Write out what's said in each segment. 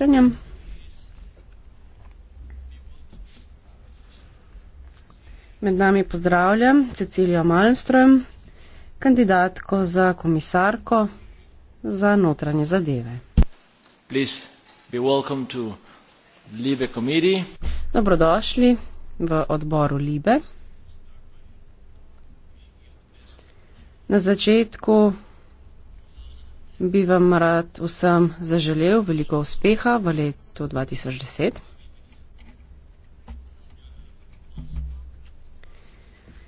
streščanjem. Med nami pozdravljam Cecilijo Malmström, kandidatko za komisarko za notranje zadeve. Dobrodošli v odboru Libe. Na začetku bi vam rad vsem zaželel veliko uspeha v letu 2010.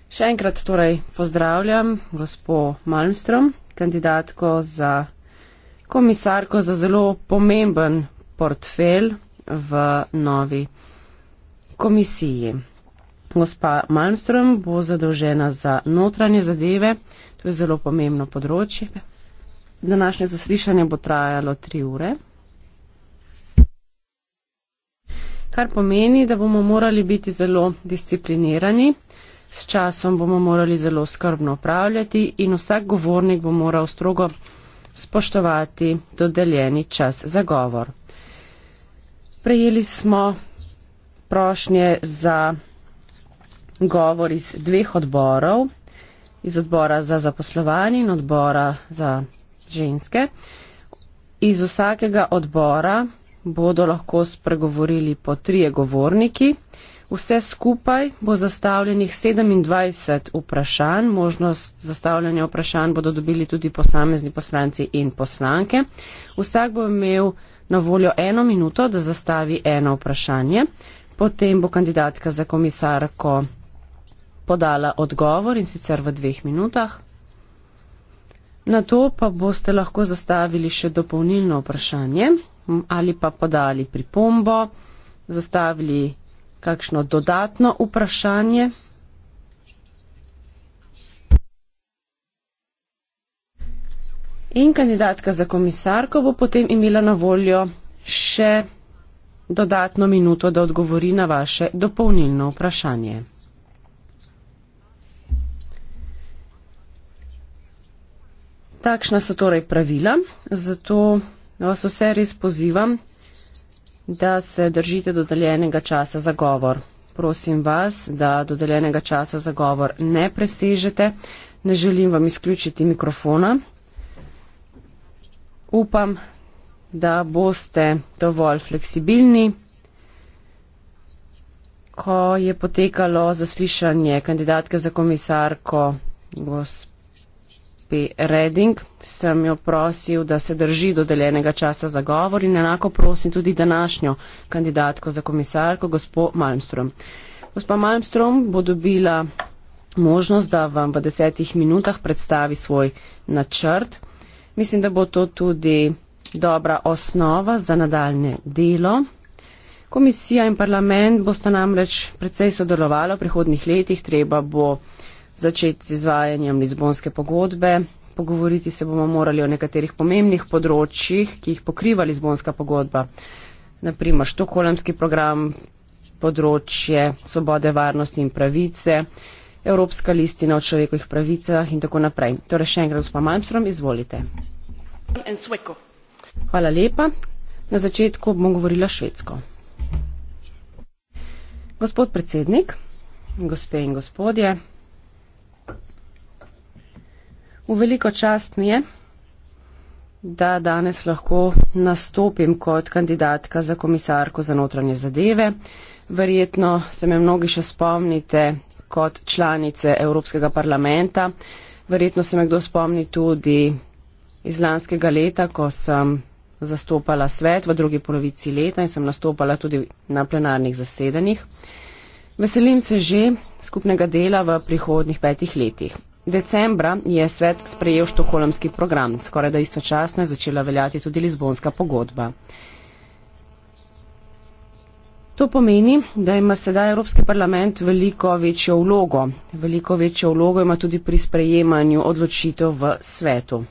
Še enkrat torej pozdravljam gospo Malmström, kandidatko za komisarko za zelo pomemben portfelj v novi komisiji. Gospa Malmström bo zadolžena za notranje zadeve, to je zelo pomembno področje, današnje zaslišanje bo trajalo tri ure. Kar pomeni, da bomo morali biti zelo disciplinirani, s časom bomo morali zelo skrbno upravljati in vsak govornik bo moral strogo spoštovati dodeljeni čas za govor. Prejeli smo prošnje za govor iz dveh odborov, iz odbora za zaposlovanje in odbora za ženske. Iz vsakega odbora bodo lahko spregovorili po trije govorniki. Vse skupaj bo zastavljenih 27 vprašanj. Možnost zastavljanja vprašanj bodo dobili tudi posamezni poslanci in poslanke. Vsak bo imel na voljo eno minuto, da zastavi eno vprašanje. Potem bo kandidatka za komisarko podala odgovor in sicer v dveh minutah. Na to pa boste lahko zastavili še dopolnilno vprašanje ali pa podali pripombo, zastavili kakšno dodatno vprašanje. In kandidatka za komisarko bo potem imela na voljo še dodatno minuto, da odgovori na vaše dopolnilno vprašanje. Takšna so torej pravila, zato vas vse res pozivam, da se držite dodeljenega časa za govor. Prosim vas, da dodeljenega časa za govor ne presežete. Ne želim vam izključiti mikrofona. Upam, da boste dovolj fleksibilni. Ko je potekalo zaslišanje kandidatke za komisarko gospod gospe Reding. Sem jo prosil, da se drži dodeljenega časa za govor in enako prosim tudi današnjo kandidatko za komisarko, gospo Malmström. Gospa Malmström bo dobila možnost, da vam v desetih minutah predstavi svoj načrt. Mislim, da bo to tudi dobra osnova za nadaljne delo. Komisija in parlament bosta namreč precej sodelovala v prihodnih letih, treba bo začeti z izvajanjem Lizbonske pogodbe. Pogovoriti se bomo morali o nekaterih pomembnih področjih, ki jih pokriva Lizbonska pogodba. Naprimer, štokolemski program, področje svobode, varnosti in pravice, Evropska listina o človekovih pravicah in tako naprej. Torej, še enkrat, gospod Malmström, izvolite. Hvala lepa. Na začetku bom govorila švedsko. Gospod predsednik, gospe in gospodje, V veliko čast mi je, da danes lahko nastopim kot kandidatka za komisarko za notranje zadeve. Verjetno se me mnogi še spomnite kot članice Evropskega parlamenta. Verjetno se me kdo spomni tudi iz lanskega leta, ko sem zastopala svet v drugi polovici leta in sem nastopala tudi na plenarnih zasedanjih. Veselim se že skupnega dela v prihodnih petih letih. Decembra je svet sprejel štokolemski program, skoraj da istočasno je začela veljati tudi Lizbonska pogodba. To pomeni, da ima sedaj Evropski parlament veliko večjo vlogo. Veliko večjo vlogo ima tudi pri sprejemanju odločitev v svetu.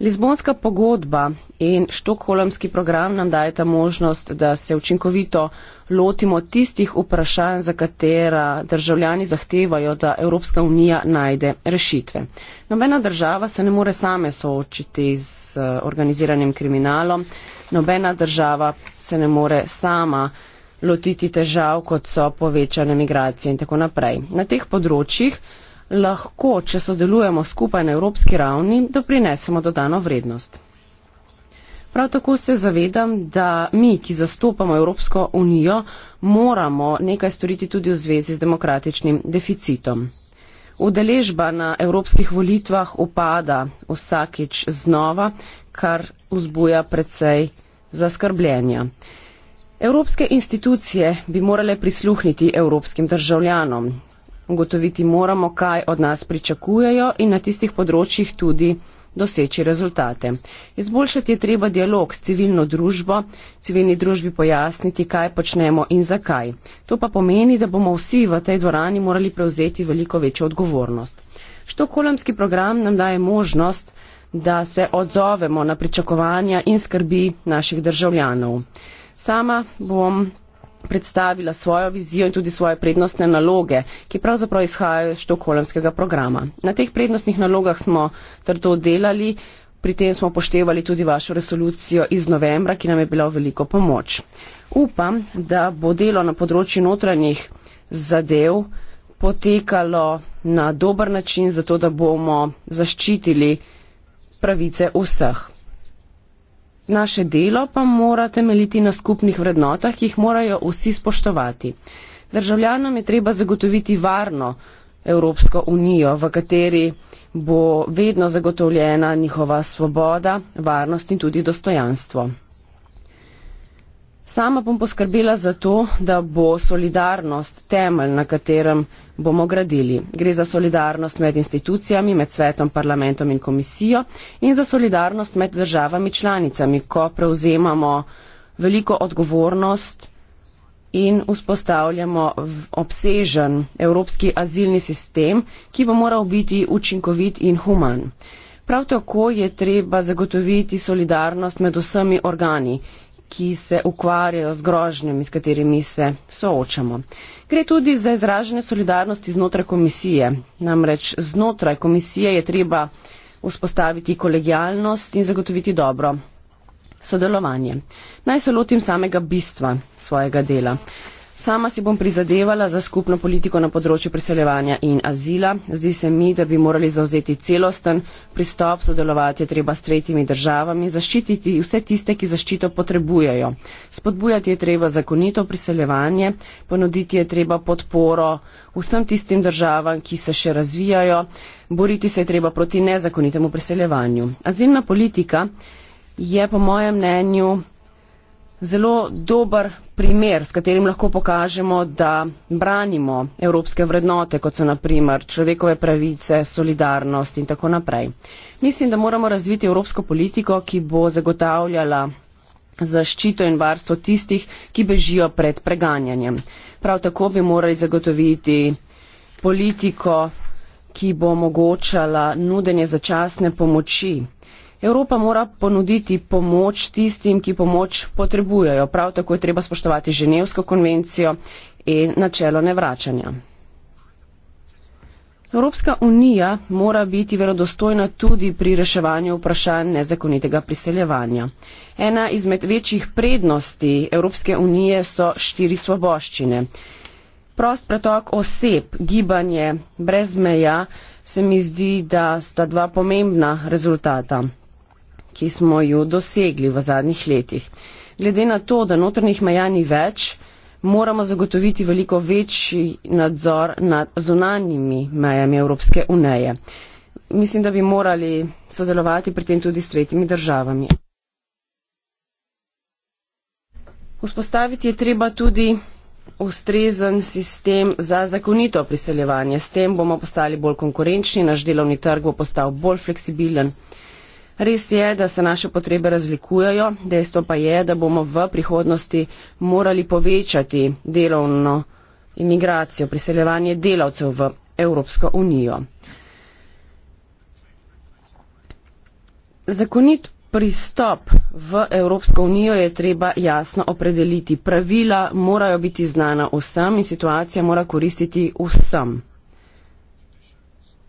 Lizbonska pogodba in štokholmski program nam dajeta možnost, da se učinkovito lotimo tistih vprašanj, za katera državljani zahtevajo, da Evropska unija najde rešitve. Nobena država se ne more same soočiti z eh, organiziranim kriminalom, nobena država se ne more sama lotiti težav, kot so povečane migracije in tako naprej. Na teh področjih lahko, če sodelujemo skupaj na evropski ravni, doprinesemo dodano vrednost. Prav tako se zavedam, da mi, ki zastopamo Evropsko unijo, moramo nekaj storiti tudi v zvezi z demokratičnim deficitom. Udeležba na evropskih volitvah upada vsakič znova, kar vzbuja predvsej zaskrbljenja. Evropske institucije bi morale prisluhniti evropskim državljanom. Ugotoviti moramo, kaj od nas pričakujejo in na tistih področjih tudi doseči rezultate. Izboljšati je treba dialog s civilno družbo, civilni družbi pojasniti, kaj počnemo in zakaj. To pa pomeni, da bomo vsi v tej dvorani morali prevzeti veliko večjo odgovornost. Štokolemski program nam daje možnost, da se odzovemo na pričakovanja in skrbi naših državljanov. Sama bom predstavila svojo vizijo in tudi svoje prednostne naloge, ki pravzaprav izhajajo iz štokolemskega programa. Na teh prednostnih nalogah smo trdo delali, pri tem smo poštevali tudi vašo resolucijo iz novembra, ki nam je bila veliko pomoč. Upam, da bo delo na področju notranjih zadev potekalo na dober način, zato da bomo zaščitili pravice vseh naše delo pa mora temeljiti na skupnih vrednotah, ki jih morajo vsi spoštovati. Državljanom je treba zagotoviti varno Evropsko unijo, v kateri bo vedno zagotovljena njihova svoboda, varnost in tudi dostojanstvo. Sama bom poskrbela za to, da bo solidarnost temelj, na katerem bomo gradili. Gre za solidarnost med institucijami, med svetom, parlamentom in komisijo in za solidarnost med državami članicami, ko prevzemamo veliko odgovornost in vzpostavljamo obsežen evropski azilni sistem, ki bo moral biti učinkovit in human. Prav tako je treba zagotoviti solidarnost med vsemi organi, ki se ukvarjajo z grožnjami, s katerimi se soočamo. Gre tudi za izražene solidarnosti znotraj komisije. Namreč znotraj komisije je treba vzpostaviti kolegijalnost in zagotoviti dobro sodelovanje. Naj se lotim samega bistva svojega dela. Sama si bom prizadevala za skupno politiko na področju priseljevanja in azila. Zdi se mi, da bi morali zauzeti celosten pristop, sodelovati je treba s tretjimi državami, zaščititi vse tiste, ki zaščito potrebujejo. Spodbujati je treba zakonito priseljevanje, ponuditi je treba podporo vsem tistim državam, ki se še razvijajo, boriti se je treba proti nezakonitemu priseljevanju. Azilna politika je po mojem mnenju zelo dober primer, s katerim lahko pokažemo, da branimo evropske vrednote, kot so naprimer človekove pravice, solidarnost in tako naprej. Mislim, da moramo razviti evropsko politiko, ki bo zagotavljala zaščito in varstvo tistih, ki bežijo pred preganjanjem. Prav tako bi morali zagotoviti politiko, ki bo omogočala nudenje začasne pomoči Evropa mora ponuditi pomoč tistim, ki pomoč potrebujejo. Prav tako je treba spoštovati Ženevsko konvencijo in načelo nevračanja. Evropska unija mora biti verodostojna tudi pri reševanju vprašanj nezakonitega priseljevanja. Ena izmed večjih prednosti Evropske unije so štiri svoboščine. Prost pretok oseb, gibanje brez meja se mi zdi, da sta dva pomembna rezultata ki smo jo dosegli v zadnjih letih. Glede na to, da notrnih meja ni več, moramo zagotoviti veliko večji nadzor nad zunanjimi mejami Evropske unije. Mislim, da bi morali sodelovati pri tem tudi s tretjimi državami. Vzpostaviti je treba tudi ustrezen sistem za zakonito priseljevanje. S tem bomo postali bolj konkurenčni, naš delovni trg bo postal bolj fleksibilen Res je, da se naše potrebe razlikujejo, dejstvo pa je, da bomo v prihodnosti morali povečati delovno imigracijo, priseljevanje delavcev v Evropsko unijo. Zakonit pristop v Evropsko unijo je treba jasno opredeliti. Pravila morajo biti znana vsem in situacija mora koristiti vsem.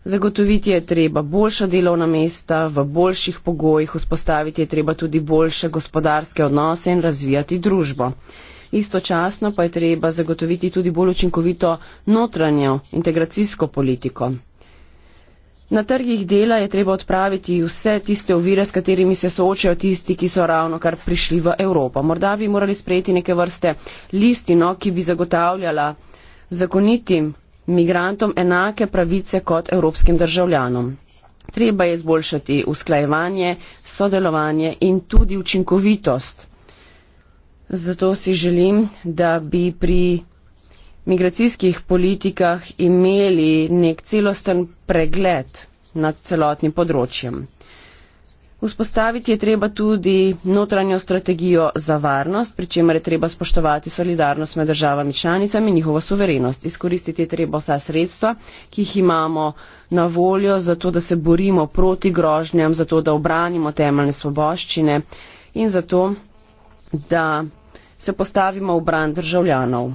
Zagotoviti je treba boljša delovna mesta, v boljših pogojih vzpostaviti je treba tudi boljše gospodarske odnose in razvijati družbo. Istočasno pa je treba zagotoviti tudi bolj učinkovito notranjo integracijsko politiko. Na trgih dela je treba odpraviti vse tiste ovire, s katerimi se soočajo tisti, ki so ravno kar prišli v Evropo. Morda bi morali sprejeti neke vrste listino, ki bi zagotavljala zakonitim migrantom enake pravice kot evropskim državljanom. Treba je izboljšati usklajevanje, sodelovanje in tudi učinkovitost. Zato si želim, da bi pri migracijskih politikah imeli nek celosten pregled nad celotnim področjem. Vzpostaviti je treba tudi notranjo strategijo za varnost, pri čemer je treba spoštovati solidarnost med državami članicami in njihovo suverenost. Izkoristiti je treba vsa sredstva, ki jih imamo na voljo, zato da se borimo proti grožnjam, zato da obranimo temeljne svoboščine in zato, da se postavimo v bran državljanov.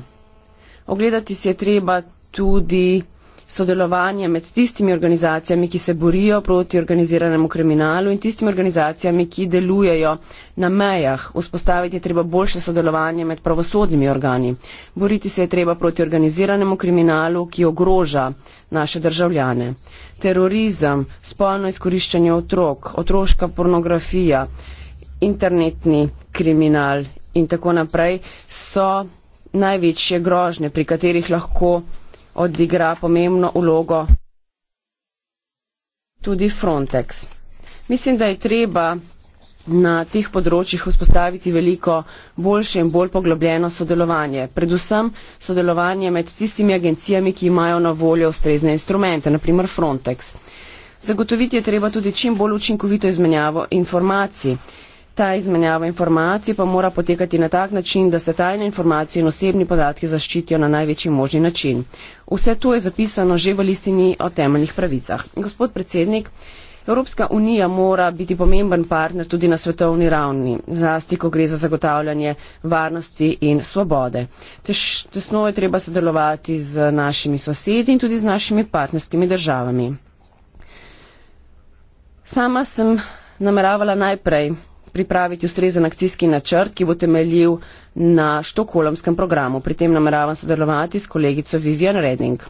Ogledati si je treba tudi sodelovanje med tistimi organizacijami, ki se borijo proti organiziranemu kriminalu in tistimi organizacijami, ki delujejo na mejah. Vzpostaviti je treba boljše sodelovanje med pravosodnimi organi. Boriti se je treba proti organiziranemu kriminalu, ki ogroža naše državljane. Terorizem, spolno izkoriščanje otrok, otroška pornografija, internetni kriminal in tako naprej so največje grožnje, pri katerih lahko odigra pomembno ulogo tudi Frontex. Mislim, da je treba na teh področjih vzpostaviti veliko boljše in bolj poglobljeno sodelovanje. Predvsem sodelovanje med tistimi agencijami, ki imajo na voljo ustrezne instrumente, naprimer Frontex. Zagotoviti je treba tudi čim bolj učinkovito izmenjavo informacij. Ta izmenjava informacij pa mora potekati na tak način, da se tajne informacije in osebni podatki zaščitijo na največji možni način. Vse to je zapisano že v listini o temeljnih pravicah. Gospod predsednik, Evropska unija mora biti pomemben partner tudi na svetovni ravni, zlasti, ko gre za zagotavljanje varnosti in svobode. Tež, tesno je treba sodelovati z našimi sosedi in tudi z našimi partnerskimi državami. Sama sem nameravala najprej pripraviti ustrezen akcijski načrt, ki bo temeljil na štokolomskem programu. Pri tem nameravam sodelovati s kolegico Vivian Redding.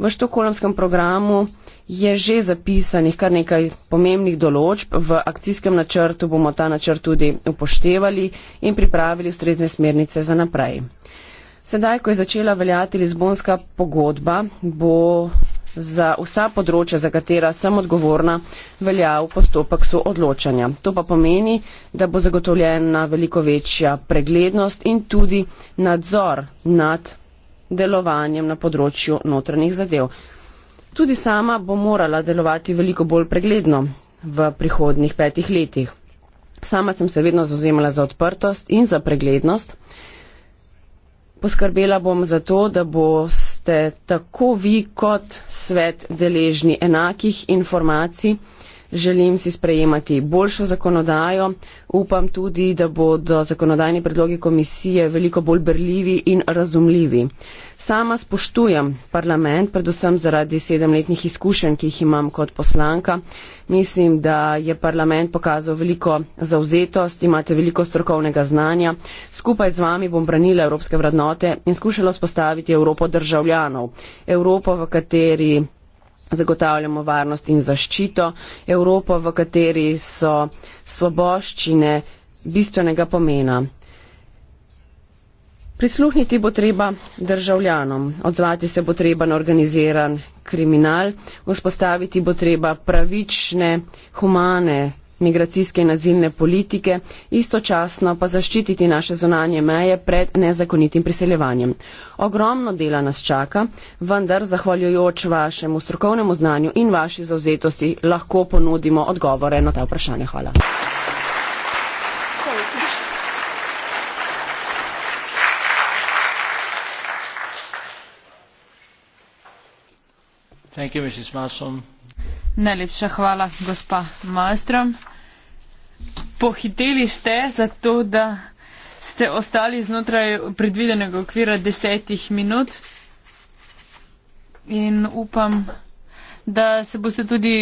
V štokolomskem programu je že zapisanih kar nekaj pomembnih določb. V akcijskem načrtu bomo ta načrt tudi upoštevali in pripravili ustrezne smernice za naprej. Sedaj, ko je začela veljati Lizbonska pogodba, bo za vsa področja, za katera sem odgovorna, veljav postopek soodločanja. To pa pomeni, da bo zagotovljena veliko večja preglednost in tudi nadzor nad delovanjem na področju notranjih zadev. Tudi sama bo morala delovati veliko bolj pregledno v prihodnih petih letih. Sama sem se vedno zauzemala za odprtost in za preglednost. Poskrbela bom za to, da bo s ste tako vi kot svet deležni enakih informacij, Želim si sprejemati boljšo zakonodajo. Upam tudi, da bodo zakonodajni predlogi komisije veliko bolj brljivi in razumljivi. Sama spoštujem parlament, predvsem zaradi sedemletnih izkušenj, ki jih imam kot poslanka. Mislim, da je parlament pokazal veliko zauzetost, imate veliko strokovnega znanja. Skupaj z vami bom branila evropske vrednote in skušala spostaviti Evropo državljanov. Evropo, v kateri zagotavljamo varnost in zaščito. Evropa, v kateri so svoboščine bistvenega pomena. Prisluhniti bo treba državljanom, odzvati se bo treba na organiziran kriminal, vzpostaviti bo treba pravične, humane migracijske in azilne politike, istočasno pa zaščititi naše zonanje meje pred nezakonitim priseljevanjem. Ogromno dela nas čaka, vendar zahvaljujoč vašemu strokovnemu znanju in vaši zauzetosti lahko ponudimo odgovore na ta vprašanja. Hvala. Najlepša hvala, gospa Malstrom. Pohiteli ste zato, da ste ostali znotraj predvidenega okvira desetih minut in upam, da se boste tudi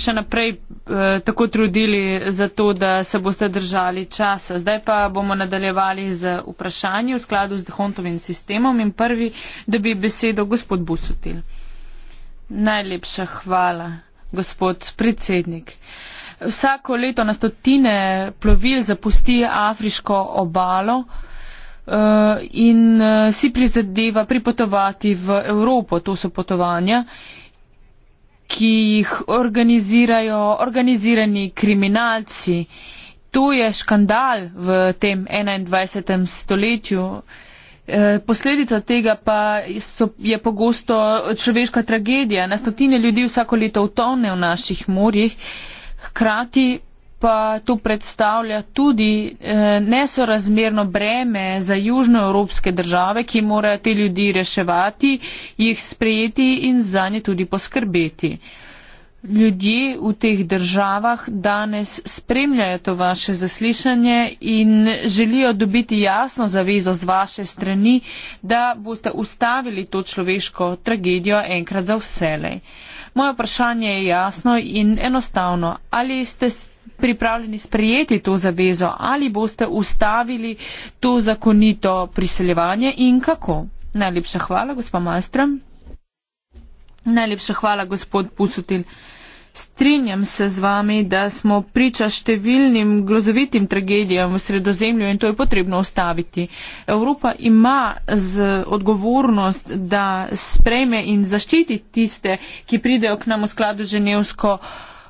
še naprej eh, tako trudili za to, da se boste držali časa. Zdaj pa bomo nadaljevali z vprašanji v skladu z Dehontovim sistemom in prvi, da bi besedo gospod Busutil. Najlepša hvala, gospod predsednik. Eh, Vsako leto na stotine plovil zapusti afriško obalo eh, in eh, si prizadeva pripotovati v Evropo. To so potovanja, ki jih organizirajo organizirani kriminalci. To je škandal v tem 21. stoletju. Eh, posledica tega pa so, je pogosto človeška tragedija. Na stotine ljudi vsako leto utone v naših morjih. Uh, Hkrati pa to predstavlja tudi eh, nesorazmerno breme za južnoevropske države, ki morajo te ljudi reševati, jih sprejeti in za nje tudi poskrbeti ljudje v teh državah danes spremljajo to vaše zaslišanje in želijo dobiti jasno zavezo z vaše strani, da boste ustavili to človeško tragedijo enkrat za vselej. Moje vprašanje je jasno in enostavno. Ali ste pripravljeni sprejeti to zavezo ali boste ustavili to zakonito priseljevanje in kako? Najlepša hvala, gospod Malstrom. Najlepša hvala, gospod Pusutil. Strinjam se z vami, da smo priča številnim grozovitim tragedijam v sredozemlju in to je potrebno ustaviti. Evropa ima odgovornost, da sprejme in zaščiti tiste, ki pridejo k nam v skladu ženevsko.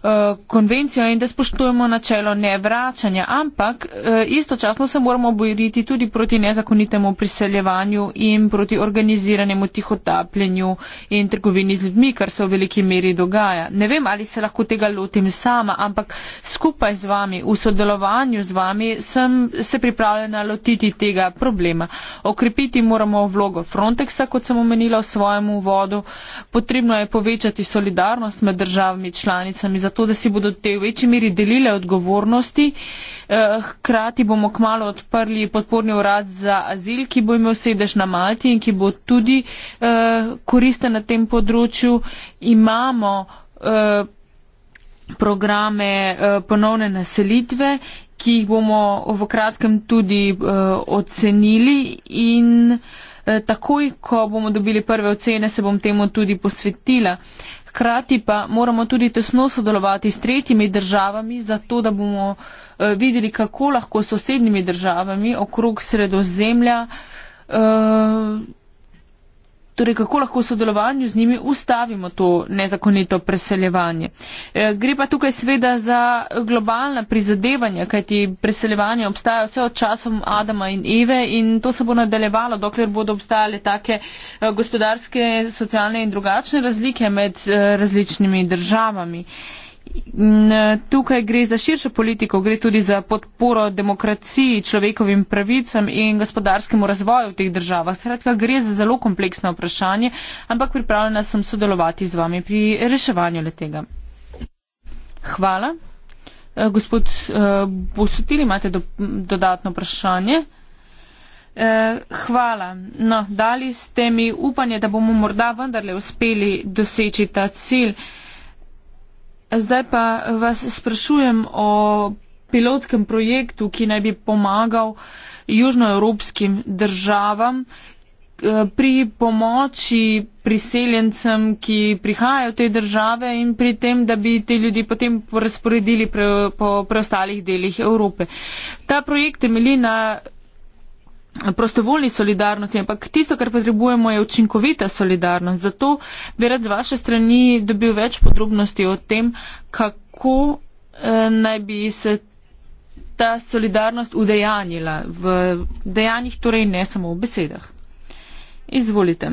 Eh, konvencijo in da spoštujemo načelo nevračanja, ampak eh, istočasno se moramo boriti tudi proti nezakonitemu priseljevanju in proti organiziranemu tihotapljenju in trgovini z ljudmi, kar se v veliki meri dogaja. Ne vem, ali se lahko tega lotim sama, ampak skupaj z vami, v sodelovanju z vami, sem se pripravljena lotiti tega problema. Okrepiti moramo vlogo Frontexa, kot sem omenila v svojem uvodu. Potrebno je povečati solidarnost med državami članicami zato, da si bodo te v večji meri delile odgovornosti. Eh, hkrati bomo kmalo odprli podporni urad za azil, ki bo imel sedež na Malti in ki bo tudi eh, koristen na tem področju. Imamo eh, programe ponovne naselitve ki jih bomo v kratkem tudi uh, ocenili in uh, takoj, ko bomo dobili prve ocene, se bom temu tudi posvetila. Uh, hkrati pa moramo tudi tesno sodelovati s tretjimi državami, zato da bomo eh, videli, kako lahko sosednjimi državami okrog sredozemlja uh, Torej, kako lahko v sodelovanju z njimi ustavimo to nezakonito preseljevanje? E, gre pa tukaj sveda za globalna prizadevanja, kajti preseljevanja obstaja vse od časom Adama in Eve in to se bo nadaljevalo, dokler bodo obstajale take e, gospodarske, socialne in drugačne razlike med e, različnimi državami. E, Tukaj gre za širšo politiko, gre tudi za podporo demokraciji, človekovim pravicam in gospodarskemu razvoju v teh državah. Skratka, gre za zelo kompleksno vprašanje, ampak pripravljena sem sodelovati z vami pri reševanju letega. Hvala. E, gospod e, Bosutil, imate do, dodatno vprašanje? E, hvala. No, dali ste mi upanje, da bomo morda vendarle uspeli doseči ta cilj. Zdaj pa vas sprašujem o pilotskem projektu, ki naj bi pomagal južnoevropskim državam eh, pri pomoči priseljencem, ki prihajajo v te države in pri tem, da bi te ljudi potem razporedili pre, po preostalih delih Evrope. Ta projekt temelji na prostovoljni solidarnosti, ampak tisto, kar potrebujemo, je učinkovita solidarnost. Zato bi rad z vaše strani dobil več podrobnosti o tem, kako eh, naj bi se ta solidarnost udejanjila v dejanjih, torej ne samo v besedah. Izvolite.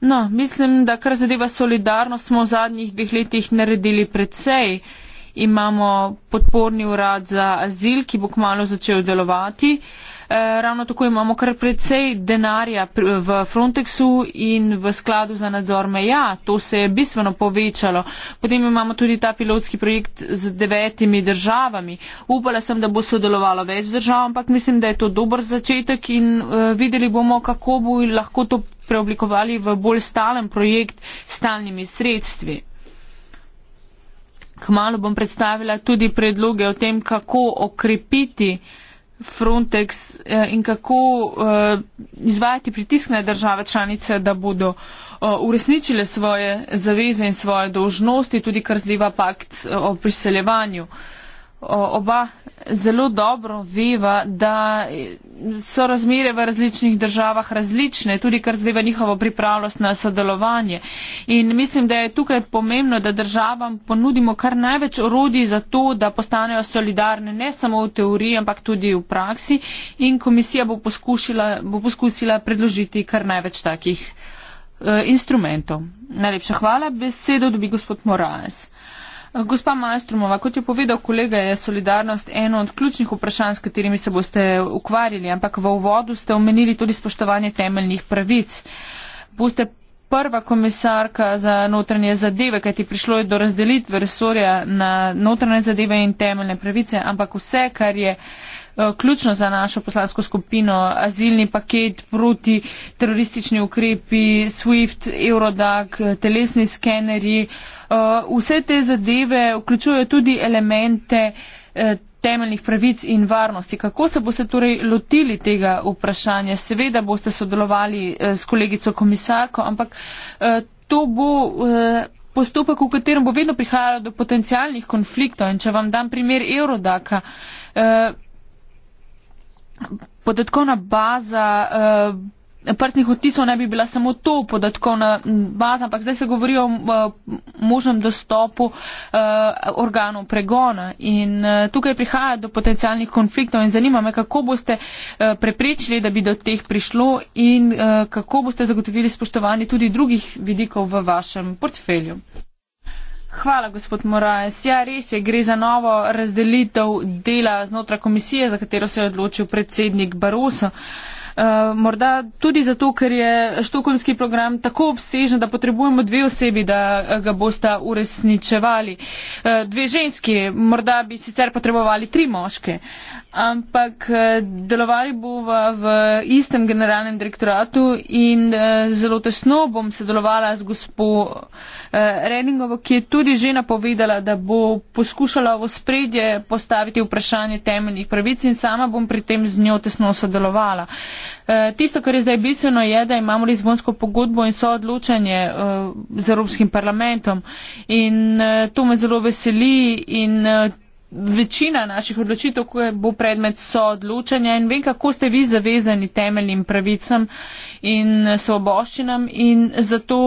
No, mislim, da kar zadeva solidarnost, smo v zadnjih dveh letih naredili predvsej. Eh, imamo podporni urad za azil, ki bo kmalo začel delovati. Eh, ravno tako imamo kar precej denarja v Frontexu in v skladu za nadzor meja. To se je bistveno povečalo. Potem imamo tudi ta pilotski projekt z devetimi državami. Upala sem, da bo sodelovalo več držav, ampak mislim, da je to dober začetek in eh, videli bomo, kako bo lahko to preoblikovali v bolj stalen projekt s stalnimi sredstvi. Kmalo bom predstavila tudi predloge o tem, kako okrepiti Frontex eh, in kako eh, izvajati pritisk na države članice, da bodo eh, uresničile svoje zaveze in svoje dožnosti, tudi kar zdiva pakt o priseljevanju oba zelo dobro veva, da so razmere v različnih državah različne, tudi kar zdaj v njihovo pripravljost na sodelovanje. In mislim, da je tukaj pomembno, da državam ponudimo kar največ orodij za to, da postanejo solidarne ne samo v teoriji, ampak tudi v praksi. In komisija bo, bo poskusila predložiti kar največ takih uh, instrumentov. Najlepša hvala. Besedo dobi gospod Moraes. Eh, gospa Majstrumova, kot je povedal kolega, je solidarnost eno od ključnih vprašanj, s katerimi se boste ukvarjali, ampak v uvodu ste omenili tudi spoštovanje temeljnih pravic. Boste prva komisarka za notranje zadeve, kajti prišlo je do razdelitve resorja na notranje zadeve in temeljne pravice, ampak vse, kar je eh, ključno za našo poslansko skupino, azilni paket proti teroristični ukrepi, SWIFT, Eurodag, eh, telesni skenerji, Eh, vse te zadeve vključujejo tudi elemente eh, temeljnih pravic in varnosti. Kako se boste torej lotili tega vprašanja? Seveda boste sodelovali eh, s kolegico komisarko, ampak to bo postopek, v katerem bo vedno prihajalo do potencijalnih konfliktov. In če vam dam primer Eurodaka, podatkovna baza prstnih odtisov ne bi bila samo to podatkovna baza, ampak zdaj se govori o možnem dostopu eh, organov pregona. In eh, tukaj prihaja do potencialnih konfliktov in zanima me, kako boste eh, preprečili, da bi do teh prišlo in kako boste zagotovili spoštovanje tudi drugih vidikov v vašem portfelju. Hvala, gospod Moraes. Ja, res je, gre za novo razdelitev dela znotraj komisije, za katero se je odločil predsednik Baroso. Uh, Eh, morda tudi zato, ker je štokholmski program tako obsežen, da potrebujemo dve osebi, da eh, ga boste uresničevali. Eh, dve ženski, morda bi sicer potrebovali tri moške ampak eh, delovali bova v istem generalnem direktoratu in eh, zelo tesno bom sodelovala z gospo eh, Redingovo, ki je tudi že napovedala, da bo poskušala v spredje postaviti vprašanje temeljnih pravic in sama bom pri tem z njo tesno sodelovala. Tisto, kar je zdaj bistveno, je, da imamo Lizbonsko pogodbo in so odločanje z Evropskim parlamentom. In to me zelo veseli in večina naših odločitev, ko bo predmet soodločanja in vem, kako ste vi zavezani temeljnim pravicam in svoboščinam in zato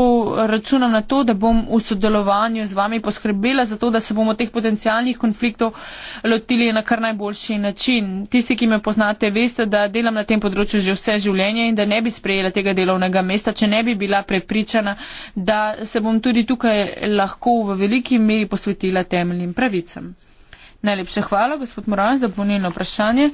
računam na to, da bom v sodelovanju z vami poskrbela za to, da se bomo teh potencijalnih konfliktov lotili na kar najboljši način. Tisti, ki me poznate, veste, da delam na tem področju že vse življenje in da ne bi sprejela tega delovnega mesta, če ne bi bila prepričana, da se bom tudi tukaj lahko v veliki meri posvetila temeljnim pravicam. Najlepša hvala, gospod Moran, za ponovno vprašanje.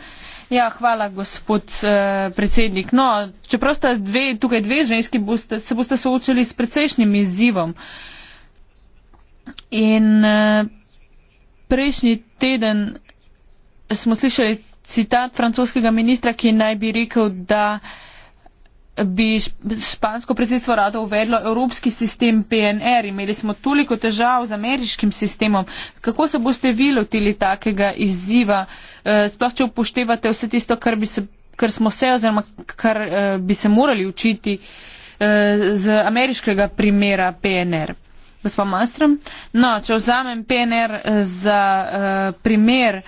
Ja, hvala, gospod eh, predsednik. No, čeprav sta dve, tukaj dve ženski, boste, se boste soočili s precejšnjim izzivom. In eh, prejšnji teden smo slišali citat francoskega ministra, ki naj bi rekel, da eh, bi špansko predsedstvo rado uvedlo evropski sistem PNR. Imeli smo toliko težav z ameriškim sistemom. Kako se boste vi lotili takega izziva, eh, sploh če upoštevate vse tisto, kar, se, kar smo se oziroma kar eh, bi se morali učiti eh, z ameriškega primera PNR? Gospod Mastrom, no, če vzamem PNR za primer,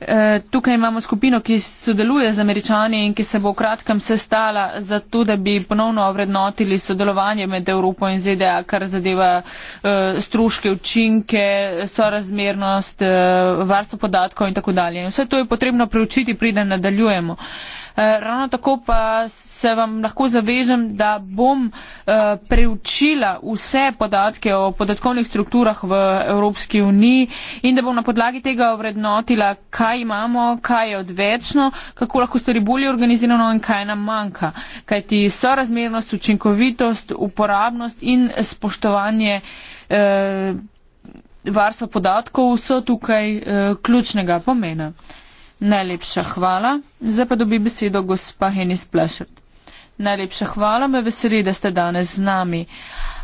Eh, tukaj imamo skupino, ki sodeluje z američani in ki se bo v kratkem sestala za to, da bi ponovno ovrednotili sodelovanje med Evropo in ZDA, kar zadeva eh, stroške, učinke, sorazmernost, eh, varstvo podatkov in tako dalje. Vse to je potrebno preučiti, preden nadaljujemo. Eh, ravno tako pa se vam lahko zavežem, da bom eh, preučila vse podatke o podatkovnih strukturah v Evropski uniji in da bom na podlagi tega vrednotila, kaj imamo, kaj je odvečno, kako lahko stvari bolje organizirano in kaj nam manjka. Kajti sorazmernost, učinkovitost, uporabnost in spoštovanje. Eh, Varstvo podatkov so tukaj ključnega pomena. Najlepša hvala. Zdaj pa dobi besedo gospa Henis Plešert. Najlepša hvala, me veseli, da ste danes z nami.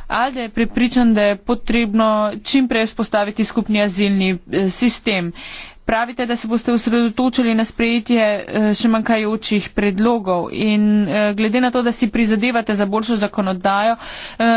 Alde je pripričan, da je potrebno čim prej spostaviti skupni azilni eh, sistem. Pravite, da se boste usredotočili na sprejetje eh, še manjkajočih predlogov in eh, glede na to, da si prizadevate za boljšo zakonodajo,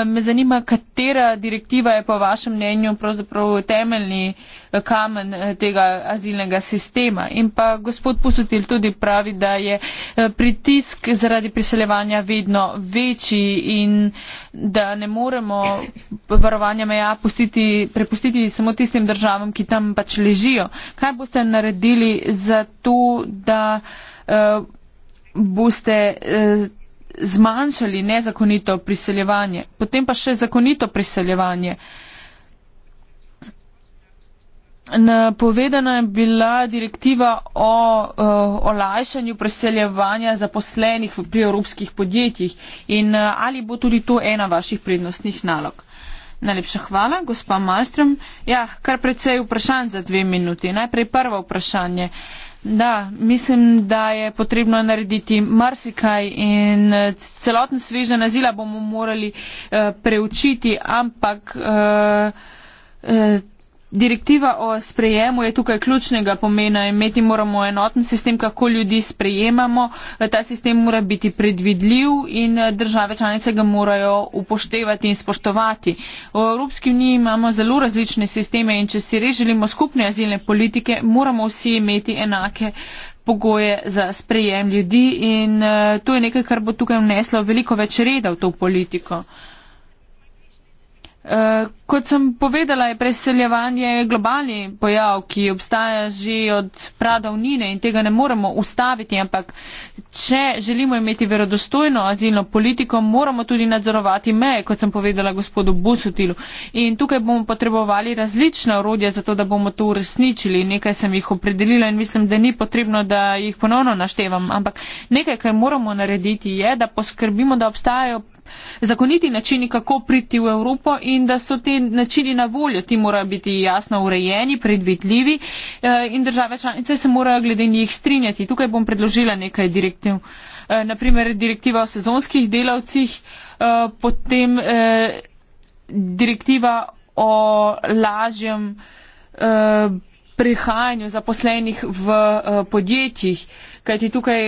me zanima, katera direktiva je po vašem mnenju pravzaprav temeljni kamen eh, tega azilnega sistema. In pa gospod Pusutil tudi pravi, da je eh, pritisk zaradi priseljevanja vedno večji in da ne moremo varovanja meja pustiti, prepustiti samo tistim državam, ki tam pač ležijo. Kaj boste naredili za to, da eh, boste zmanjšali nezakonito priseljevanje, potem pa še zakonito priseljevanje. Uh, Napovedana je bila direktiva o eh, olajšanju preseljevanja zaposlenih pri evropskih podjetjih in eh, ali bo tudi to ena vaših prednostnih nalog. Najlepša hvala, gospa Malmström. Ja, kar precej vprašanj za dve minuti. Najprej prvo vprašanje. Da, mislim, da je potrebno narediti marsikaj in eh, celotno sveže nazila bomo morali uh, preučiti, ampak. Uh, uh, Direktiva o sprejemu je tukaj ključnega pomena. Imeti moramo enoten sistem, kako ljudi sprejemamo. Ta sistem mora biti predvidljiv in eh, države članice ga morajo upoštevati in spoštovati. V Evropski uniji imamo zelo različne sisteme in če si res želimo skupne azilne politike, moramo vsi imeti enake pogoje za sprejem ljudi in eh, to je nekaj, kar bo tukaj vneslo veliko več reda v to politiko kot sem povedala, je preseljevanje globalni pojav, ki obstaja že od pradavnine in tega ne moremo ustaviti, ampak če želimo imeti verodostojno azilno politiko, moramo tudi nadzorovati meje, kot sem povedala gospodu Busutilu. In tukaj bomo potrebovali različna urodja za to, da bomo to uresničili. Nekaj sem jih opredelila in mislim, da ni potrebno, da jih ponovno naštevam. Ampak nekaj, kar moramo narediti, je, da poskrbimo, da obstajajo zakoniti načini, kako priti v Evropo in da so te načini na voljo. Ti morajo biti jasno urejeni, predvidljivi eh, in države članice se morajo glede njih strinjati. Tukaj bom predložila nekaj direktiv. Eh, Naprimer, direktiva o sezonskih delavcih, eh, potem direktiva o lažjem prihajanju zaposlenih v podjetjih, kajti tukaj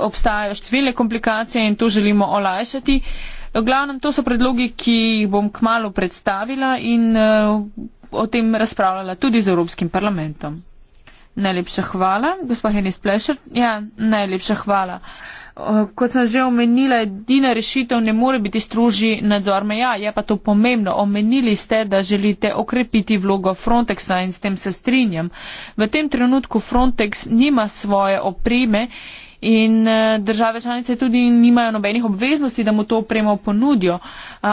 obstajajo številne komplikacije in to želimo olajšati. Glavnem, to so predlogi, ki jih bom k malu predstavila in eh, o tem razpravljala tudi z Evropskim parlamentom. Najlepša hvala, gospod Henis Plešer. Ja, najlepša hvala. Eh, kot sem že omenila, edina rešitev ne more biti stroži nadzor meja, je pa to pomembno. Omenili ste, da želite okrepiti vlogo Frontexa in s tem se strinjam. V tem trenutku Frontex nima svoje opreme in eh, države članice tudi nimajo nobenih obveznosti, da mu to opremo ponudijo. Eh,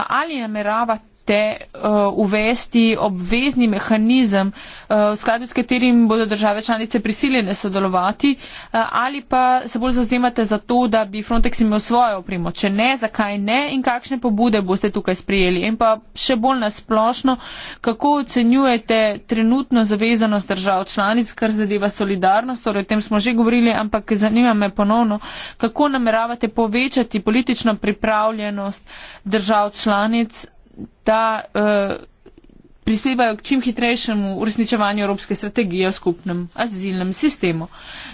ali namerava te uh, uvesti obvezni mehanizem, uh, v skladu s katerim bodo države članice prisiljene sodelovati, uh, ali pa se bolj zauzemate za to, da bi Frontex imel svojo opremo. Če ne, zakaj ne in kakšne pobude boste tukaj sprijeli? In pa še bolj nasplošno, kako ocenjujete trenutno zavezanost držav članic, kar zadeva solidarnost, torej o tem smo že govorili, ampak zanima me ponovno, kako nameravate povečati politično pripravljenost držav članic, da uh, prispevajo k čim hitrejšemu uresničevanju evropske strategije o skupnem azilnem sistemu.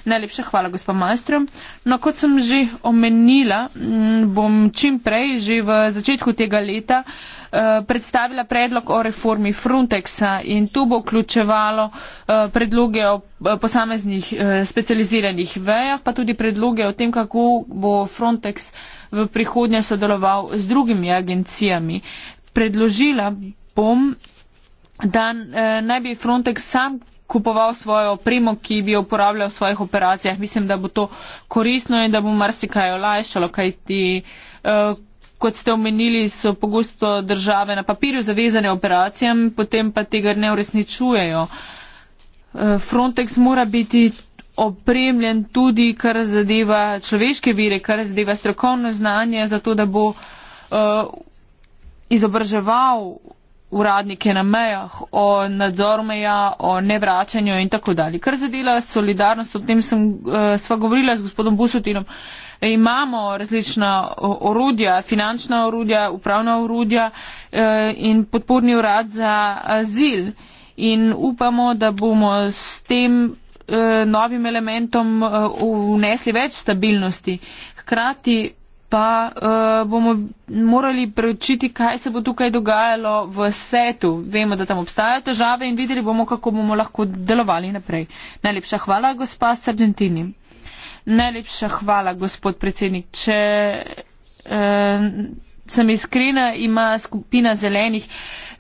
Najlepša hvala, gospod Majstro. No, kot sem že omenila, mm, bom čim prej, že v začetku tega leta, uh, predstavila predlog o reformi Frontexa in to bo vključevalo uh, predloge o posameznih eh, specializiranih vejah, pa tudi predloge o tem, kako bo Frontex v prihodnje sodeloval z drugimi agencijami predložila bom, da eh, naj bi Frontex sam kupoval svojo opremo, ki bi jo uporabljal v svojih operacijah. Mislim, da bo to koristno in da bo marsikaj olajšalo, kajti, eh, kot ste omenili, so pogosto države na papirju zavezane operacijam, potem pa tega ne uresničujejo. Eh, Frontex mora biti opremljen tudi, kar zadeva človeške vire, kar zadeva strokovno znanje, zato da bo. Eh, izobraževal uradnike na mejah, o nadzoru meja, o nevračanju in tako dalje. Kar zadela solidarnost, o tem sem, uh, sva govorila z gospodom Busutinom, e, imamo različna orudja, finančna orudja, upravna orudja uh, in podporni urad za azil in upamo, da bomo s tem uh, novim elementom uh, vnesli več stabilnosti. Hkrati pa uh, bomo morali preučiti, kaj se bo tukaj dogajalo v svetu. Vemo, da tam obstajajo težave in videli bomo, kako bomo lahko delovali naprej. Najlepša hvala, gospa Sargentini. Najlepša hvala, gospod predsednik. Če uh, sem iskrena, ima skupina zelenih uh,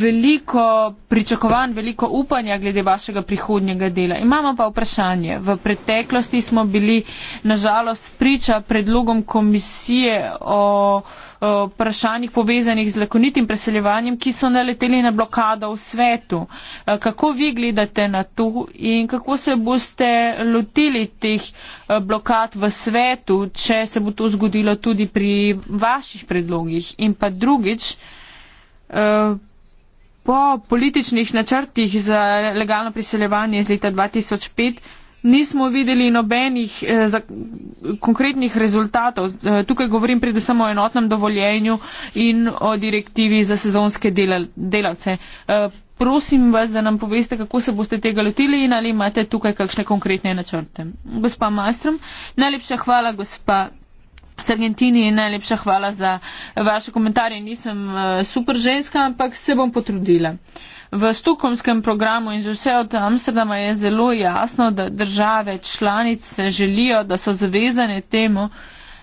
veliko pričakovanj, veliko upanja glede vašega prihodnjega dela. Imamo pa vprašanje. V preteklosti smo bili nažalost priča predlogom komisije o, o vprašanjih povezanih z lakonitim preseljevanjem, ki so naleteli na blokado v svetu. E, kako vi gledate na to in kako se boste lotili teh e, blokad v svetu, če se bo to zgodilo tudi pri vaših predlogih? In pa drugič, e, po političnih načrtih za legalno priseljevanje iz leta 2005. Nismo videli nobenih eh, za, konkretnih rezultatov. Eh, tukaj govorim predvsem o enotnem dovoljenju in o direktivi za sezonske delal, delavce. Eh, prosim vas, da nam poveste, kako se boste tega lotili in ali imate tukaj kakšne konkretne načrte. Gospa Mastrom, najlepša hvala, gospa z Argentini in najlepša hvala za vaše komentarje. Nisem eh, super ženska, ampak se bom potrudila. V stokomskem programu in že vse od Amsterdama je zelo jasno, da države članice želijo, da so zavezane temu,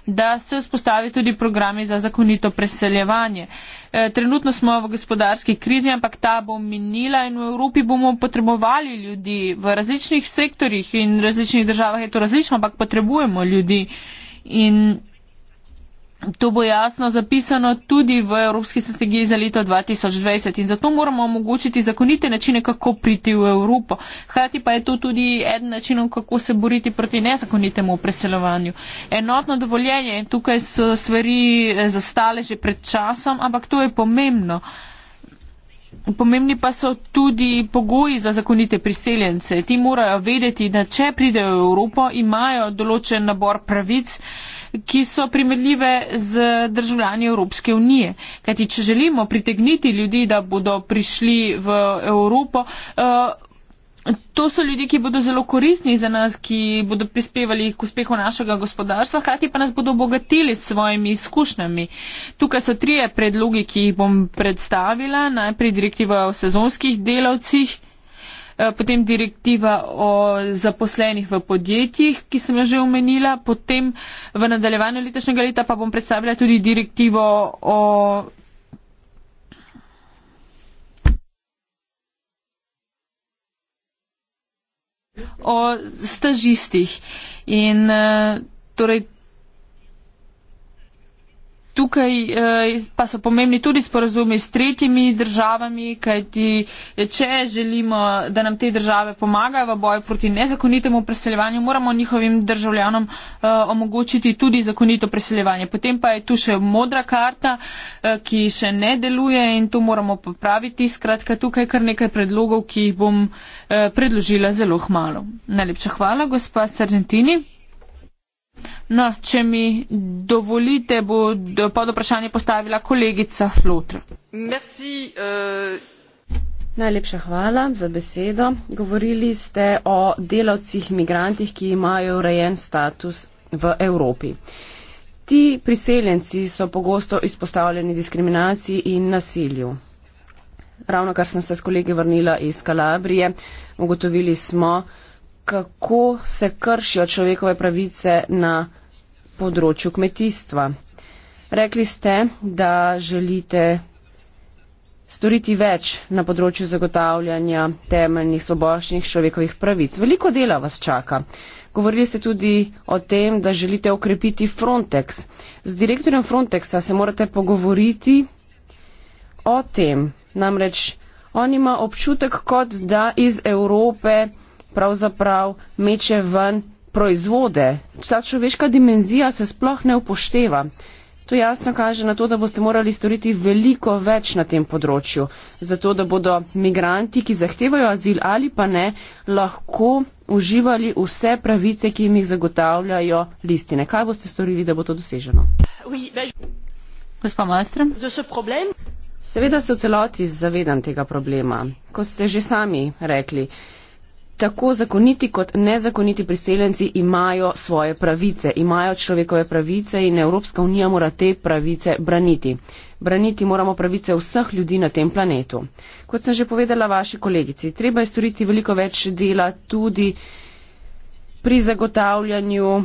da se vzpostavi tudi programi za zakonito preseljevanje. E, trenutno smo v gospodarski krizi, ampak ta bo minila in v Evropi bomo potrebovali ljudi. V različnih sektorjih in različnih državah je to različno, ampak potrebujemo ljudi. In To bo jasno zapisano tudi v Evropski strategiji za leto 2020 in zato moramo omogočiti zakonite načine, kako priti v Evropo. Hrati pa je to tudi eden načinov, kako se boriti proti nezakonitemu preseljevanju. Enotno dovoljenje, tukaj so stvari eh, zastale že pred časom, ampak to je pomembno. Uh, pomembni pa so tudi pogoji za zakonite priseljence. Ti morajo vedeti, da če pridejo v Evropo, imajo določen nabor pravic, ki so primerljive z državljani Evropske unije. Kajti, če želimo pritegniti ljudi, da bodo prišli v Evropo, eh, To so ljudje, ki bodo zelo koristni za nas, ki bodo prispevali k uspehu našega gospodarstva, hkrati pa nas bodo obogatili s svojimi izkušnjami. Tukaj so trije predlogi, ki jih bom predstavila. Najprej direktiva o sezonskih delavcih, eh, potem direktiva o zaposlenih v podjetjih, ki sem jo že omenila, potem v nadaljevanju letošnjega leta pa bom predstavila tudi direktivo o o stažistih. In, uh, torej, Tukaj eh, pa so pomembni tudi sporazumi s tretjimi državami, kajti če želimo, da nam te države pomagajo v boju proti nezakonitemu preseljevanju, moramo njihovim državljanom eh, omogočiti tudi zakonito preseljevanje. Potem pa je tu še modra karta, eh, ki še ne deluje in to moramo popraviti. Skratka, tukaj kar nekaj predlogov, ki jih bom predložila zelo hmalo. Najlepša hvala, gospa Sargentini. No, če mi dovolite, bo do pod vprašanje postavila kolegica Flotr. Merci, uh... Najlepša hvala za besedo. Govorili ste o delavcih migrantih, ki imajo urejen status v Evropi. Ti priseljenci so pogosto izpostavljeni diskriminaciji in nasilju. Ravno kar sem se s kolegi vrnila iz Kalabrije, ugotovili smo, kako se kršijo človekove pravice na področju kmetijstva. Rekli ste, da želite storiti več na področju zagotavljanja temeljnih svoboščnih človekovih pravic. Veliko dela vas čaka. Govorili ste tudi o tem, da želite okrepiti Frontex. Z direktorjem Frontexa se morate pogovoriti o tem. Namreč on ima občutek, kot da iz Evrope pravzaprav meče ven proizvode. Ta človeška dimenzija se sploh ne upošteva. To jasno kaže na to, da boste morali storiti veliko več na tem področju, zato da bodo migranti, ki zahtevajo azil ali pa ne, lahko uživali vse pravice, ki jim jih zagotavljajo listine. Kaj boste storili, da bo to doseženo? Gospa Mastrem. Seveda se v celoti zavedam tega problema. Ko ste že sami rekli, tako zakoniti kot nezakoniti priseljenci imajo svoje pravice, imajo človekove pravice in Evropska unija mora te pravice braniti. Braniti moramo pravice vseh ljudi na tem planetu. Kot sem že povedala vaši kolegici, treba je storiti veliko več dela tudi pri zagotavljanju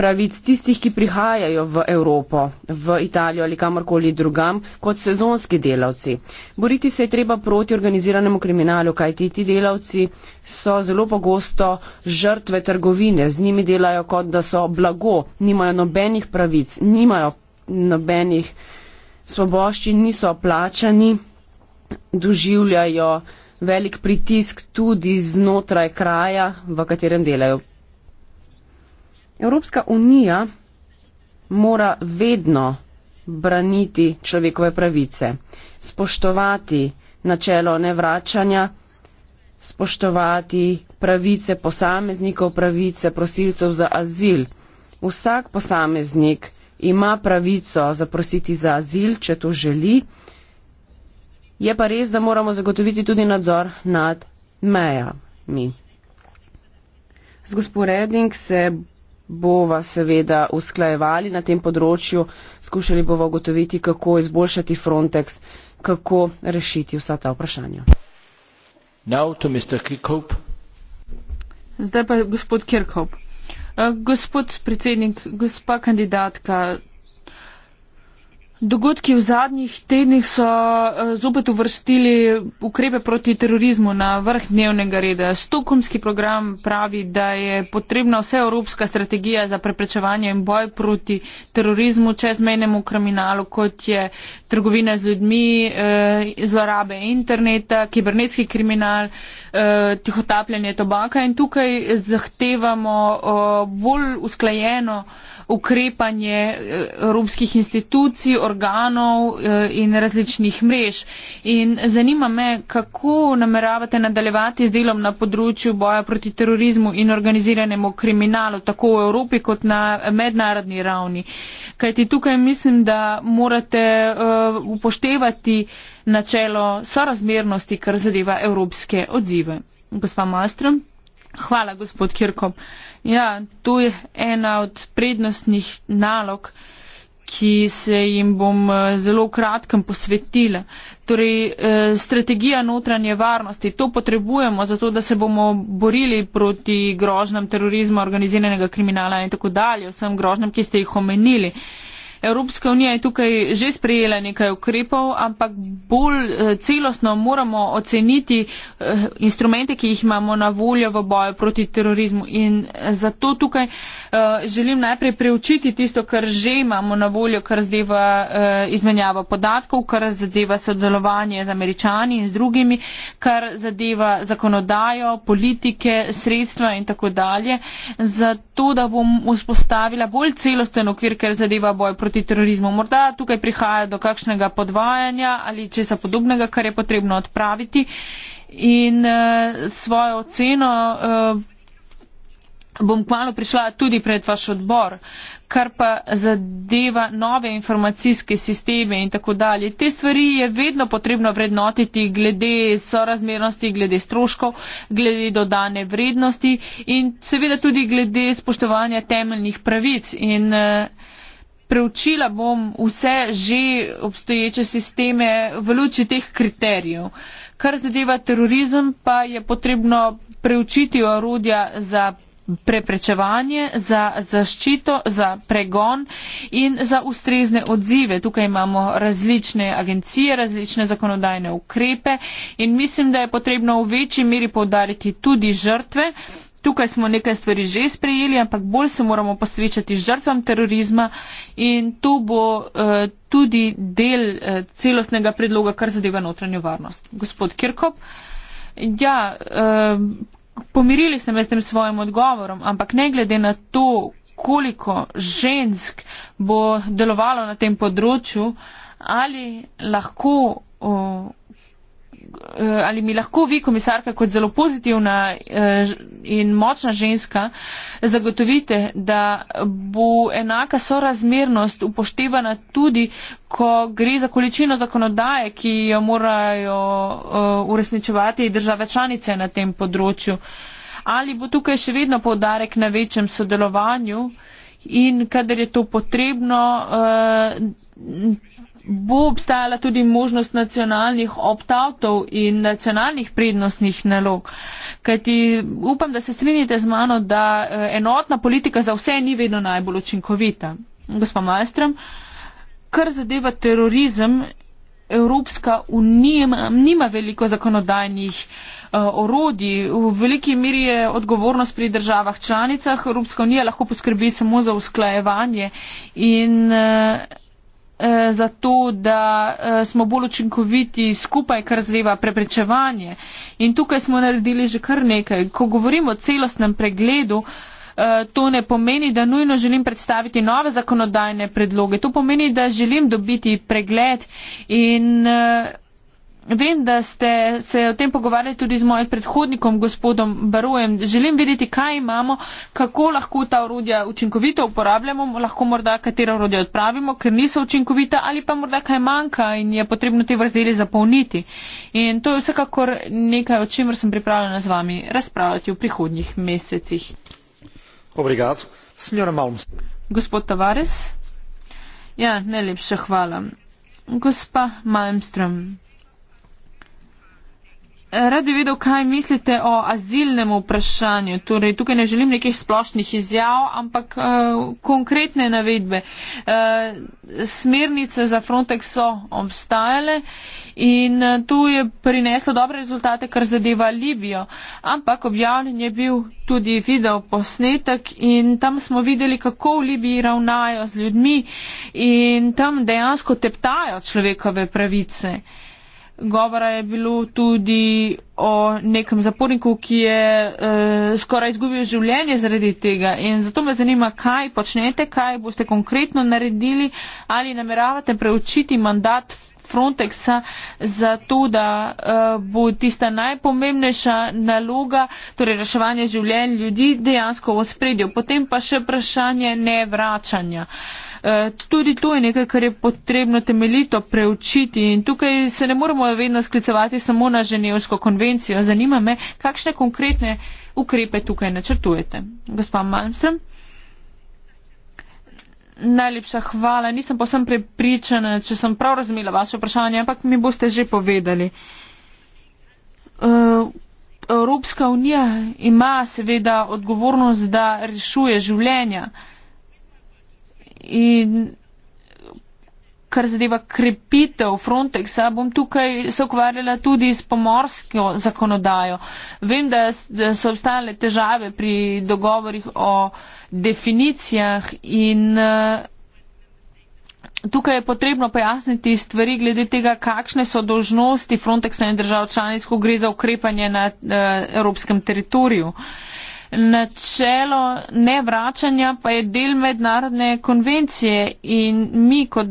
pravic tistih, ki prihajajo v Evropo, v Italijo ali kamorkoli drugam, kot sezonski delavci. Boriti se je treba proti organiziranemu kriminalu, kajti ti delavci so zelo pogosto žrtve trgovine, z njimi delajo kot da so blago, nimajo nobenih pravic, nimajo nobenih svoboščin, niso plačani, doživljajo velik pritisk tudi znotraj kraja, v katerem delajo. Evropska unija mora vedno braniti človekove pravice, spoštovati načelo nevračanja, spoštovati pravice posameznikov, pravice prosilcev za azil. Vsak posameznik ima pravico zaprositi za azil, če to želi. Je pa res, da moramo zagotoviti tudi nadzor nad mejami. Z gospod Reding se bova seveda usklajevali na tem področju, skušali bova ugotoviti, kako izboljšati Frontex, kako rešiti vsa ta vprašanja. Zdaj pa gospod Kirkhope. Eh, gospod predsednik, gospa kandidatka, Dogodki v zadnjih tednih so eh, zopet uvrstili ukrepe proti terorizmu na vrh dnevnega reda. Stokomski program pravi, da je potrebna vse evropska strategija za preprečevanje in boj proti terorizmu, čezmejnemu kriminalu, kot je trgovina z ljudmi, eh, zlorabe interneta, kibernetski kriminal, eh, tihotapljanje tobaka in tukaj zahtevamo bolj usklajeno ukrepanje eh, evropskih institucij, organov eh, in različnih mrež. In zanima me, kako nameravate nadaljevati z delom na področju boja proti terorizmu in organiziranemu kriminalu, tako v Evropi kot na mednarodni ravni. Kajti tukaj mislim, da morate eh, upoštevati načelo sorazmernosti, kar zadeva evropske odzive. Gospa Mastrom. Hvala, gospod Kirko. Ja, to je ena od prednostnih nalog, ki se jim bom eh, zelo kratkem posvetila. Torej, eh, strategija notranje varnosti, to potrebujemo zato, da se bomo borili proti grožnjam terorizma, organiziranega kriminala in tako dalje, vsem grožnjam, ki ste jih omenili. Evropska unija je tukaj že sprejela nekaj ukrepov, ampak bolj eh, celostno moramo oceniti eh, instrumente, ki jih imamo na voljo v boju proti terorizmu. In eh, zato tukaj želim najprej preučiti tisto, kar že imamo na voljo, kar zadeva izmenjava podatkov, kar zadeva sodelovanje z američani in z drugimi, kar zadeva zakonodajo, politike, sredstva in tako dalje. Zato, da bom vzpostavila bolj celosten okvir, ker zadeva boj proti proti terorizmu. Morda tukaj prihaja do kakšnega podvajanja ali česa podobnega, kar je potrebno odpraviti. In uh, svojo oceno uh, bom kmalo prišla tudi pred vaš odbor, kar pa zadeva nove informacijske sisteme in tako dalje. Te stvari je vedno potrebno vrednotiti glede sorazmernosti, glede stroškov, glede dodane vrednosti in seveda tudi glede spoštovanja temeljnih pravic. In, uh, preučila bom vse že obstoječe sisteme v luči teh kriterijev. Kar zadeva terorizem, pa je potrebno preučiti orodja za preprečevanje, za zaščito, za pregon in za ustrezne odzive. Tukaj imamo različne agencije, različne zakonodajne ukrepe in mislim, da je potrebno v večji meri povdariti tudi žrtve, Tukaj smo nekaj stvari že sprejeli, ampak bolj se moramo posvečati žrtvam terorizma in to bo eh, tudi del eh, celostnega predloga, kar zadeva notranjo varnost. Gospod Kirkop, ja, eh, pomirili ste me s tem svojim odgovorom, ampak ne glede na to, koliko žensk bo delovalo na tem področju, ali lahko. Oh, Eh, ali mi lahko vi, komisarka, kot zelo pozitivna eh, in močna ženska, zagotovite, da bo enaka sorazmernost upoštevana tudi, ko gre za količino zakonodaje, ki jo morajo eh, uresničevati države članice na tem področju. Ali bo tukaj še vedno povdarek na večjem sodelovanju in kadar je to potrebno, bo obstajala tudi možnost nacionalnih optautov in nacionalnih prednostnih nalog. Kajti upam, da se strinjate z mano, da eh, enotna politika za vse ni vedno najbolj učinkovita. Gospa Malstrom, kar zadeva terorizem, Evropska unija nima veliko zakonodajnih eh, orodij, v veliki meri je odgovornost pri državah članicah, Evropska unija lahko poskrbi samo za usklajevanje in eh, eh, za to, da eh, smo bolj učinkoviti skupaj, kar zadeva preprečevanje. In tukaj smo naredili že kar nekaj. Ko govorimo o celostnem pregledu, eh, To ne pomeni, da nujno želim predstaviti nove zakonodajne predloge. To pomeni, da želim dobiti pregled in eh, Vem, da ste se o tem pogovarjali tudi z mojim predhodnikom, gospodom Barujem. Želim videti, kaj imamo, kako lahko ta orodja učinkovito uporabljamo, lahko morda katera orodja odpravimo, ker niso učinkovita ali pa morda kaj manjka in je potrebno te vrzeli zapolniti. In to je vsekakor nekaj, o čemer sem pripravljena z vami razpravljati v prihodnjih mesecih. Gospod Tavares. Ja, najlepša hvala. Gospa Malmström. Rad bi vedel, kaj mislite o azilnem vprašanju. Torej, tukaj ne želim nekih splošnih izjav, ampak uh, konkretne navedbe. Uh, smernice za Frontex so obstajale in uh, eh, tu je prineslo dobre rezultate, kar zadeva Libijo. Ampak objavljen je bil tudi video posnetek in tam smo videli, kako v Libiji ravnajo z ljudmi in tam dejansko teptajo človekove pravice. Uh, govora je bilo tudi o nekem zaporniku, ki je uh, skoraj izgubil življenje zaradi tega. In zato me zanima, kaj počnete, kaj boste konkretno naredili ali nameravate preučiti mandat Frontexa za to, da uh, bo tista najpomembnejša naloga, torej reševanje življenj ljudi, dejansko v spredju. Potem pa še vprašanje nevračanja. Uh, Eh, tudi to je nekaj, kar je potrebno temeljito preučiti in tukaj se ne moramo vedno sklicevati samo na Ženevsko konvencijo. Zanima me, kakšne konkretne ukrepe tukaj načrtujete. Gospa Malmström. Najlepša hvala. Nisem posem prepričana, če sem prav razumela vaše vprašanje, ampak mi boste že povedali. Eh, Evropska unija ima seveda odgovornost, da rešuje življenja in kar zadeva krepitev Frontexa, bom tukaj se ukvarjala tudi s pomorsko zakonodajo. Vem, da, da so obstajale težave pri dogovorih o definicijah in eh, Tukaj je potrebno pojasniti stvari glede tega, kakšne so dožnosti Frontexa in držav članic, ko gre za ukrepanje na uh, evropskem teritoriju. Uh, načelo nevračanja pa je del mednarodne konvencije in mi kot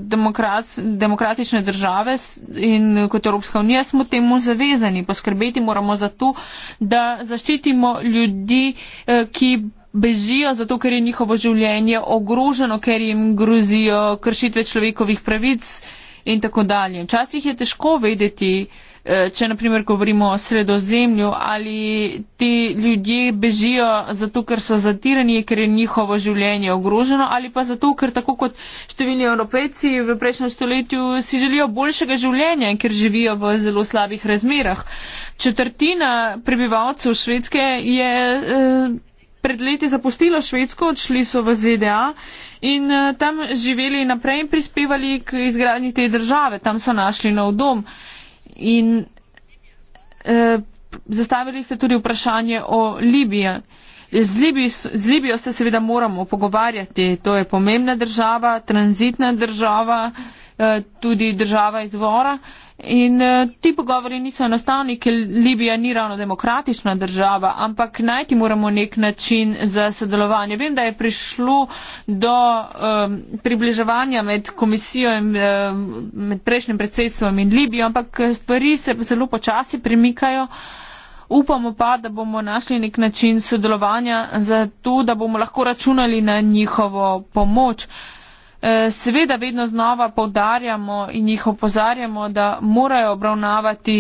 demokratične države in kot Evropska unija smo temu zavezani. Poskrbeti moramo za to, da zaščitimo ljudi, eh, ki bežijo zato, ker je njihovo življenje ogroženo, ker jim grozijo kršitve človekovih pravic in tako dalje. Včasih je težko vedeti, Eh, če naprimer govorimo o sredozemlju, ali ti ljudje bežijo zato, ker so zatirani, ker je njihovo življenje ogroženo, ali pa zato, ker tako kot številni evropejci v prejšnjem stoletju si želijo boljšega življenja, ker živijo v zelo slabih razmerah. Četrtina prebivalcev Švedske je. Eh, Pred leti zapustilo Švedsko, odšli so v ZDA in eh, tam živeli naprej in prispevali k izgradnji te države. Tam so našli nov dom. Uh, in eh, zastavili ste tudi vprašanje o Libiji. Z, Libij, z Libijo se seveda moramo pogovarjati, to je pomembna država, tranzitna država, eh, Eh, tudi država izvora. In eh, ti pogovori niso enostavni, ker Libija ni ravno demokratična država, ampak najti moramo nek način za sodelovanje. Vem, da je prišlo do um, približevanja med komisijo in um, med prejšnjim predsedstvom in Libijo, ampak stvari se zelo počasi premikajo. Upamo pa, da bomo našli nek način sodelovanja za to, da bomo lahko računali na njihovo pomoč. Uh, Eh, seveda vedno znova povdarjamo in jih opozarjamo, da morajo obravnavati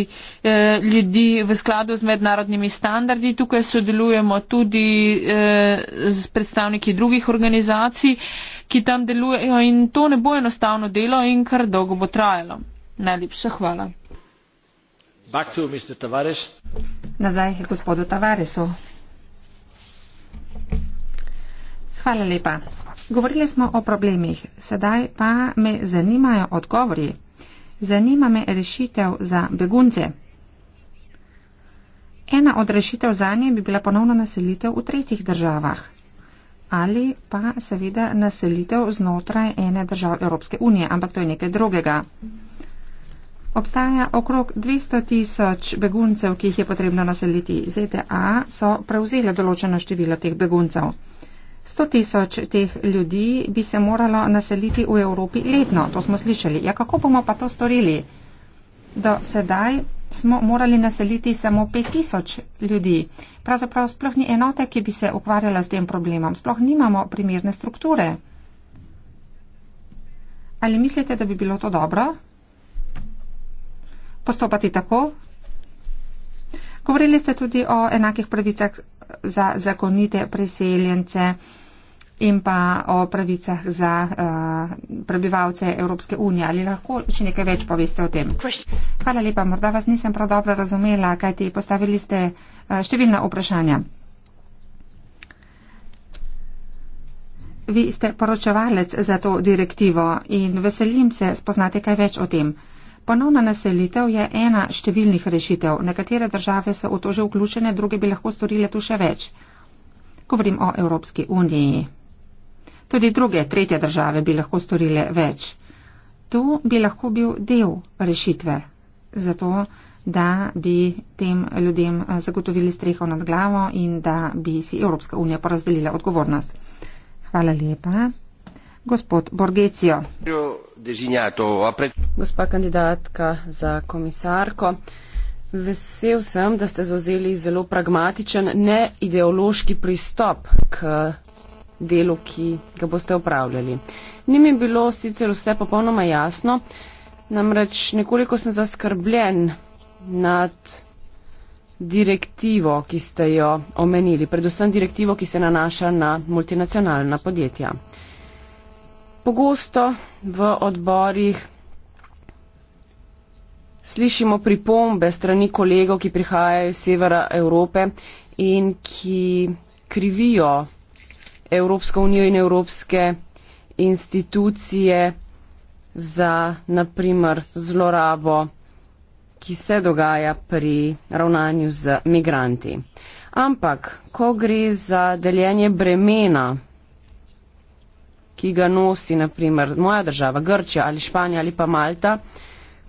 eh, ljudi v skladu z mednarodnimi standardi. Tukaj sodelujemo tudi z eh, predstavniki drugih organizacij, ki tam delujejo in to ne bo enostavno delo in kar dolgo bo trajalo. Najlepša hvala. To, Nazaj k gospodu Tavaresu. Hvala lepa. Govorili smo o problemih, sedaj pa me zanimajo odgovori. Zanima me rešitev za begunce. Ena od rešitev za nje bi bila ponovno naselitev v tretjih državah ali pa seveda naselitev znotraj ene države Evropske unije, ampak to je nekaj drugega. Obstaja okrog 200 tisoč beguncev, ki jih je potrebno naseliti. ZDA so prevzele določeno število teh beguncev. 100 tisoč teh ljudi bi se moralo naseliti v Evropi letno, to smo slišali. Ja, kako bomo pa to storili? Do sedaj smo morali naseliti samo 5 tisoč ljudi. Pravzaprav sploh ni enote, ki bi se ukvarjala s tem problemom. Sploh nimamo primerne strukture. Ali mislite, da bi bilo to dobro? Postopati tako? Govorili ste tudi o enakih pravicah za zakonite priseljence in pa o pravicah za uh, prebivalce Evropske unije. Ali lahko še nekaj več poveste o tem? Hvala lepa, morda vas nisem prav dobro razumela, kajti postavili ste uh, številna vprašanja. Vi ste poročevalec za to direktivo in veselim se spoznati kaj več o tem. Ponovna naselitev je ena številnih rešitev. Nekatere države so v to že vključene, druge bi lahko storile tu še več. Govorim o Evropski uniji. Tudi druge, tretje države bi lahko storile več. Tu bi lahko bil del rešitve, zato da bi tem ljudem eh, zagotovili streho nad glavo in da bi si Evropska unija porazdelila odgovornost. Hvala lepa. Gospod Borgecijo. Gospa kandidatka za komisarko, vesel sem, da ste zauzeli zelo pragmatičen, ne ideološki pristop k delu, ki ga boste upravljali. Ni mi bilo sicer vse popolnoma jasno, namreč nekoliko sem zaskrbljen nad direktivo, ki ste jo omenili, predvsem direktivo, ki se nanaša na multinacionalna podjetja pogosto v odborih slišimo pripombe strani kolegov, ki prihajajo iz severa Evrope in ki krivijo Evropsko unijo in evropske institucije za, naprimer, zlorabo, ki se dogaja pri ravnanju z migranti. Ampak, ko gre za deljenje bremena ki ga nosi naprimer moja država Grčija ali Španija ali pa Malta,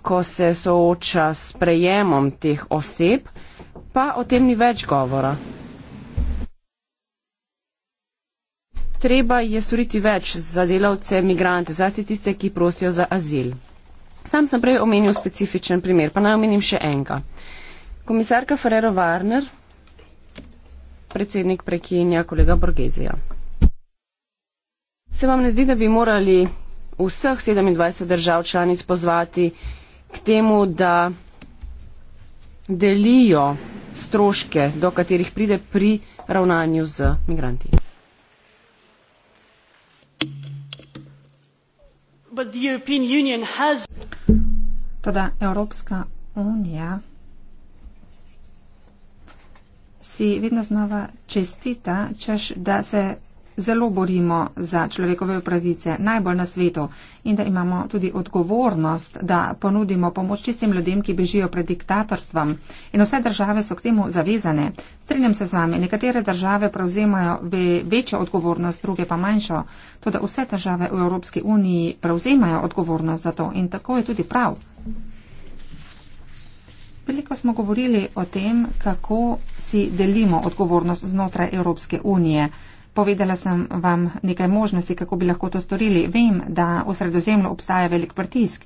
ko se sooča s prejemom teh oseb, pa o tem ni več govora. Treba je storiti več za delavce, imigrante, zlasti tiste, ki prosijo za azil. Sam sem prej omenil specifičen primer, pa naj omenim še enega. Komisarka Ferrero Warner, predsednik prekinja kolega Borgezija. Se vam ne zdi, da bi morali vseh 27 držav članic pozvati k temu, da delijo stroške, do katerih pride pri ravnanju z migranti? Teda Evropska unija si vedno znova čestita, češ da se zelo borimo za človekove pravice, najbolj na svetu in da imamo tudi odgovornost, da ponudimo pomoč tistim ljudem, ki bežijo pred diktatorstvom. In vse države so k temu zavezane. Strinjam se z vami, nekatere države prevzemajo ve večjo odgovornost, druge pa manjšo. Tudi vse države v Evropski uniji prevzemajo odgovornost za to in tako je tudi prav. Veliko smo govorili o tem, kako si delimo odgovornost znotraj Evropske unije. Povedala sem vam nekaj možnosti, kako bi lahko to storili. Vem, da v sredozemlju obstaja velik pritisk.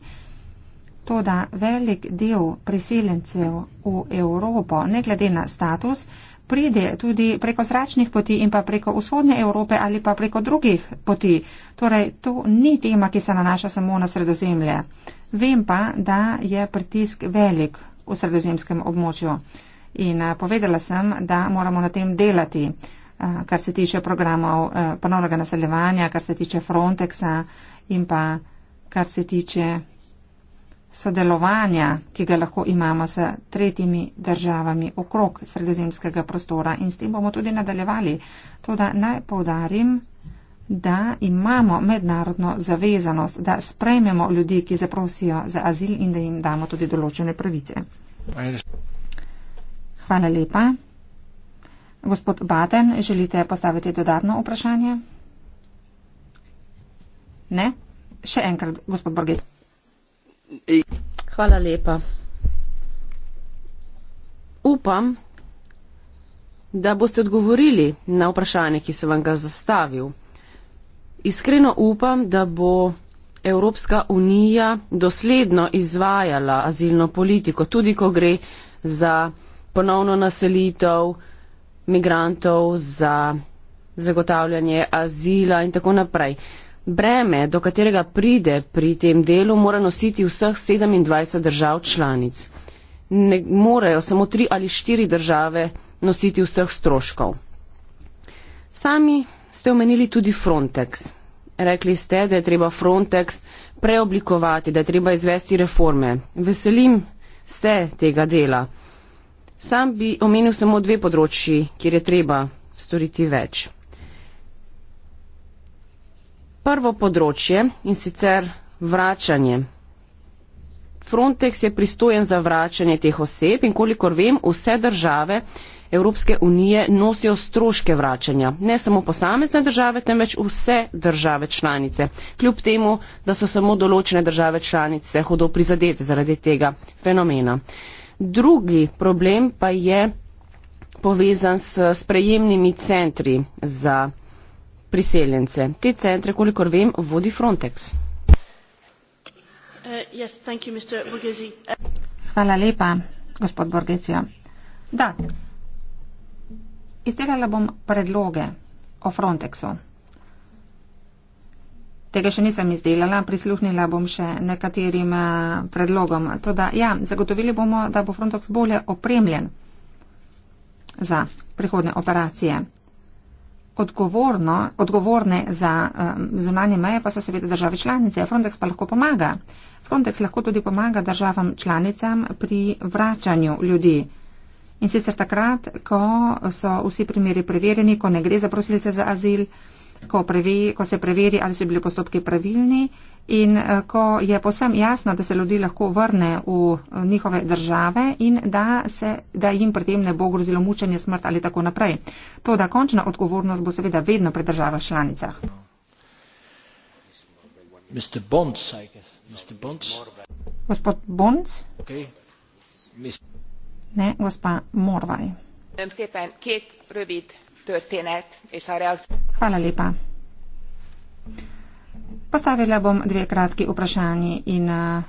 To, da velik del priseljencev v Evropo, ne glede na status, pride tudi preko zračnih poti in pa preko vzhodne Evrope ali pa preko drugih poti. Torej, to ni tema, ki se nanaša samo na sredozemlje. Vem pa, da je pritisk velik v sredozemskem območju. In eh, povedala sem, da moramo na tem delati. Eh, kar se tiče programov eh, ponovnega naseljevanja, kar se tiče Frontexa in pa kar se tiče sodelovanja, ki ga lahko imamo s tretjimi državami okrog sredozemskega prostora in s tem bomo tudi nadaljevali. Toda naj povdarim, da imamo mednarodno zavezanost, da sprejmemo ljudi, ki zaprosijo za azil in da jim damo tudi določene pravice. Hvala lepa. Gospod Baten, želite postaviti dodatno vprašanje? Ne? Še enkrat, gospod Borges. Hvala lepa. Upam, da boste odgovorili na vprašanje, ki sem vam ga zastavil. Iskreno upam, da bo Evropska unija dosledno izvajala azilno politiko, tudi ko gre za ponovno naselitev, migrantov, za zagotavljanje azila in tako naprej. Breme, do katerega pride pri tem delu, mora nositi vseh 27 držav članic. Ne morejo samo tri ali štiri države nositi vseh stroškov. Sami ste omenili tudi Frontex. Rekli ste, da je treba Frontex preoblikovati, da je treba izvesti reforme. Veselim se tega dela. Sam bi omenil samo dve področji, kjer je treba storiti več. Prvo področje in sicer vračanje. Frontex je pristojen za vračanje teh oseb in kolikor vem, vse države Evropske unije nosijo stroške vračanja. Ne samo posamezne države, temveč vse države članice. Kljub temu, da so samo določene države članice hodo prizadete zaradi tega fenomena. Uh, Drugi problem pa je povezan s sprejemnimi centri za priseljence. Te centre, kolikor vem, vodi Frontex. Uh, Hvala lepa, gospod Borgesio. Da, izdelala bom predloge o Frontexu. Tega še nisem izdelala, prisluhnila bom še nekaterim eh, predlogom. Toda ja, zagotovili bomo, da bo Frontex bolje opremljen za prihodne operacije. Odgovorne za um, zunanje meje pa so seveda države članice. Frontex pa lahko pomaga. Frontex lahko tudi pomaga državam članicam pri vračanju ljudi. In sicer takrat, ko so vsi primeri preverjeni, ko ne gre za prosilce za azil ko, preveri, ko se preveri, ali so bili postopki pravilni in eh, ko je posem jasno, da se ljudi lahko vrne v eh, njihove države in da, se, da jim pri tem ne bo grozilo mučenje, smrt ali tako naprej. To, da končna odgovornost bo seveda vedno pri državah članicah. Gospod Bonc? Ne, gospa Morvaj. Um, Sjepen, Kate Rubit történet és a reakció. Postavila bom dve kratki vprašanji in uh,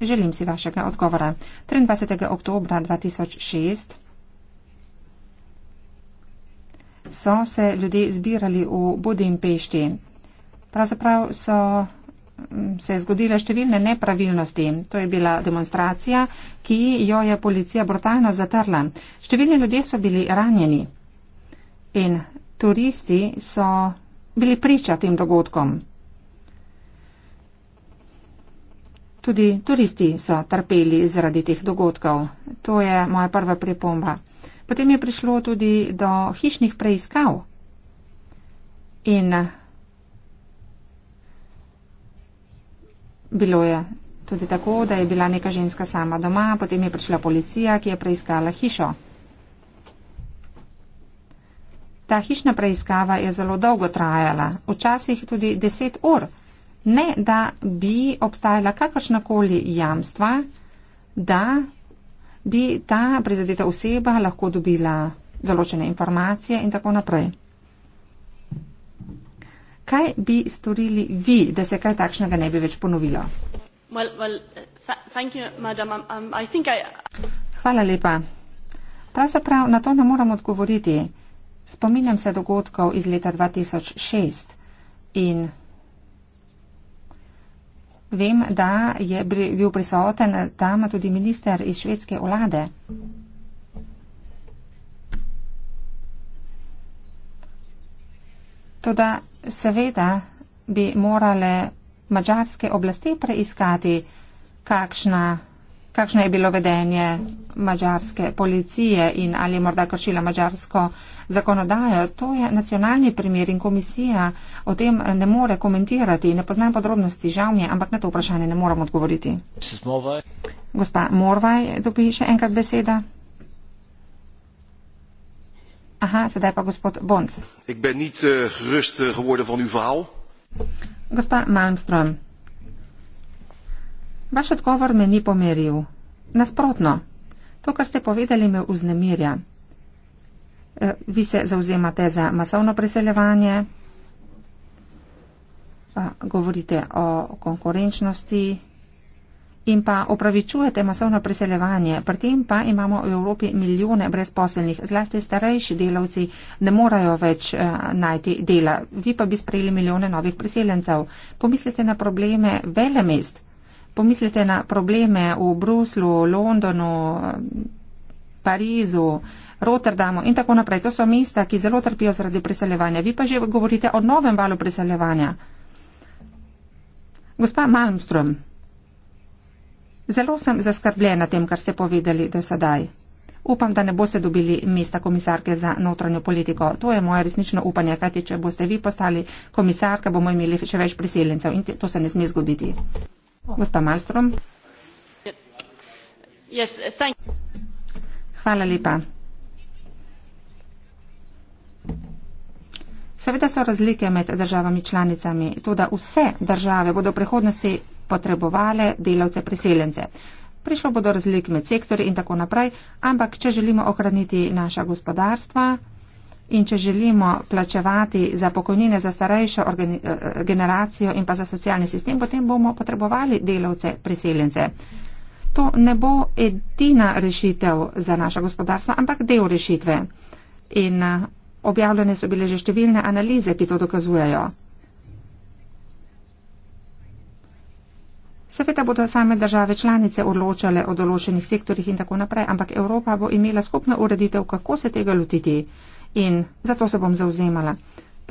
želim si vašega odgovora. 23. oktober 2006 so se ljudje zbirali v Budimpešti. Pravzaprav so mm, se zgodile številne nepravilnosti. To je bila demonstracija, ki jo je policija brutalno zatrla. Številni ljudje so bili ranjeni in turisti so bili priča tem dogodkom. Tudi turisti so trpeli zaradi teh dogodkov. To je moja prva pripomba. Potem je prišlo tudi do hišnih preiskav. In bilo je tudi tako, da je bila neka ženska sama doma, potem je prišla policija, ki je preiskala hišo. Ta hišna preiskava je zelo dolgo trajala, včasih tudi deset ur, ne da bi obstajala kakršnakoli jamstva, da bi ta prizadeta oseba lahko dobila določene informacije in tako naprej. Kaj bi storili vi, da se kaj takšnega ne bi več ponovilo? Well, well, you, madam, um, um I I... Hvala lepa. Pravzaprav na to ne moram odgovoriti. Spominjam se dogodkov iz leta 2006 in vem, da je bil prisoten tam tudi minister iz švedske vlade. Toda seveda bi morale mačarske oblasti preiskati, kakšna, kakšno je bilo vedenje mačarske policije in ali je morda kršila mačarsko zakonodajo, to je nacionalni primer in komisija o tem ne more komentirati. Ne poznam podrobnosti, žal mi je, ampak na to vprašanje ne moram odgovoriti. Gospa Morvaj, dobi še enkrat beseda. Aha, sedaj pa gospod Bonc. Ik ben niet, uh, eh, gerust, uh, geworden van uw gospa Malmström, vaš odgovor me ni pomeril. Nasprotno, to, kar ste povedali, me vznemirja. Eh, vi se zauzemate za masovno preseljevanje, eh, govorite o konkurenčnosti in pa opravičujete masovno preseljevanje. Pri tem pa imamo v Evropi milijone brezposelnih, zlasti starejši delavci ne morajo več eh, najti dela. Vi pa bi sprejeli milijone novih priseljencev. Pomislite na probleme velemest. Pomislite na probleme v Bruslu, Londonu, Parizu, Rotterdamu in tako naprej. To so mesta, ki zelo trpijo zaradi priseljevanja. Vi pa že govorite o novem valu priseljevanja. Gospa Malmström, zelo sem zaskrbljena tem, kar ste povedali do sedaj. Upam, da ne boste dobili mesta komisarke za notranjo politiko. To je moje resnično upanje, kajti če boste vi postali komisarka, bomo imeli še več priseljencev in to se ne sme zgoditi. Gospa Malmström. Hvala lepa. Seveda so razlike med državami članicami, to da vse države bodo v prihodnosti potrebovale delavce priseljence. Prišlo bodo razlik med sektori in tako naprej, ampak če želimo ohraniti naša gospodarstva in če želimo plačevati za pokojnine za starejšo eh, eh, generacijo in pa za socialni sistem, potem bomo potrebovali delavce priseljence. To ne bo edina rešitev za naša gospodarstva, ampak del rešitve. In eh, Objavljene so bile že številne analize, ki to dokazujejo. Seveda bodo same države članice odločale o določenih sektorjih in tako naprej, ampak Evropa bo imela skupno ureditev, kako se tega lotiti in zato se bom zauzemala.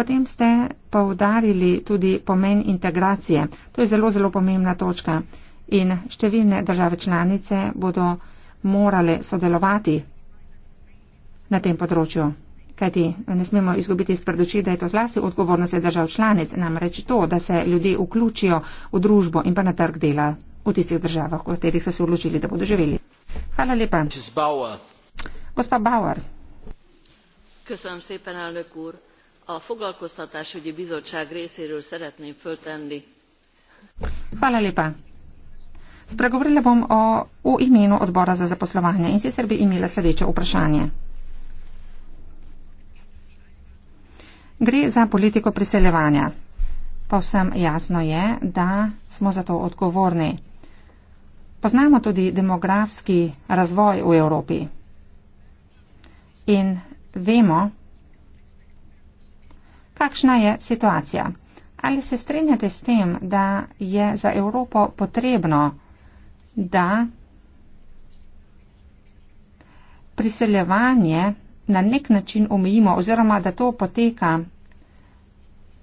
Potem ste poudarili tudi pomen integracije. To je zelo, zelo pomembna točka in številne države članice bodo morale sodelovati na tem področju. Kajti ne smemo izgubiti iz predoči, da je to zlasti odgovornost držav članic, namreč to, da se ljudje vključijo v družbo in pa na trg dela v tistih državah, v katerih so se odločili, da bodo živeli. Hvala lepa. Bauer. Gospa Bauer. Köszönöm szépen, elnök úr. A foglalkoztatásügyi bizottság részéről szeretném föltenni. Hvala lepa. Spregovorila bom o, o imenu odbora za zaposlovanje in sicer bi imela sledeče vprašanje. gre za politiko priseljevanja. Povsem jasno je, da smo za to odgovorni. Poznamo tudi demografski razvoj v Evropi. In vemo, kakšna je situacija. Ali se strinjate s tem, da je za Evropo potrebno, da priseljevanje na nek način omejimo oziroma da to poteka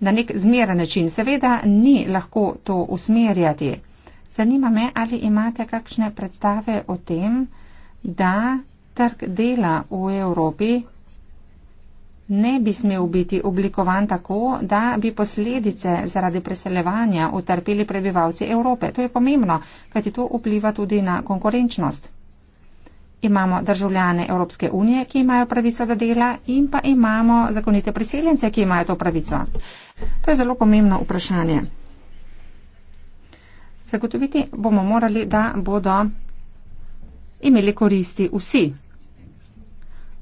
na nek zmeren način. Seveda ni lahko to usmerjati. Zanima me, ali imate kakšne predstave o tem, da trg dela v Evropi ne bi smel biti oblikovan tako, da bi posledice zaradi preseljevanja utrpeli prebivalci Evrope. To je pomembno, kajti to vpliva tudi na konkurenčnost imamo državljane Evropske unije, ki imajo pravico do dela in pa imamo zakonite priseljence, ki imajo to pravico. To je zelo pomembno vprašanje. Zagotoviti bomo morali, da bodo imeli koristi vsi.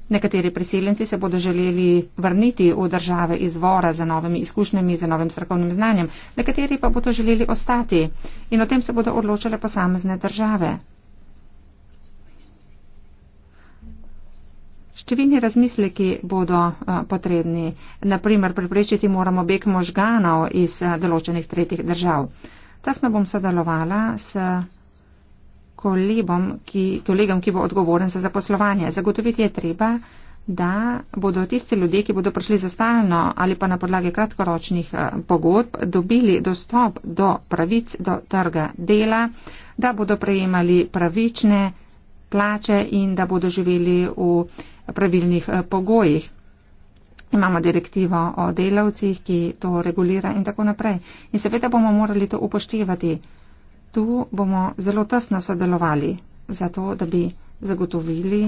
Nekateri priseljenci se bodo želeli vrniti v države izvora za novimi izkušnjami, za novim strokovnim znanjem, nekateri pa bodo želeli ostati in o tem se bodo odločale posamezne države. Številni razmisleki bodo eh, potrebni. Naprimer, preprečiti moramo beg možganov iz eh, določenih tretjih držav. Tasno bom sodelovala s kolibom, ki, kolegom, ki bo odgovoren za zaposlovanje. Zagotoviti je treba, da bodo tisti ljudje, ki bodo prišli za stalno ali pa na podlagi kratkoročnih eh, pogodb, dobili dostop do pravic, do trga dela, da bodo prejemali pravične plače in da bodo živeli v pravilnih eh, pogojih. Imamo direktivo o delavcih, ki to regulira in tako naprej. In seveda bomo morali to upoštevati. Tu bomo zelo tesno sodelovali, zato da bi zagotovili,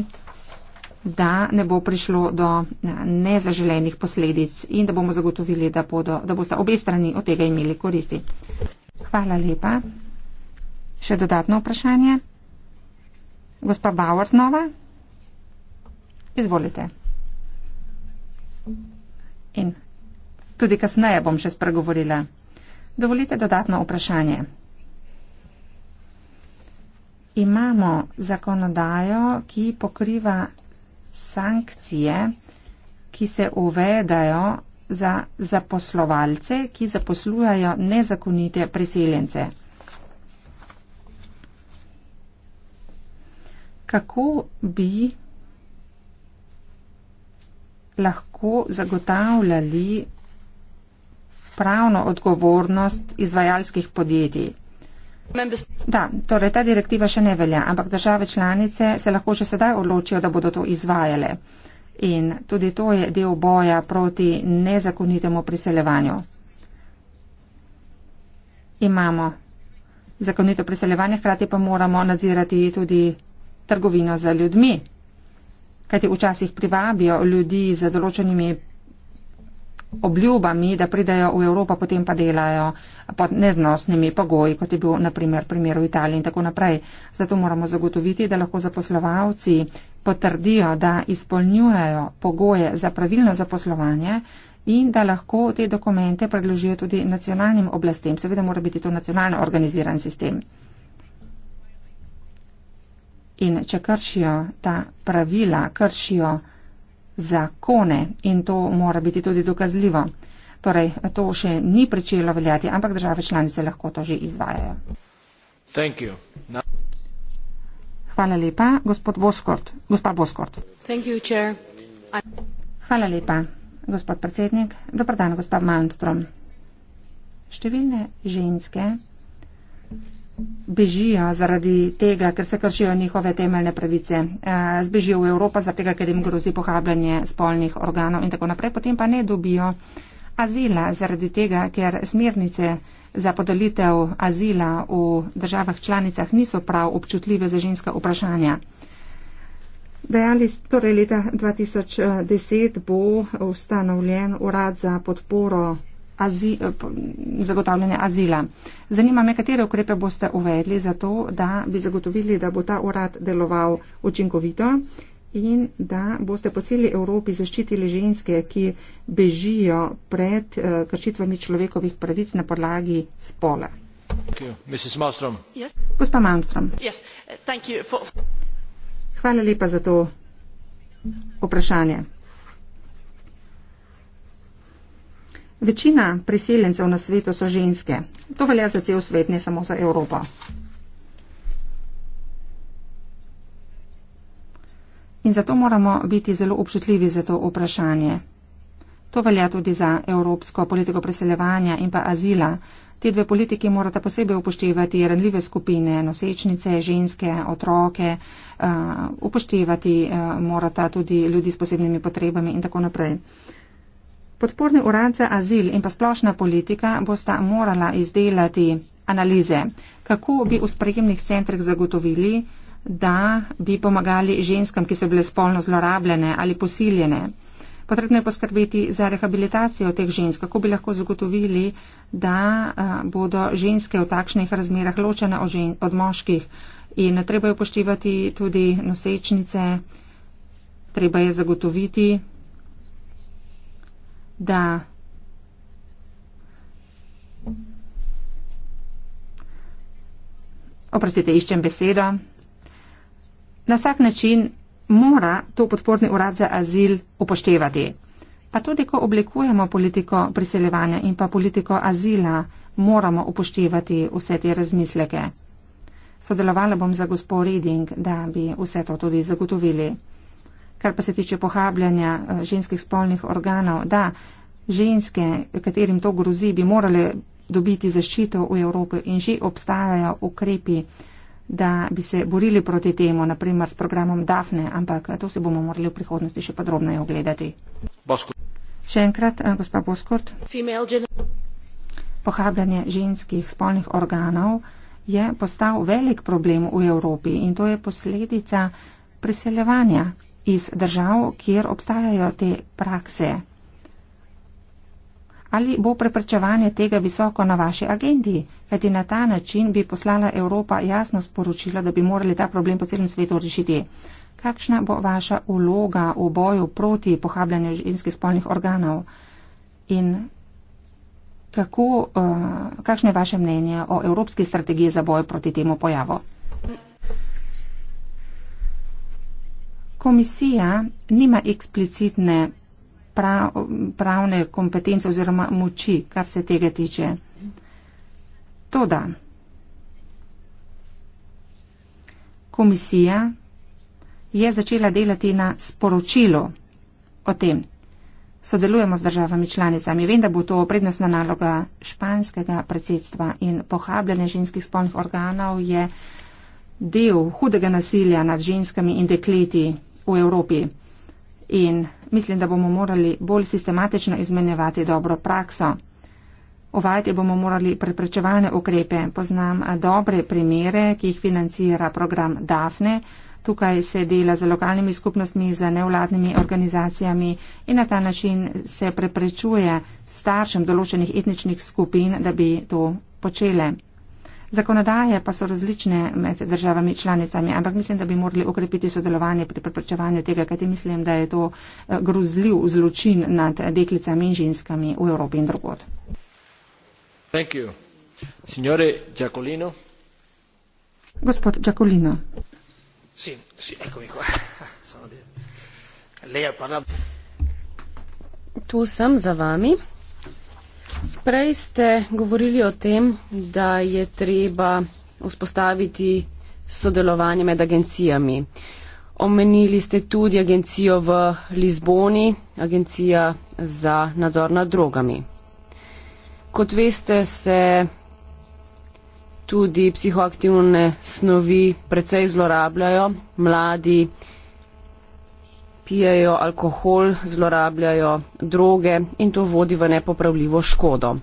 da ne bo prišlo do eh, nezaželenih posledic in da bomo zagotovili, da, bodo, da bo sta obe strani od tega imeli koristi. Hvala lepa. Še dodatno vprašanje. Gospa Bauer znova. Izvolite. In tudi kasneje bom še spregovorila. Dovolite dodatno vprašanje. Imamo zakonodajo, ki pokriva sankcije, ki se uvedajo za zaposlovalce, ki zaposlujajo nezakonite priseljence. Kako bi lahko zagotavljali pravno odgovornost izvajalskih podjetij. Da, torej ta direktiva še ne velja, ampak države članice se lahko že sedaj odločijo, da bodo to izvajale. In tudi to je del boja proti nezakonitemu priseljevanju. Imamo zakonito priseljevanje, hkrati pa moramo nadzirati tudi trgovino za ljudmi kajti včasih privabijo ljudi z določenimi obljubami, da pridajo v Evropo, potem pa delajo pod neznosnimi pogoji, kot je bil naprimer primer v Italiji in tako naprej. Zato moramo zagotoviti, da lahko zaposlovalci potrdijo, da izpolnjujejo pogoje za pravilno zaposlovanje in da lahko te dokumente predložijo tudi nacionalnim oblastem. Seveda mora biti to nacionalno organiziran sistem. In če kršijo ta pravila, kršijo zakone in to mora biti tudi dokazljivo. Torej, to še ni pričelo veljati, ampak države članice lahko to že izvajajo. Now... Hvala lepa, gospod Boskort. Gospa Boskort. You, Hvala lepa, gospod predsednik. Dobrodan, gospod Malmström. Številne ženske bežijo zaradi tega, ker se kršijo njihove temeljne pravice. Eh, zbežijo v Evropo zaradi tega, ker jim grozi pohabljanje spolnih organov in tako naprej. Potem pa ne dobijo azila zaradi tega, ker smernice za podelitev azila v državah članicah niso prav občutljive za ženska vprašanja. Dejali ste, torej leta 2010 eh, bo ustanovljen urad za podporo azi, zagotavljanje azila. Zanima me, katere ukrepe boste uvedli za to, da bi zagotovili, da bo ta urad deloval učinkovito in da boste po celi Evropi zaščitili ženske, ki bežijo pred eh, kršitvami človekovih pravic na podlagi spola. Gospa Malmström. Hvala lepa za to vprašanje. Večina priseljencev na svetu so ženske. To velja za cel svet, ne samo za Evropo. In zato moramo biti zelo občutljivi za to vprašanje. To velja tudi za evropsko politiko preseljevanja in pa azila. Te dve politiki morata posebej upoštevati ranljive skupine, nosečnice, ženske, otroke, uh, upoštevati uh, morata tudi ljudi s posebnimi potrebami in tako naprej. Uh, Podporni urad za azil in pa splošna politika bosta morala izdelati analize, kako bi v sprejemnih centrih zagotovili, da bi pomagali ženskam, ki so bile spolno zlorabljene ali posiljene. Potrebno je poskrbeti za rehabilitacijo teh žensk, kako bi lahko zagotovili, da bodo ženske v takšnih razmerah ločene od, žen, od moških in treba je upoštevati tudi nosečnice, treba je zagotoviti Да. Oprostite, iščem besedo. Na vsak način mora to podporni urad za azil upoštevati. Pa tudi, ko oblikujemo politiko priseljevanja in pa politiko azila, moramo upoštevati vse te razmisleke. Sodelovala bom za gospod Reding, da bi vse to tudi zagotovili. Kar pa se tiče pohabljanja eh, ženskih spolnih organov, da ženske, katerim to grozi, bi morale dobiti zaščito v Evropi in že obstajajo ukrepi, da bi se borili proti temu, naprimer s programom Dafne, ampak eh, to se bomo morali v prihodnosti še podrobneje ogledati. Bosko. Še enkrat, eh, gospa Boskort. Pohabljanje ženskih spolnih organov je postal velik problem v Evropi in to je posledica priseljevanja iz držav, kjer obstajajo te prakse? Ali bo preprečevanje tega visoko na vaši agendi? Kajti na ta način bi poslala Evropa jasno sporočilo, da bi morali ta problem po celem svetu rešiti. Kakšna bo vaša uloga v boju proti pohabljanju ženskih spolnih organov? In kako, uh, kakšno je vaše mnenje o evropski strategiji za boj proti temu pojavu? Komisija nima eksplicitne prav, pravne kompetence oziroma moči, kar se tega tiče. Toda komisija je začela delati na sporočilo o tem. Sodelujemo z državami članicami. Vem, da bo to prednostna naloga španskega predsedstva in pohabljanje ženskih spolnih organov je del hudega nasilja nad ženskami in dekleti v Evropi. In mislim, da bomo morali bolj sistematično izmenjevati dobro prakso. Uvajati bomo morali preprečevalne ukrepe. Poznam dobre primere, ki jih financira program DAFNE. Tukaj se dela z lokalnimi skupnostmi, z nevladnimi organizacijami in na ta način se preprečuje staršem določenih etničnih skupin, da bi to počele. Zakonodaje pa so različne med državami članicami, ampak mislim, da bi morali okrepiti sodelovanje pri preprečevanju tega, kajti mislim, da je to eh, grozljiv zločin nad deklicami in ženskami v Evropi in drugod. Gospod Giacolino. Sì, sì, eccomi qua. Sono di... Lei ha parlato. Tu sam za vami. Prej ste govorili o tem, da je treba vzpostaviti sodelovanje med agencijami. Omenili ste tudi agencijo v Lizboni, agencija za nadzor nad drogami. Kot veste, se tudi psihoaktivne snovi precej zlorabljajo, mladi pijejo alkohol, zlorabljajo droge in to vodi v nepopravljivo škodo.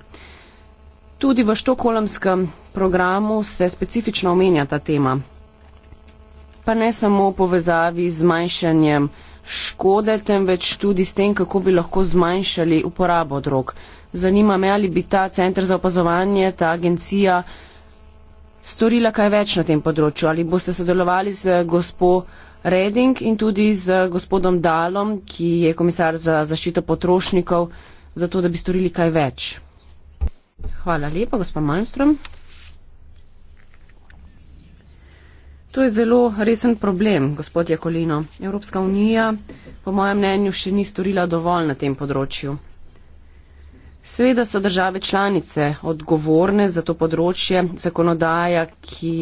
Tudi v štokolmskem programu se specifično omenja ta tema, pa ne samo v povezavi z zmanjšanjem škode, temveč tudi s tem, kako bi lahko zmanjšali uporabo drog. Zanima me, ali bi ta centr za opazovanje, ta agencija storila kaj več na tem področju, ali boste sodelovali z gospod Reding in tudi z gospodom Dalom, ki je komisar za zaščito potrošnikov, zato da bi storili kaj več. Hvala lepa, gospod Malmström. To je zelo resen problem, gospod Jakolino. Evropska unija, po mojem mnenju, še ni storila dovolj na tem področju. Sveda so države članice odgovorne za to področje, zakonodaja, ki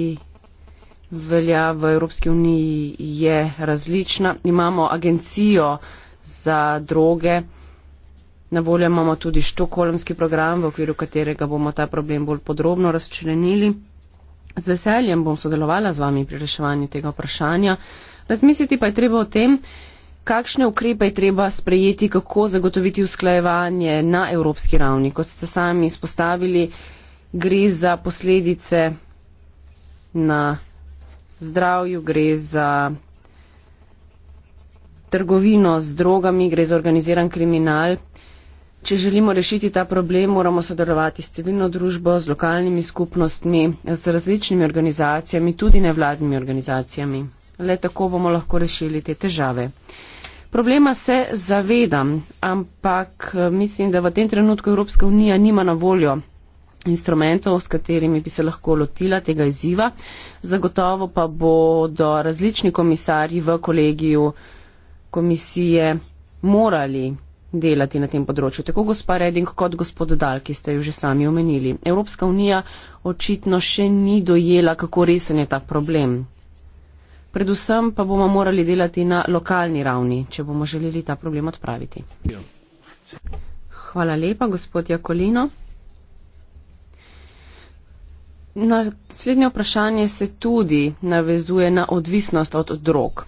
velja v Evropski uniji, je različna. Imamo agencijo za droge, na voljo imamo tudi štokolmski program, v okviru katerega bomo ta problem bolj podrobno razčlenili. Z veseljem bom sodelovala z vami pri reševanju tega vprašanja. Razmisliti pa je treba o tem, kakšne ukrepe je treba sprejeti, kako zagotoviti usklajevanje na evropski ravni. Kot ste sami izpostavili, gre za posledice na zdravju, gre za trgovino z drogami, gre za organiziran kriminal. Če želimo rešiti ta problem, moramo sodelovati s civilno družbo, z lokalnimi skupnostmi, z različnimi organizacijami, tudi nevladnimi organizacijami. Le tako bomo lahko rešili te težave. Problema se zavedam, ampak eh, mislim, da v tem trenutku Evropska unija nima na voljo instrumentov, s katerimi bi se lahko lotila tega izziva. Zagotovo pa bodo različni komisarji v kolegiju komisije morali delati na tem področju. Tako gospa Reding kot gospod Dal, ki ste jo že sami omenili. Evropska unija očitno še ni dojela, kako resen je ta problem. Predvsem pa bomo morali delati na lokalni ravni, če bomo želeli ta problem odpraviti. Ja. Hvala lepa, gospod Jakolino. Naslednje vprašanje se tudi navezuje na odvisnost od drog.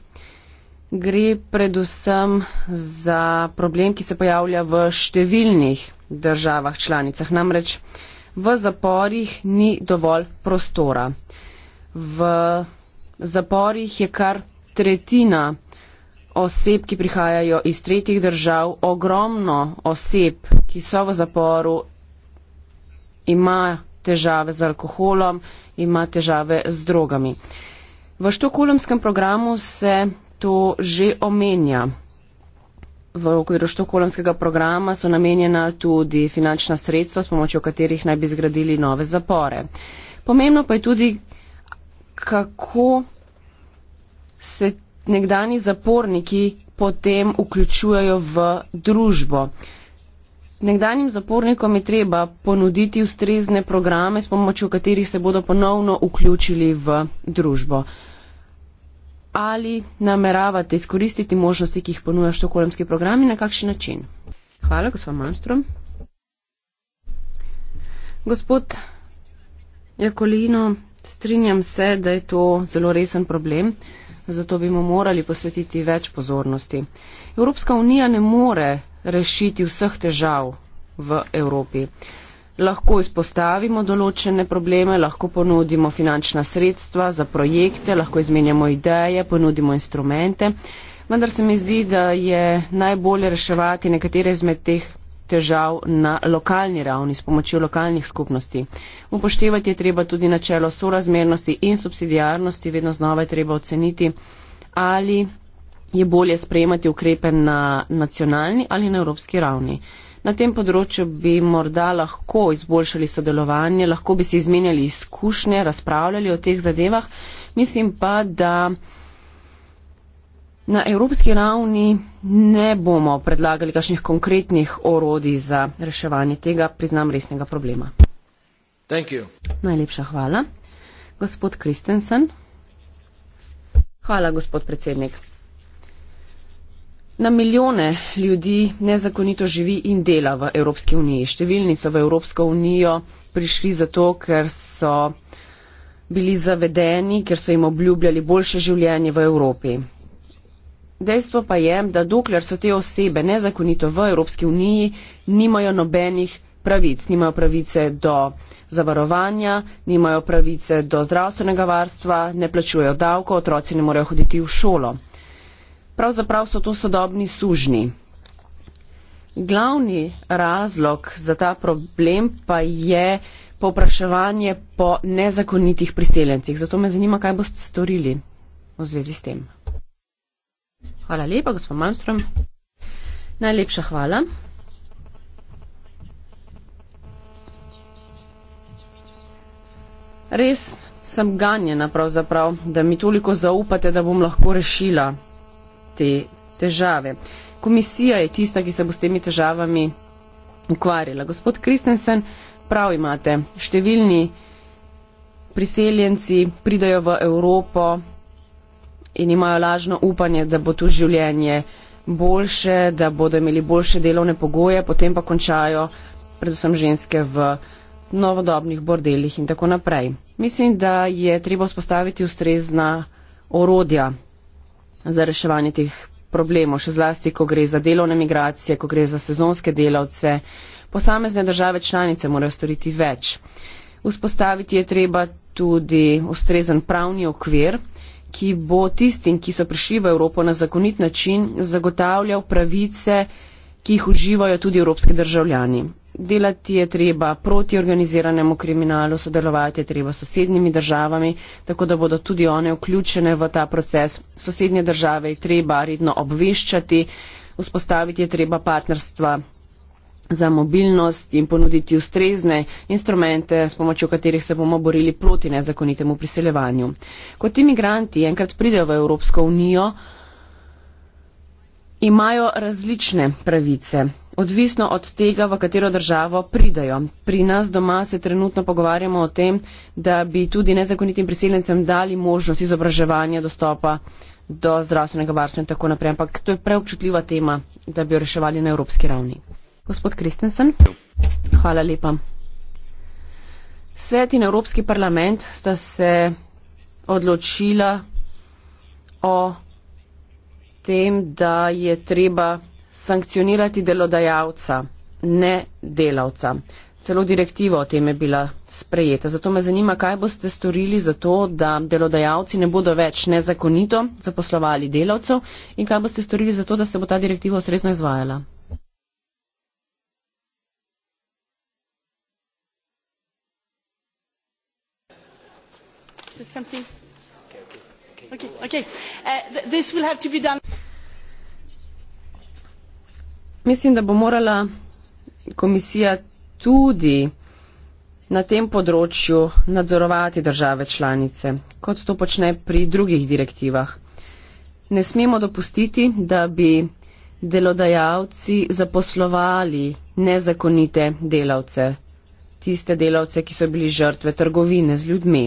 Gre predvsem za problem, ki se pojavlja v številnih državah članicah. Namreč v zaporih ni dovolj prostora. V zaporih je kar tretjina oseb, ki prihajajo iz tretjih držav, ogromno oseb, ki so v zaporu, ima težave z alkoholom, ima težave z drogami. V štokolmskem programu se to že omenja. V okviru štokolmskega programa so namenjena tudi finančna sredstva, s pomočjo katerih naj bi zgradili nove zapore. Pomembno pa je tudi, kako se nekdani zaporniki potem vključujejo v družbo. Nekdanjim zapornikom je treba ponuditi ustrezne programe, s pomočjo katerih se bodo ponovno vključili v družbo. Ali nameravate izkoristiti možnosti, ki jih ponuja štokolemski program in na kakšen način? Hvala, gospod Malmström. Gospod Jakolino, strinjam se, da je to zelo resen problem, zato bi mu morali posvetiti več pozornosti. Evropska unija ne more rešiti vseh težav v Evropi. Lahko izpostavimo določene probleme, lahko ponudimo finančna sredstva za projekte, lahko izmenjamo ideje, ponudimo instrumente, vendar se mi zdi, da je najbolje reševati nekatere izmed teh težav na lokalni ravni s pomočjo lokalnih skupnosti. Upoštevati je treba tudi načelo sorazmernosti in subsidijarnosti, vedno znova je treba oceniti, ali je bolje sprejemati ukrepe na nacionalni ali na evropski ravni. Na tem področju bi morda lahko izboljšali sodelovanje, lahko bi se izmenjali izkušnje, razpravljali o teh zadevah. Mislim pa, da na evropski ravni ne bomo predlagali kakšnih konkretnih orodij za reševanje tega, priznam, resnega problema. Najlepša hvala. Gospod Kristensen. Hvala, gospod predsednik. Na milijone ljudi nezakonito živi in dela v Evropski uniji. Številni so v Evropsko unijo prišli zato, ker so bili zavedeni, ker so jim obljubljali boljše življenje v Evropi. Dejstvo pa je, da dokler so te osebe nezakonito v Evropski uniji, nimajo nobenih pravic. Nimajo pravice do zavarovanja, nimajo pravice do zdravstvenega varstva, ne plačujejo davko, otroci ne morejo hoditi v šolo pravzaprav so to sodobni sužni. Glavni razlog za ta problem pa je popraševanje po nezakonitih priseljencih. Zato me zanima, kaj boste storili v zvezi s tem. Hvala lepa, gospod Malmström. Najlepša hvala. Res sem ganjena, da mi toliko zaupate, da bom lahko rešila te težave. Komisija je tista, ki se bo s temi težavami ukvarjala. Gospod Kristensen, prav imate, številni priseljenci pridajo v Evropo in imajo lažno upanje, da bo tu življenje boljše, da bodo imeli boljše delovne pogoje, potem pa končajo predvsem ženske v novodobnih bordelih in tako naprej. Mislim, da je treba vzpostaviti ustrezna orodja za reševanje teh problemov, še zlasti, ko gre za delovne migracije, ko gre za sezonske delavce. Posamezne države članice morajo storiti več. Vzpostaviti je treba tudi ustrezen pravni okvir, ki bo tistim, ki so prišli v Evropo na zakonit način, zagotavljal pravice, ki jih uživajo tudi evropski državljani delati je treba proti organiziranemu kriminalu, sodelovati je treba s sosednjimi državami, tako da bodo tudi one vključene v ta proces. Sosednje države je treba redno obveščati, vzpostaviti je treba partnerstva za mobilnost in ponuditi ustrezne instrumente, s pomočjo katerih se bomo borili proti nezakonitemu priseljevanju. Ko ti imigranti enkrat pridejo v Evropsko unijo, imajo različne pravice odvisno od tega, v katero državo pridajo. Pri nas doma se trenutno pogovarjamo o tem, da bi tudi nezakonitim priseljencem dali možnost izobraževanja, dostopa do zdravstvenega varstva in tako naprej. Ampak to je preobčutljiva tema, da bi jo reševali na evropski ravni. Gospod Kristensen, hvala lepa. Svet in Evropski parlament sta se odločila o tem, da je treba sankcionirati delodajalca, ne delavca. Celo direktiva o tem je bila sprejeta. Zato me zanima, kaj boste storili za to, da delodajalci ne bodo več nezakonito zaposlovali delavcev in kaj boste storili za to, da se bo ta direktiva ustrezno izvajala. Okay, okay. Okay. Uh, th this will have to be done mislim, da bo morala komisija tudi na tem področju nadzorovati države članice, kot to počne pri drugih direktivah. Ne smemo dopustiti, da bi delodajalci zaposlovali nezakonite delavce, tiste delavce, ki so bili žrtve trgovine z ljudmi.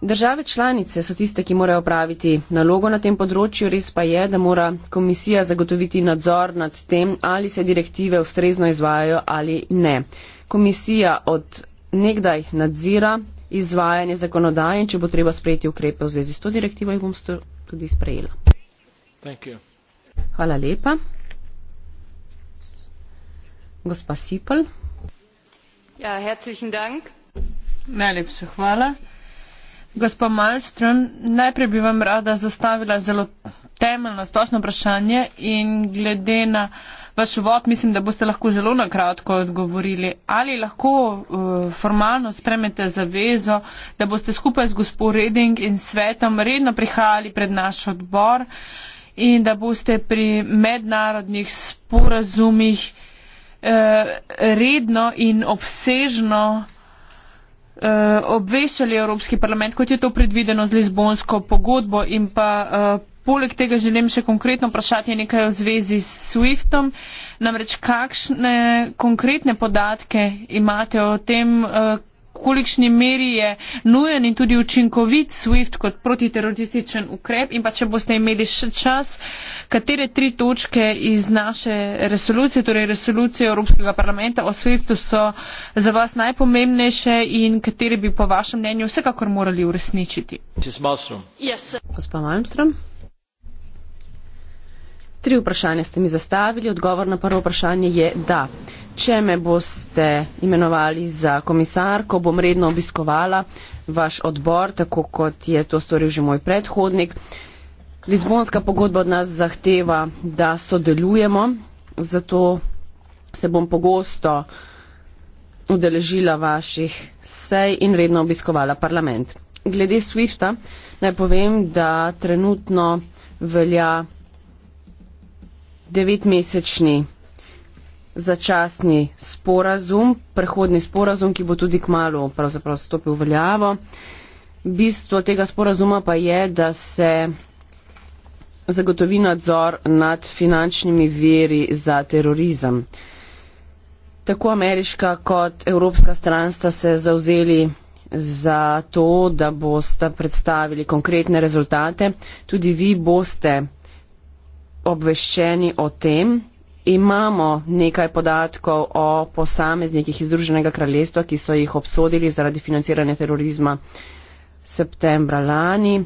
Države članice so tiste, ki morajo praviti nalogo na tem področju, res pa je, da mora komisija zagotoviti nadzor nad tem, ali se direktive ustrezno izvajajo ali ne. Komisija od nekdaj nadzira izvajanje zakonodaje in če bo treba sprejeti ukrepe v zvezi s to direktivo, jih bom tudi sprejela. Hvala lepa. Gospa Sipol. Ja, herzlichen Dank. Najlepša hvala. Gospa Malström, najprej bi vam rada zastavila zelo temeljno splošno vprašanje in glede na vaš uvod mislim, da boste lahko zelo nakratko odgovorili. Ali lahko uh, formalno spremete zavezo, da boste skupaj z gospo Reding in svetom redno prihajali pred naš odbor in da boste pri mednarodnih sporazumih uh, redno in obsežno Eh, obveščali Evropski parlament, kot je to predvideno z Lizbonsko pogodbo in pa. Eh, poleg tega želim še konkretno vprašati nekaj v zvezi s SWIFT-om. Namreč, kakšne konkretne podatke imate o tem, eh, kolikšni meri je nujen in tudi učinkovit SWIFT kot protiterorističen ukrep in pa če boste imeli še čas, katere tri točke iz naše resolucije, torej resolucije Evropskega parlamenta o SWIFT-u so za vas najpomembnejše in katere bi po vašem mnenju vsekakor morali uresničiti. Gospod Malmström. Tri vprašanja ste mi zastavili, odgovor na prvo vprašanje je da če me boste imenovali za komisarko, bom redno obiskovala vaš odbor, tako kot je to storil že moj predhodnik. Lizbonska pogodba od nas zahteva, da sodelujemo, zato se bom pogosto udeležila vaših sej in redno obiskovala parlament. Glede SWIFT-a naj povem, da trenutno velja devetmesečni začasni sporazum, prehodni sporazum, ki bo tudi k malu pravzaprav stopil v veljavo. Bistvo tega sporazuma pa je, da se zagotovi nadzor nad finančnimi veri za terorizem. Tako ameriška kot evropska stran sta se zauzeli za to, da boste predstavili konkretne rezultate. Tudi vi boste obveščeni o tem, imamo nekaj podatkov o posameznikih iz Združenega kraljestva, ki so jih obsodili zaradi financiranja terorizma septembra lani.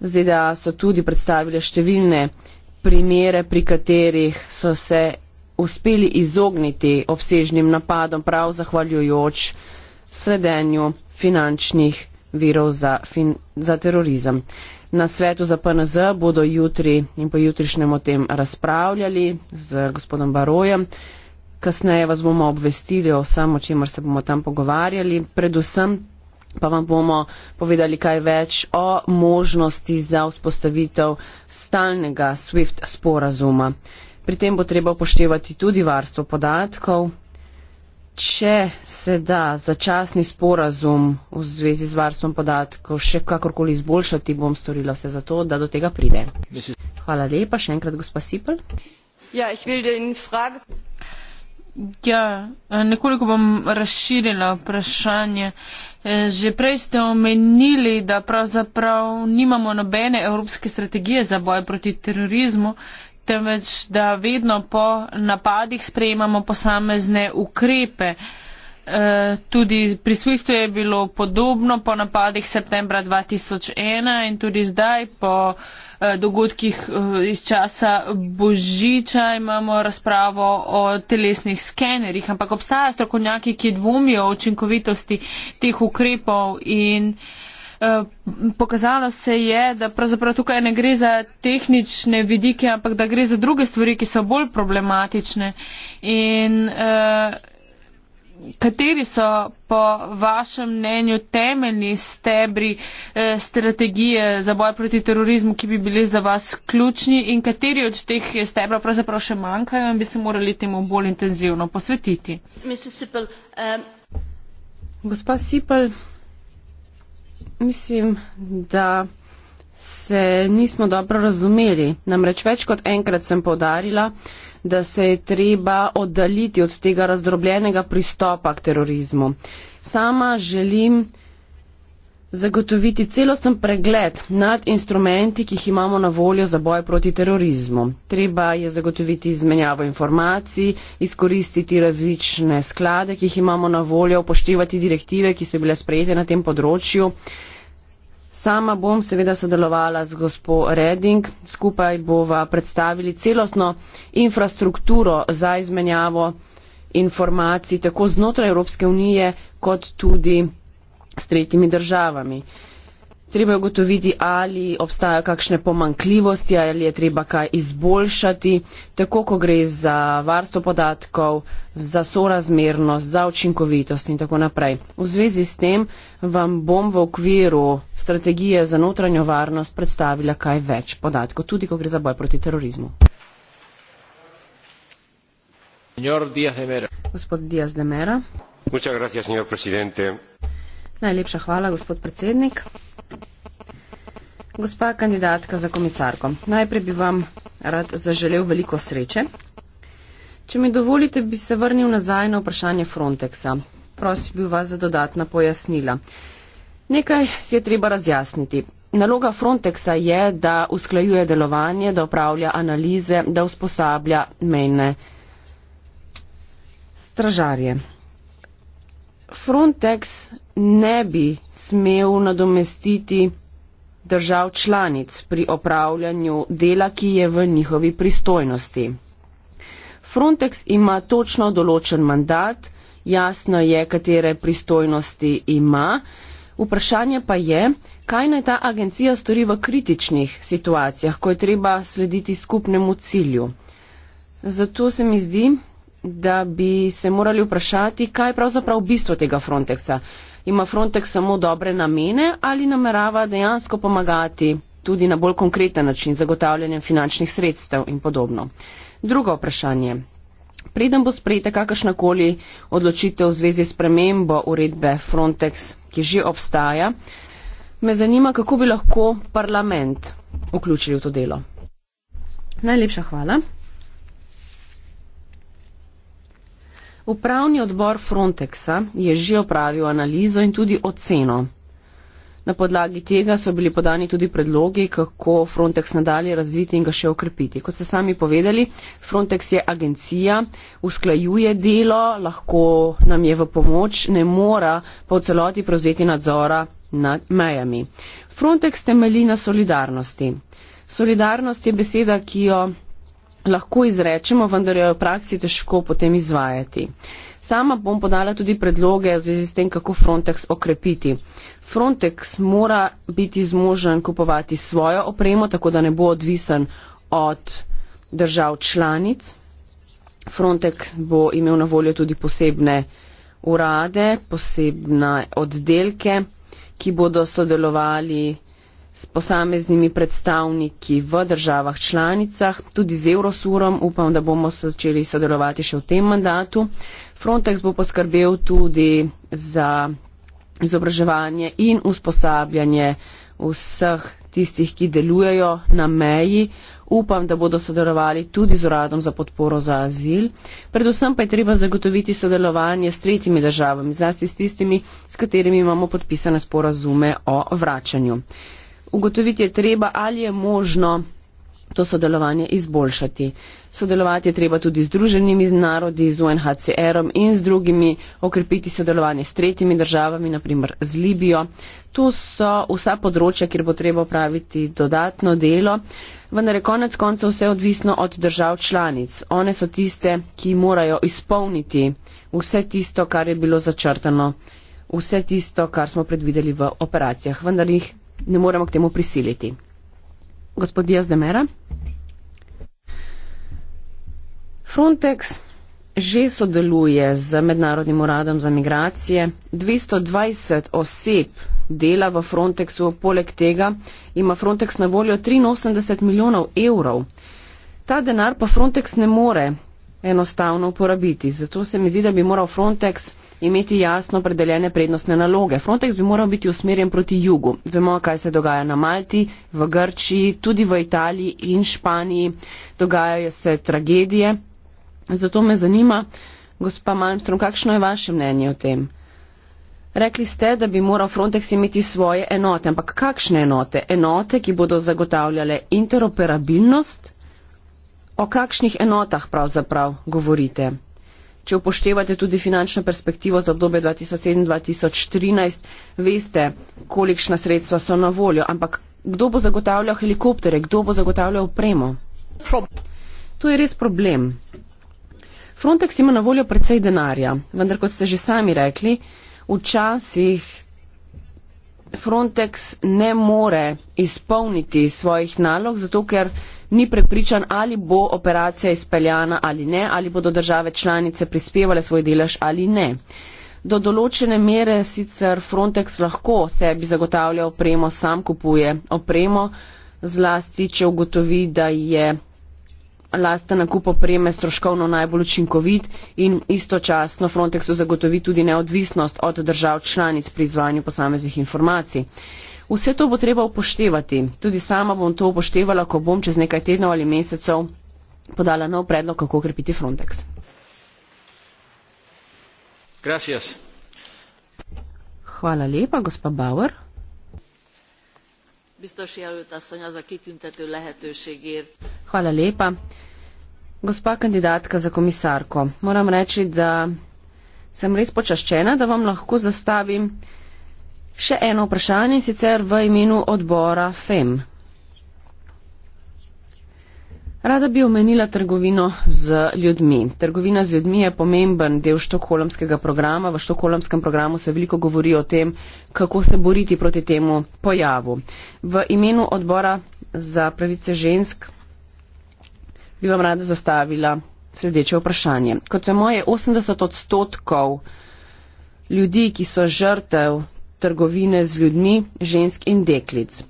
ZDA so tudi predstavile številne primere, pri katerih so se uspeli izogniti obsežnim napadom prav zahvaljujoč sledenju finančnih virov za, fin za terorizem. Na svetu za PNZ bodo jutri in pa jutrišnjem o tem razpravljali z gospodom Barojem. Kasneje vas bomo obvestili o vsem, o čemer se bomo tam pogovarjali. Predvsem pa vam bomo povedali kaj več o možnosti za vzpostavitev stalnega SWIFT sporazuma. Pri tem bo treba upoštevati tudi varstvo podatkov, če se da začasni sporazum v zvezi z varstvom podatkov še kakorkoli izboljšati, bom storila vse za to, da do tega pride. Hvala lepa, še enkrat gospa Sipel. Ja, ich will den Frage. Ja, nekoliko bom razširila vprašanje. Eh, že prej ste omenili, da pravzaprav nimamo nobene evropske strategije za boj proti terorizmu, temveč da vedno po napadih sprejemamo posamezne ukrepe. E, tudi pri SWIFT-u je bilo podobno po napadih septembra 2001 in tudi zdaj po e, dogodkih e, iz časa Božiča imamo razpravo o telesnih skenerjih, ampak obstajajo strokovnjaki, ki dvomijo o učinkovitosti teh ukrepov in Eh, pokazalo se je, da pravzaprav tukaj ne gre za tehnične vidike, ampak da gre za druge stvari, ki so bolj problematične. In uh, kateri so po vašem mnenju temeljni stebri eh, strategije za boj proti terorizmu, ki bi bili za vas ključni in kateri od teh stebrov pravzaprav še manjkajo in bi se morali temu bolj intenzivno posvetiti? Eh, Gospa Sipel, mislim, da se nismo dobro razumeli. Namreč več kot enkrat sem povdarila, da se je treba oddaljiti od tega razdrobljenega pristopa k terorizmu. Sama želim zagotoviti celosten pregled nad instrumenti, ki jih imamo na voljo za boj proti terorizmu. Treba je zagotoviti izmenjavo informacij, izkoristiti različne sklade, ki jih imamo na voljo, upoštevati direktive, ki so bile sprejete na tem področju. Sama bom seveda sodelovala z gospo Reding, skupaj bova predstavili celostno infrastrukturo za izmenjavo informacij tako znotraj Evropske unije kot tudi s tretjimi državami treba je ugotoviti, ali obstajajo kakšne pomankljivosti, ali je treba kaj izboljšati, tako ko gre za varstvo podatkov, za sorazmernost, za učinkovitost in tako naprej. V zvezi s tem vam bom v okviru strategije za notranjo varnost predstavila kaj več podatkov, tudi ko gre za boj proti terorizmu. Gospod Diaz de Mera. Najlepša hvala, gospod predsednik. Gospa kandidatka za komisarko, najprej bi vam rad zaželel veliko sreče. Če mi dovolite, bi se vrnil nazaj na vprašanje Frontexa. Prosim bi vas za dodatna pojasnila. Nekaj si je treba razjasniti. Naloga Frontexa je, da usklajuje delovanje, da upravlja analize, da usposablja mejne stražarje. Frontex ne bi smel nadomestiti držav članic pri opravljanju dela, ki je v njihovi pristojnosti. Frontex ima točno določen mandat, jasno je, katere pristojnosti ima, vprašanje pa je, kaj naj ta agencija stori v kritičnih situacijah, ko je treba slediti skupnemu cilju. Zato se mi zdi, da bi se morali vprašati, kaj je pravzaprav bistvo tega Frontexa ima Frontex samo dobre namene ali namerava dejansko pomagati tudi na bolj konkreten način zagotavljanjem finančnih sredstev in podobno. Drugo vprašanje. Preden bo sprejeta kakršnakoli odločitev v zvezi s premembo uredbe Frontex, ki že obstaja, me zanima, kako bi lahko parlament vključili v to delo. Najlepša hvala. Upravni odbor Frontexa je že opravil analizo in tudi oceno. Na podlagi tega so bili podani tudi predlogi, kako Frontex nadalje razviti in ga še okrepiti. Kot ste sami povedali, Frontex je agencija, usklajuje delo, lahko nam je v pomoč, ne mora pa v celoti prevzeti nadzora nad mejami. Frontex temelji na solidarnosti. Solidarnost je beseda, ki jo lahko izrečemo, vendar jo je v praksi težko potem izvajati. Sama bom podala tudi predloge v zvezi s tem, kako Frontex okrepiti. Frontex mora biti zmožen kupovati svojo opremo, tako da ne bo odvisen od držav članic. Frontex bo imel na voljo tudi posebne urade, posebne oddelke, ki bodo sodelovali s posameznimi predstavniki v državah članicah, tudi z Eurosurom. Upam, da bomo začeli sodelovati še v tem mandatu. Frontex bo poskrbel tudi za izobraževanje in usposabljanje vseh tistih, ki delujejo na meji. Upam, da bodo sodelovali tudi z uradom za podporo za azil. Predvsem pa je treba zagotoviti sodelovanje s tretjimi državami, zlasti s tistimi, s katerimi imamo podpisane sporazume o vračanju ugotoviti je treba, ali je možno to sodelovanje izboljšati. Sodelovati je treba tudi z druženimi narodi, z UNHCR-om in z drugimi, okrepiti sodelovanje s tretjimi državami, naprimer z Libijo. Tu so vsa področja, kjer bo treba praviti dodatno delo, vendar je konec konca vse odvisno od držav članic. One so tiste, ki morajo izpolniti vse tisto, kar je bilo začrtano, vse tisto, kar smo predvideli v operacijah, vendar jih ne moremo k temu prisiliti. Gospod Jaz Demera. Frontex že sodeluje z Mednarodnim uradom za migracije. 220 oseb dela v Frontexu. Poleg tega ima Frontex na voljo 83 milijonov evrov. Ta denar pa Frontex ne more enostavno uporabiti. Zato se mi zdi, da bi moral Frontex imeti jasno predeljene prednostne naloge. Frontex bi moral biti usmerjen proti jugu. Vemo, kaj se dogaja na Malti, v Grčiji, tudi v Italiji in Španiji. Dogajajo se tragedije. Zato me zanima, gospa Malmström, kakšno je vaše mnenje o tem? Rekli ste, da bi moral Frontex imeti svoje enote, ampak kakšne enote? Enote, ki bodo zagotavljale interoperabilnost? O kakšnih enotah pravzaprav govorite? če upoštevate tudi finančno perspektivo za obdobje 2007-2013, veste, kolikšna sredstva so na voljo. Ampak kdo bo zagotavljal helikoptere, kdo bo zagotavljal opremo? To je res problem. Frontex ima na voljo precej denarja, vendar kot ste že sami rekli, včasih Frontex ne more izpolniti svojih nalog, zato ker ni prepričan, ali bo operacija izpeljana ali ne, ali bodo države članice prispevale svoj delež ali ne. Do določene mere sicer Frontex lahko sebi zagotavlja opremo, sam kupuje opremo, zlasti, če ugotovi, da je lasten nakup opreme stroškovno najbolj učinkovit in istočasno Frontexu zagotovi tudi neodvisnost od držav članic pri izvajanju posameznih informacij. Vse to bo treba upoštevati. Tudi sama bom to upoštevala, ko bom čez nekaj tednov ali mesecev podala nov predlog, kako krepiti Frontex. Gracias. Hvala lepa, gospa Bauer. Biztos jelölt asszony az a kitüntető lehetőségért. Hvala lepa. Gospa kandidatka za komisarko, moram reči, da sem res počaščena, da vam lahko zastavim Še eno vprašanje in sicer v imenu odbora FEM. Rada bi omenila trgovino z ljudmi. Trgovina z ljudmi je pomemben del štokholmskega programa. V štokholmskem programu se veliko govori o tem, kako se boriti proti temu pojavu. V imenu odbora za pravice žensk bi vam rada zastavila sledeče vprašanje. Kot vemo, je 80 odstotkov ljudi, ki so žrtev trgovine z ljudmi, žensk in deklic.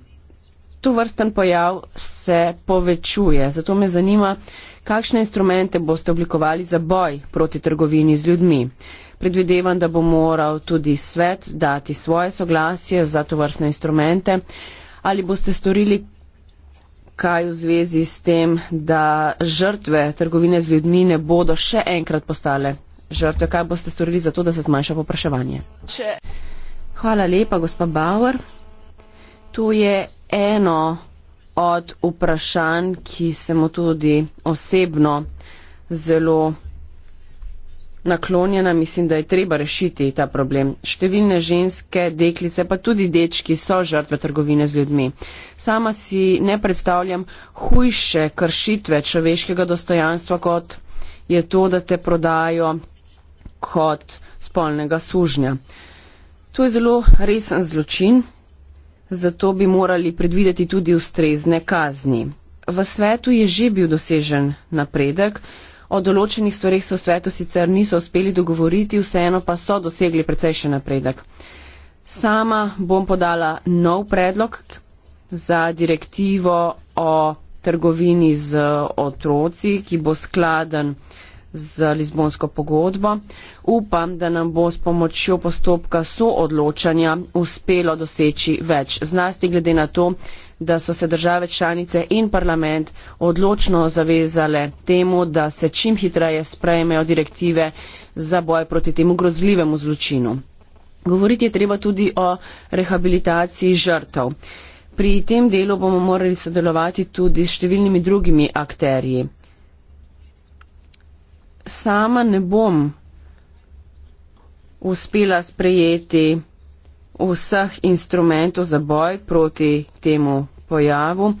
Tu vrsten pojav se povečuje, zato me zanima, kakšne instrumente boste oblikovali za boj proti trgovini z ljudmi. Predvidevam, da bo moral tudi svet dati svoje soglasje za to vrstne instrumente. Ali boste storili kaj v zvezi s tem, da žrtve trgovine z ljudmi ne bodo še enkrat postale žrtve? Kaj boste storili za to, da se zmanjša popraševanje? Če. Hvala lepa, gospa Bauer. To je eno od vprašanj, ki se mu tudi osebno zelo naklonjena. Mislim, da je treba rešiti ta problem. Številne ženske, deklice, pa tudi dečki so žrtve trgovine z ljudmi. Sama si ne predstavljam hujše kršitve človeškega dostojanstva, kot je to, da te prodajo kot spolnega sužnja. To je zelo resen zločin, zato bi morali predvideti tudi ustrezne kazni. V svetu je že bil dosežen napredek, o določenih stvarih se v svetu sicer niso uspeli dogovoriti, vseeno pa so dosegli precejšen napredek. Sama bom podala nov predlog za direktivo o trgovini z otroci, ki bo skladen uh, z Lizbonsko pogodbo. Upam, da nam bo s pomočjo postopka soodločanja uspelo doseči več. Zlasti glede na to, da so se države članice in parlament odločno zavezale temu, da se čim hitreje sprejmejo direktive za boj proti temu grozljivemu zločinu. Govoriti je treba tudi o rehabilitaciji žrtev. Pri tem delu bomo morali sodelovati tudi s številnimi drugimi akterji sama ne bom uspela sprejeti vseh instrumentov za boj proti temu pojavu.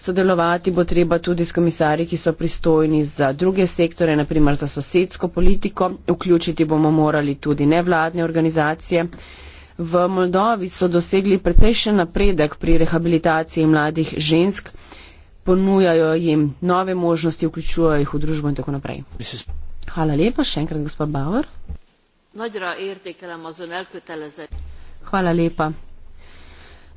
Sodelovati bo treba tudi s komisarji, ki so pristojni za druge sektore, naprimer za sosedsko politiko. Vključiti bomo morali tudi nevladne organizacije. V Moldovi so dosegli precejšen napredek pri rehabilitaciji mladih žensk ponujajo jim nove možnosti, vključujejo jih v družbo in tako naprej. Hvala lepa, še enkrat gospod Bauer. Hvala lepa.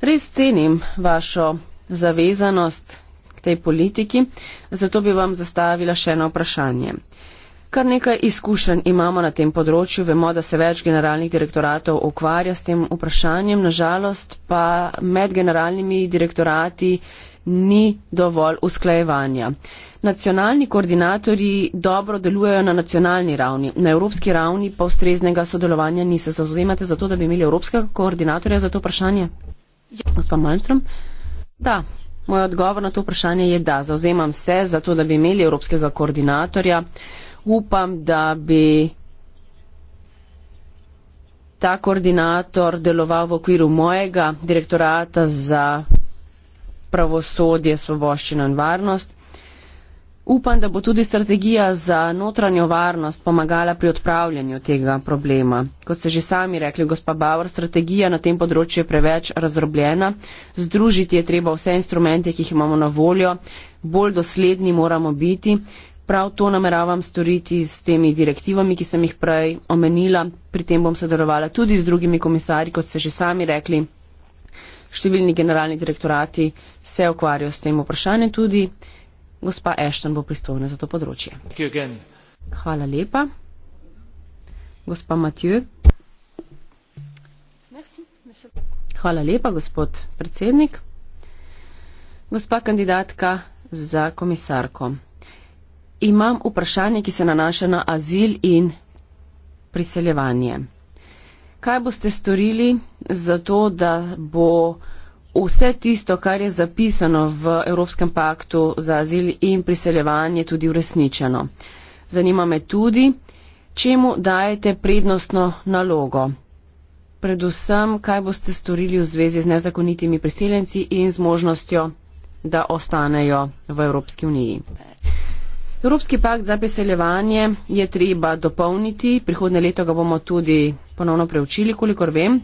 Res cenim vašo zavezanost k tej politiki, zato bi vam zastavila še eno vprašanje. Kar nekaj izkušenj imamo na tem področju, vemo, da se več generalnih direktoratov ukvarja s tem vprašanjem, nažalost pa med generalnimi direktorati ni dovolj usklajevanja. Nacionalni koordinatorji dobro delujejo na nacionalni ravni, na evropski ravni pa ustreznega sodelovanja ni se zauzemate za to, da bi imeli evropskega koordinatorja za to vprašanje? Ja. Gospod Malmström? Da, moj odgovor na to vprašanje je da. Zauzemam se za to, da bi imeli evropskega koordinatorja. Upam, da bi ta koordinator deloval v okviru mojega direktorata za pravosodje, svoboščino in varnost. Upam, da bo tudi strategija za notranjo varnost pomagala pri odpravljanju tega problema. Kot ste že sami rekli, gospa Bauer, strategija na tem področju je preveč razdrobljena. Združiti je treba vse instrumente, ki jih imamo na voljo, bolj dosledni moramo biti. Prav to nameravam storiti s temi direktivami, ki sem jih prej omenila. Pri tem bom sodelovala tudi z drugimi komisarji, kot ste že sami rekli, številni generalni direktorati se okvarjajo s tem vprašanjem tudi. Gospa Ešton bo pristojna za to področje. Hvala lepa. Gospa Matju. Hvala lepa, gospod predsednik. Gospa kandidatka za komisarko. Imam vprašanje, ki se nanaša na azil in priseljevanje. Kaj boste storili za to, da bo vse tisto, kar je zapisano v Evropskem paktu za azil in priseljevanje, tudi uresničeno? Zanima me tudi, čemu dajete prednostno nalogo? Predvsem, kaj boste storili v zvezi z nezakonitimi priseljenci in z možnostjo, da ostanejo v Evropski uniji? Evropski pakt za priseljevanje je treba dopolniti. Prihodne leto ga bomo tudi ponovno preučili, kolikor vem.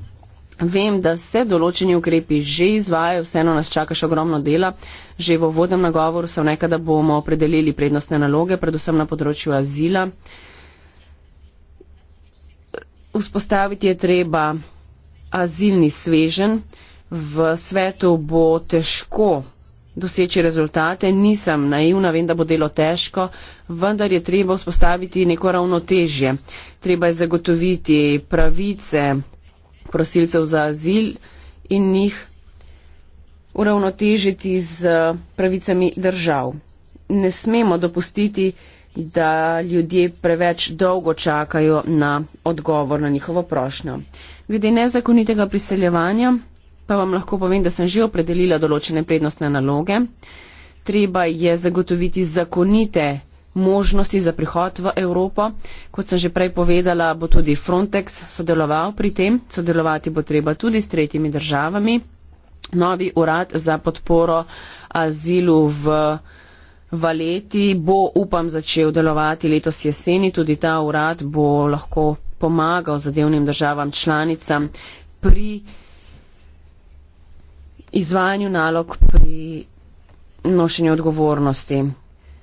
Vem, da se določeni ukrepi že izvajajo, vseeno nas čaka še ogromno dela. Že v vodnem nagovoru se nekada bomo opredelili prednostne naloge, predvsem na področju azila. Vzpostaviti je treba azilni svežen. V svetu bo težko doseči rezultate, nisem naivna, vem, da bo delo težko, vendar je treba vzpostaviti neko ravnotežje. Treba je zagotoviti pravice prosilcev za azil in jih uravnotežiti z pravicami držav. Ne smemo dopustiti, da ljudje preveč dolgo čakajo na odgovor na njihovo prošnjo. Glede nezakonitega priseljevanja pa vam lahko povem, da sem že opredelila določene prednostne naloge. Treba je zagotoviti zakonite možnosti za prihod v Evropo. Kot sem že prej povedala, bo tudi Frontex sodeloval pri tem, sodelovati bo treba tudi s tretjimi državami. Novi urad za podporo azilu v Valeti bo, upam, začel delovati letos jeseni. Tudi ta urad bo lahko pomagal zadevnim državam članicam pri izvajanju nalog pri nošenju odgovornosti.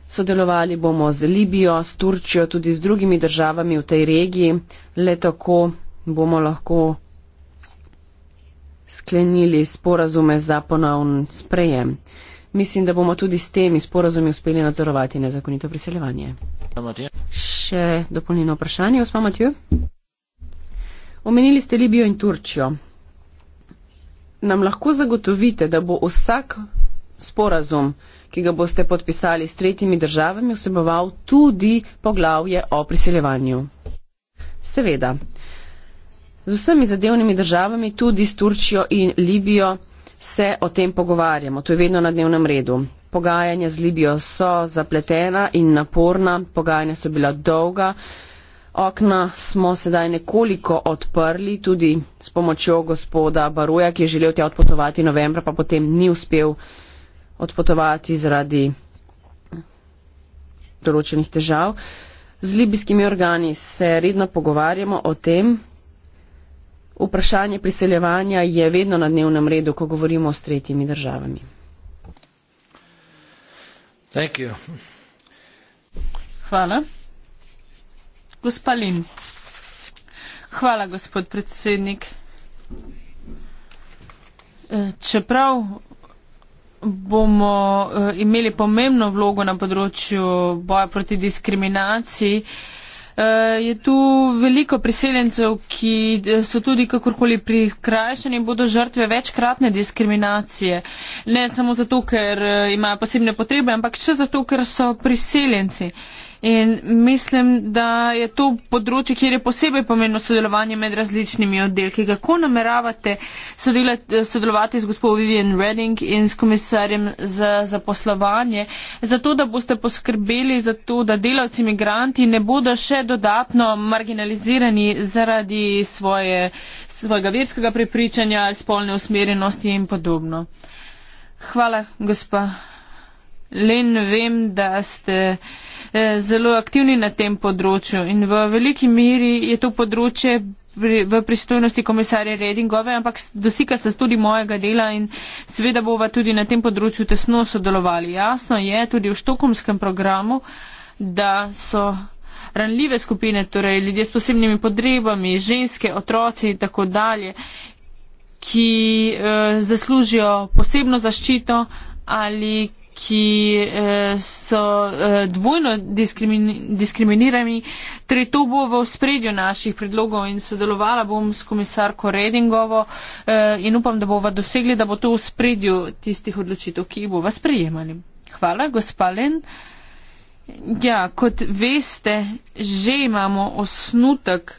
Sodelovali bomo z Libijo, s Turčijo, tudi z drugimi državami v tej regiji, le tako bomo lahko sklenili sporazume za ponovn sprejem. Mislim, da bomo tudi s temi sporazumi uspeli nadzorovati nezakonito priseljevanje. Še dopolnjeno vprašanje, gospod Matju. Omenili ste Libijo in Turčijo nam lahko zagotovite, da bo vsak sporazum, ki ga boste podpisali s tretjimi državami, vseboval tudi poglavje o priseljevanju? Seveda. Z vsemi zadevnimi državami, tudi s Turčijo in Libijo, se o tem pogovarjamo. To je vedno na dnevnem redu. Pogajanja z Libijo so zapletena in naporna, pogajanja so bila dolga, Okna smo sedaj nekoliko odprli, tudi s pomočjo gospoda Baruja, ki je želel tja odpotovati novembra, pa potem ni uspel odpotovati zaradi določenih težav. Z libijskimi organi se redno pogovarjamo o tem. Vprašanje priseljevanja je vedno na dnevnem redu, ko govorimo s tretjimi državami. Hvala. Gospa Lin. Hvala, gospod predsednik. E, čeprav bomo e, imeli pomembno vlogo na področju boja proti diskriminaciji, e, je tu veliko priseljencev, ki so tudi kakorkoli prikrajšani, bodo žrtve večkratne diskriminacije. Ne samo zato, ker imajo posebne potrebe, ampak še zato, ker so priseljenci. In mislim, da je to področje, kjer je posebej pomembno sodelovanje med različnimi oddelki. Kako nameravate sodelovati z gospod Vivian Redding in s komisarjem za zaposlovanje, zato da boste poskrbeli za to, da delavci imigranti ne bodo še dodatno marginalizirani zaradi svoje, svojega verskega prepričanja, spolne usmerjenosti in podobno. Hvala, gospa. Len vem, da ste eh, zelo aktivni na tem področju in v veliki meri je to področje v pristojnosti komisarja Redingove, ampak dosika se tudi mojega dela in seveda bova tudi na tem področju tesno sodelovali. Jasno je tudi v štokomskem programu, da so ranljive skupine, torej ljudje s posebnimi potrebami, ženske, otroci in tako dalje, ki eh, zaslužijo posebno zaščito ali ki eh, so eh, dvojno diskriminirani. Torej, to bo v spredju naših predlogov in sodelovala bom s komisarko Redingovo eh, in upam, da bova dosegli, da bo to v spredju tistih odločitev, ki jih bova sprejemali. Hvala, gospa Len. Ja, kot veste, že imamo osnutek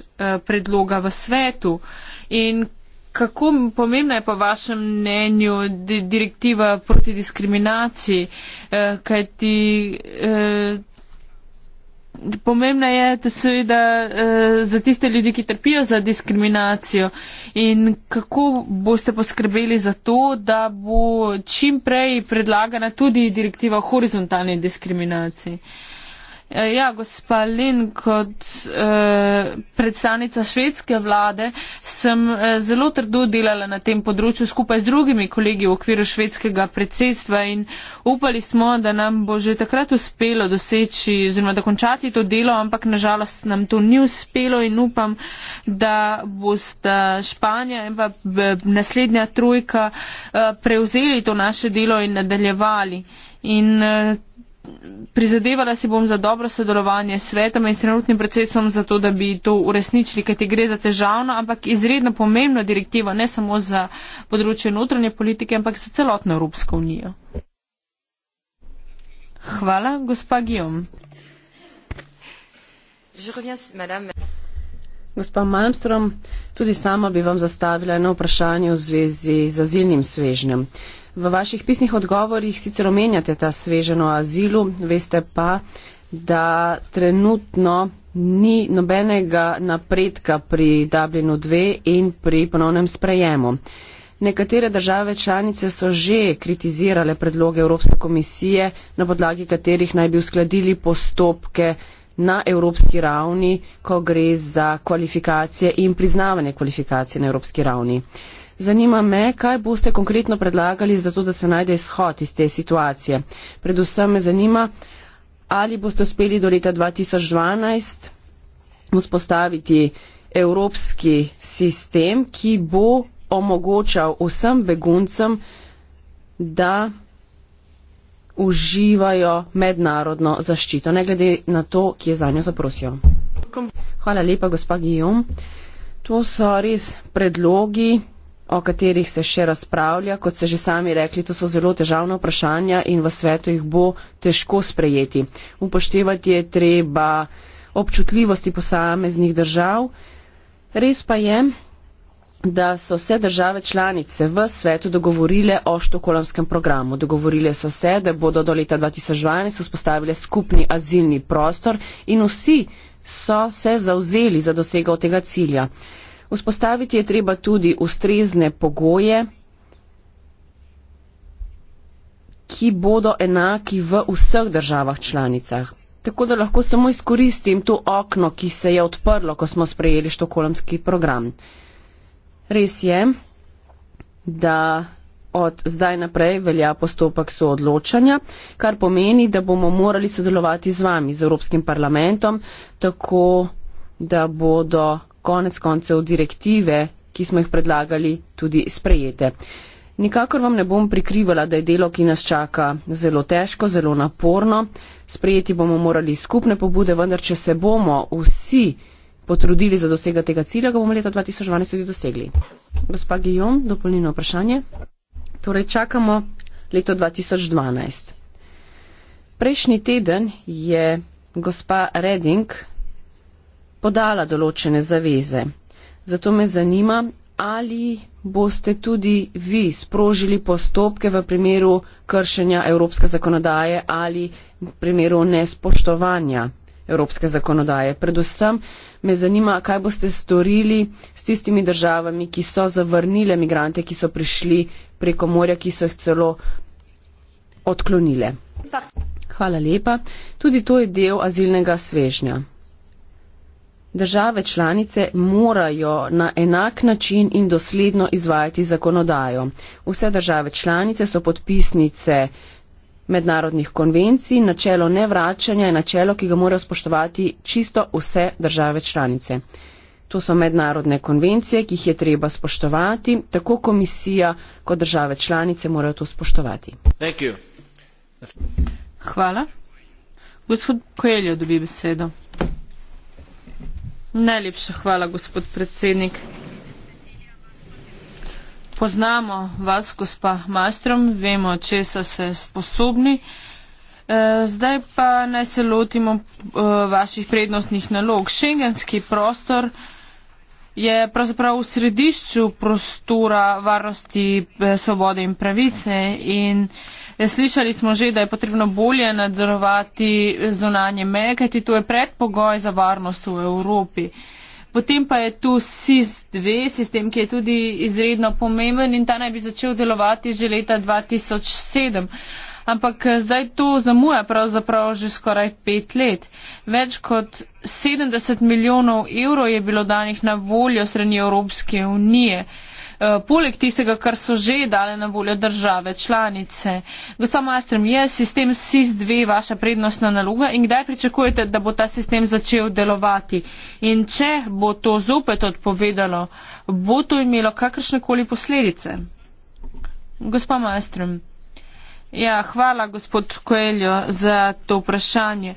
predloga v svetu in kako pomembna je po vašem mnenju direktiva proti diskriminaciji, eh, kajti eh, pomembna je seveda eh, za tiste ljudi, ki trpijo za diskriminacijo in kako boste poskrbeli za to, da bo čim prej predlagana tudi direktiva o horizontalni diskriminaciji. Eh, ja, gospa Lin, kot eh, predstavnica švedske vlade sem eh, zelo trdo delala na tem področju skupaj z drugimi kolegi v okviru švedskega predsedstva in upali smo, da nam bo že takrat uspelo doseči oziroma dokončati to delo, ampak nažalost nam to ni uspelo in upam, da boste Španija in pa eh, naslednja trojka eh, prevzeli to naše delo in nadaljevali. In eh, prizadevala si bom za dobro sodelovanje s svetom in s trenutnim predsedstvom za to, da bi to uresničili, kajti gre za težavno, ampak izredno pomembno direktivo, ne samo za področje notranje politike, ampak za celotno Evropsko unijo. Hvala, gospa Gijom. Gospa Malmstrom, tudi sama bi vam zastavila eno vprašanje v zvezi z azilnim svežnjem. V vaših pisnih odgovorih sicer omenjate ta sveženo azilu, veste pa, da trenutno ni nobenega napredka pri Dublinu 2 in pri ponovnem sprejemu. Nekatere države članice so že kritizirale predloge Evropske komisije, na podlagi katerih naj bi uskladili postopke na evropski ravni, ko gre za kvalifikacije in priznavanje kvalifikacije na evropski ravni. Uh, Zanima me, kaj boste konkretno predlagali za to, da se najde izhod iz te situacije. Predvsem me zanima, ali boste uspeli do leta 2012 vzpostaviti evropski sistem, ki bo omogočal vsem beguncem, da uživajo mednarodno zaščito, ne glede na to, ki je za njo zaprosil. Hvala lepa, gospa Gijom. To so res predlogi o katerih se še razpravlja. Kot ste že sami rekli, to so zelo težavna vprašanja in v svetu jih bo težko sprejeti. Upoštevati je treba občutljivosti posameznih držav. Res pa je, da so vse države članice v svetu dogovorile o štokolamskem programu. Dogovorile so se, da bodo do leta 2012 vzpostavile skupni azilni prostor in vsi so se zauzeli za dosego tega cilja. Vzpostaviti je treba tudi ustrezne pogoje, ki bodo enaki v vseh državah članicah. Tako da lahko samo izkoristim to okno, ki se je odprlo, ko smo sprejeli štokolemski program. Res je, da od zdaj naprej velja postopek soodločanja, kar pomeni, da bomo morali sodelovati z vami, z Evropskim parlamentom, tako da bodo konec koncev direktive, ki smo jih predlagali, tudi sprejete. Nikakor vam ne bom prikrivala, da je delo, ki nas čaka, zelo težko, zelo naporno. Sprejeti bomo morali skupne pobude, vendar če se bomo vsi potrudili za dosega tega cilja, ga bomo leta 2012 tudi dosegli. Gospa Gijom, dopolnilno vprašanje. Torej čakamo leto 2012. Prejšnji teden je gospa Reding podala določene zaveze. Zato me zanima, ali boste tudi vi sprožili postopke v primeru kršenja evropske zakonodaje ali v primeru nespoštovanja evropske zakonodaje. Predvsem me zanima, kaj boste storili s tistimi državami, ki so zavrnile migrante, ki so prišli preko morja, ki so jih celo odklonile. Hvala lepa. Tudi to je del azilnega svežnja države članice morajo na enak način in dosledno izvajati zakonodajo. Vse države članice so podpisnice mednarodnih konvencij, načelo nevračanja je načelo, ki ga morajo spoštovati čisto vse države članice. To so mednarodne konvencije, ki jih je treba spoštovati, tako komisija kot države članice morajo to spoštovati. Hvala. Gospod Koeljo dobi besedo. Najlepša hvala, gospod predsednik. Poznamo vas, gospa Mastrom, vemo, česa se sposobni. E, zdaj pa naj se lotimo e, vaših prednostnih nalog. Šengenski prostor je pravzaprav v središču prostora varnosti, e, svobode in pravice. In Slišali smo že, da je potrebno bolje nadzorovati zunanje meje, kajti to je predpogoj za varnost v Evropi. Potem pa je tu SIS-2, sistem, ki je tudi izredno pomemben in ta naj bi začel delovati že leta 2007. Ampak eh, zdaj to zamuja pravzaprav že skoraj pet let. Več kot 70 milijonov evrov je bilo danih na voljo strani Evropske unije. Eh, poleg tistega, kar so že dale na voljo države, članice. Gospod Maastrem, je sistem SIS-2 vaša prednostna naloga in kdaj pričakujete, da bo ta sistem začel delovati? In če bo to zopet odpovedalo, bo to imelo kakršnekoli posledice? Gospod Maastrem. Ja, hvala gospod Koeljo za to vprašanje.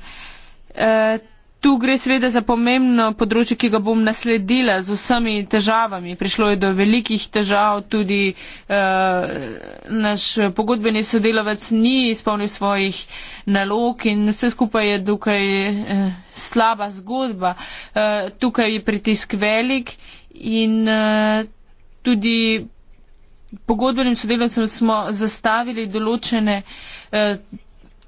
E, Tu gre seveda za pomembno področje, ki ga bom nasledila z vsemi težavami. Prišlo je do velikih težav, tudi eh, naš pogodbeni sodelavec ni izpolnil svojih nalog in vse skupaj je tukaj eh, slaba zgodba. Eh, tukaj je pritisk velik in eh, tudi pogodbenim sodelavcem smo zastavili določene. Eh,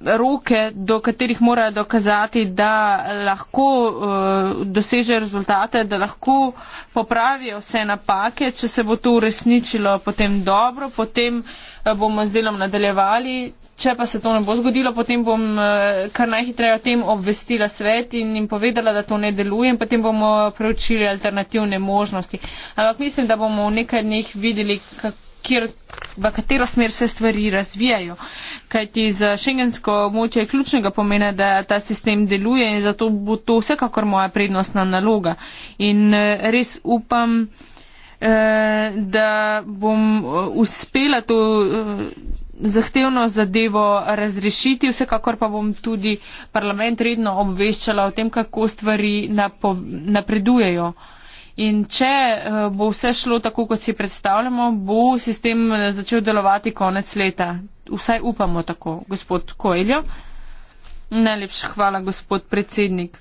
roke, do katerih morajo dokazati, da lahko uh, eh, doseže rezultate, da lahko popravijo vse napake. Če se bo to uresničilo, potem dobro, potem eh, bomo z delom nadaljevali. Če pa se to ne bo zgodilo, potem bom eh, kar najhitreje o tem obvestila svet in jim povedala, da to ne deluje in potem bomo preučili alternativne možnosti. Ampak mislim, da bomo v nekaj dneh videli, kako kjer, v katero smer se stvari razvijajo. Kajti za šengensko območje je ključnega pomena, da ta sistem deluje in zato bo to vsekakor moja prednostna naloga. In eh, res upam, eh, da bom eh, uspela to zahtevno zadevo razrešiti. Vsekakor pa bom tudi parlament redno obveščala o tem, kako stvari napredujejo. Napo In če eh, bo vse šlo tako, kot si predstavljamo, bo sistem eh, začel delovati konec leta. Vsaj upamo tako, gospod Koeljo. Najlepša hvala, gospod predsednik.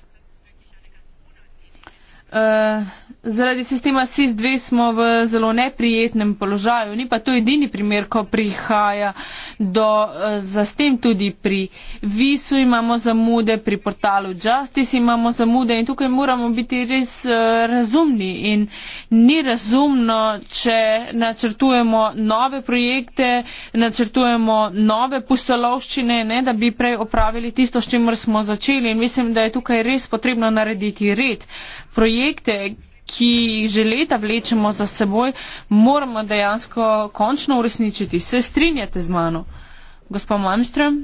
Uh, zaradi sistema SIS-2 smo v zelo neprijetnem položaju, ni pa to edini primer, ko prihaja do uh, za s tem tudi pri VIS-u imamo zamude, pri portalu Justice imamo zamude in tukaj moramo biti res uh, razumni in ni razumno, če načrtujemo nove projekte, načrtujemo nove pustolovščine, ne, da bi prej opravili tisto, s čimer smo začeli in mislim, da je tukaj res potrebno narediti red. Projekte projekte, ki že leta vlečemo za seboj, moramo dejansko končno uresničiti. Se strinjate z mano, gospod Malmström?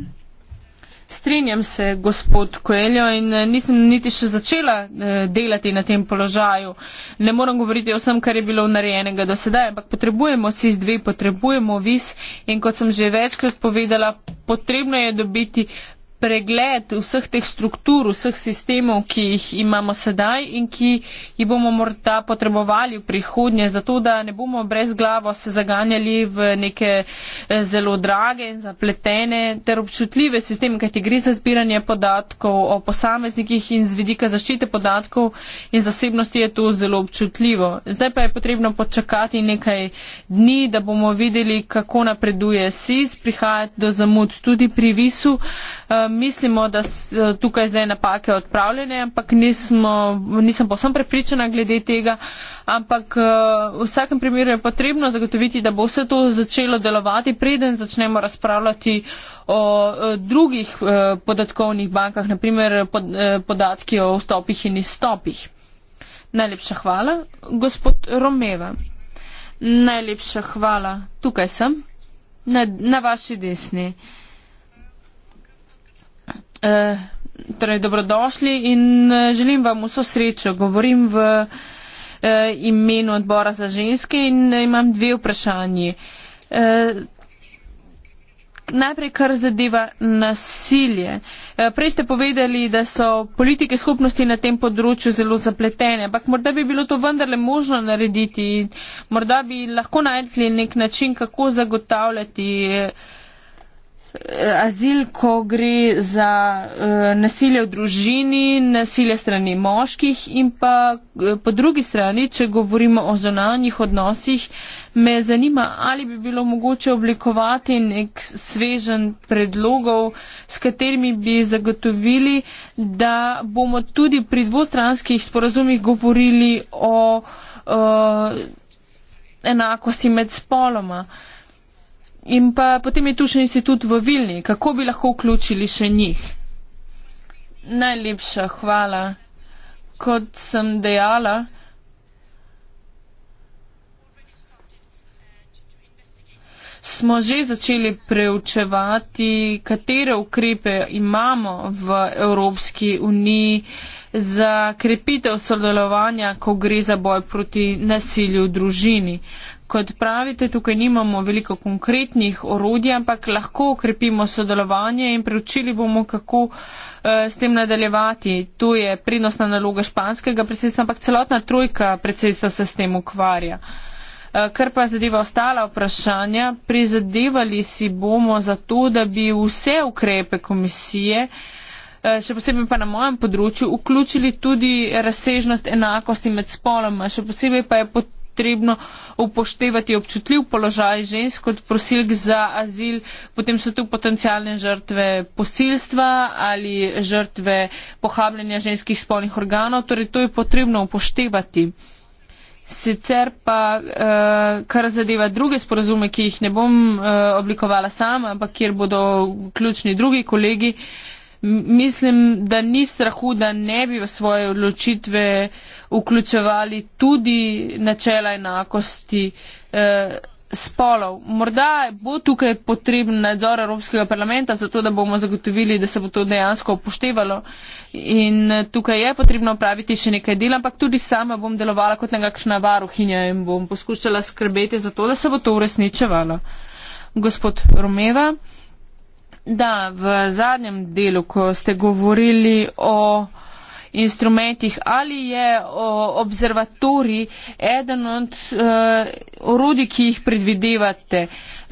Strinjam se, gospod Koeljo, in eh, nisem niti še začela eh, delati na tem položaju. Ne moram govoriti o vsem, kar je bilo narejenega do sedaj, ampak potrebujemo SIS-2, potrebujemo VIS in kot sem že večkrat povedala, potrebno je dobiti pregled vseh teh struktur, vseh sistemov, ki jih imamo sedaj in ki jih bomo morda potrebovali v prihodnje, zato da ne bomo brez glavo se zaganjali v neke eh, zelo drage in zapletene ter občutljive sisteme, kaj ti gre za zbiranje podatkov o posameznikih in z vidika zaščite podatkov in zasebnosti je to zelo občutljivo. Zdaj pa je potrebno počakati nekaj dni, da bomo videli, kako napreduje SIS, prihajati do zamud tudi pri visu. Eh, mislimo, da so eh, tukaj zdaj napake odpravljene, ampak nismo, nisem posem prepričana glede tega. Ampak eh, v vsakem primeru je potrebno zagotoviti, da bo vse to začelo delovati, preden začnemo razpravljati o drugih podatkovnih bankah, naprimer podatki o vstopih in izstopih. Najlepša hvala, gospod Romeva. Najlepša hvala, tukaj sem, na, na vaši desni. Uh, Eh, torej, dobrodošli in eh, želim vam vso srečo. Govorim v eh, imenu odbora za ženske in eh, imam dve vprašanji. Eh, najprej, kar zadeva nasilje. Eh, prej ste povedali, da so politike skupnosti na tem področju zelo zapletene, ampak morda bi bilo to vendarle možno narediti, morda bi lahko najdli nek način, kako zagotavljati. Eh, azil, ko gre za uh, nasilje v družini, nasilje strani moških in pa uh, po drugi strani, če govorimo o zonanjih odnosih, me zanima, ali bi bilo mogoče oblikovati nek svežen predlogov, s katerimi bi zagotovili, da bomo tudi pri dvostranskih sporazumih govorili o uh, enakosti med spoloma. Uh, In pa potem je tu še institut v Vilni. Kako bi lahko vključili še njih? Najlepša hvala. Kot sem dejala, smo že začeli preučevati, katere ukrepe imamo v Evropski uniji za krepitev sodelovanja, ko gre za boj proti nasilju v družini kot pravite, tukaj nimamo veliko konkretnih orodij, ampak lahko okrepimo sodelovanje in preučili bomo, kako eh, s tem nadaljevati. To je prednostna naloga španskega predsedstva, ampak celotna trojka predsedstva se s tem ukvarja. Eh, kar pa zadeva ostala vprašanja, prizadevali si bomo za to, da bi vse ukrepe komisije, eh, še posebej pa na mojem področju, vključili tudi razsežnost enakosti med spoloma. Še posebej pa je potrebno potrebno upoštevati občutljiv položaj žensk kot prosilk za azil, potem so tu potencijalne žrtve posilstva ali žrtve pohabljanja ženskih spolnih organov, torej to je potrebno upoštevati. Sicer pa, eh, kar zadeva druge sporazume, ki jih ne bom eh, oblikovala sama, ampak kjer bodo ključni drugi kolegi, Mislim, da ni strahu, da ne bi v svoje odločitve vključevali tudi načela enakosti eh, spolov. Morda bo tukaj potreben nadzor Evropskega parlamenta, zato da bomo zagotovili, da se bo to dejansko upoštevalo. In eh, tukaj je potrebno opraviti še nekaj dela, ampak tudi sama bom delovala kot nekakšna varuhinja in bom poskušala skrbeti za to, da se bo to uresničevalo. Gospod Romeva. Da, v zadnjem delu, ko ste govorili o instrumentih, ali je observatori eden od uh, orodij, ki jih predvidevate.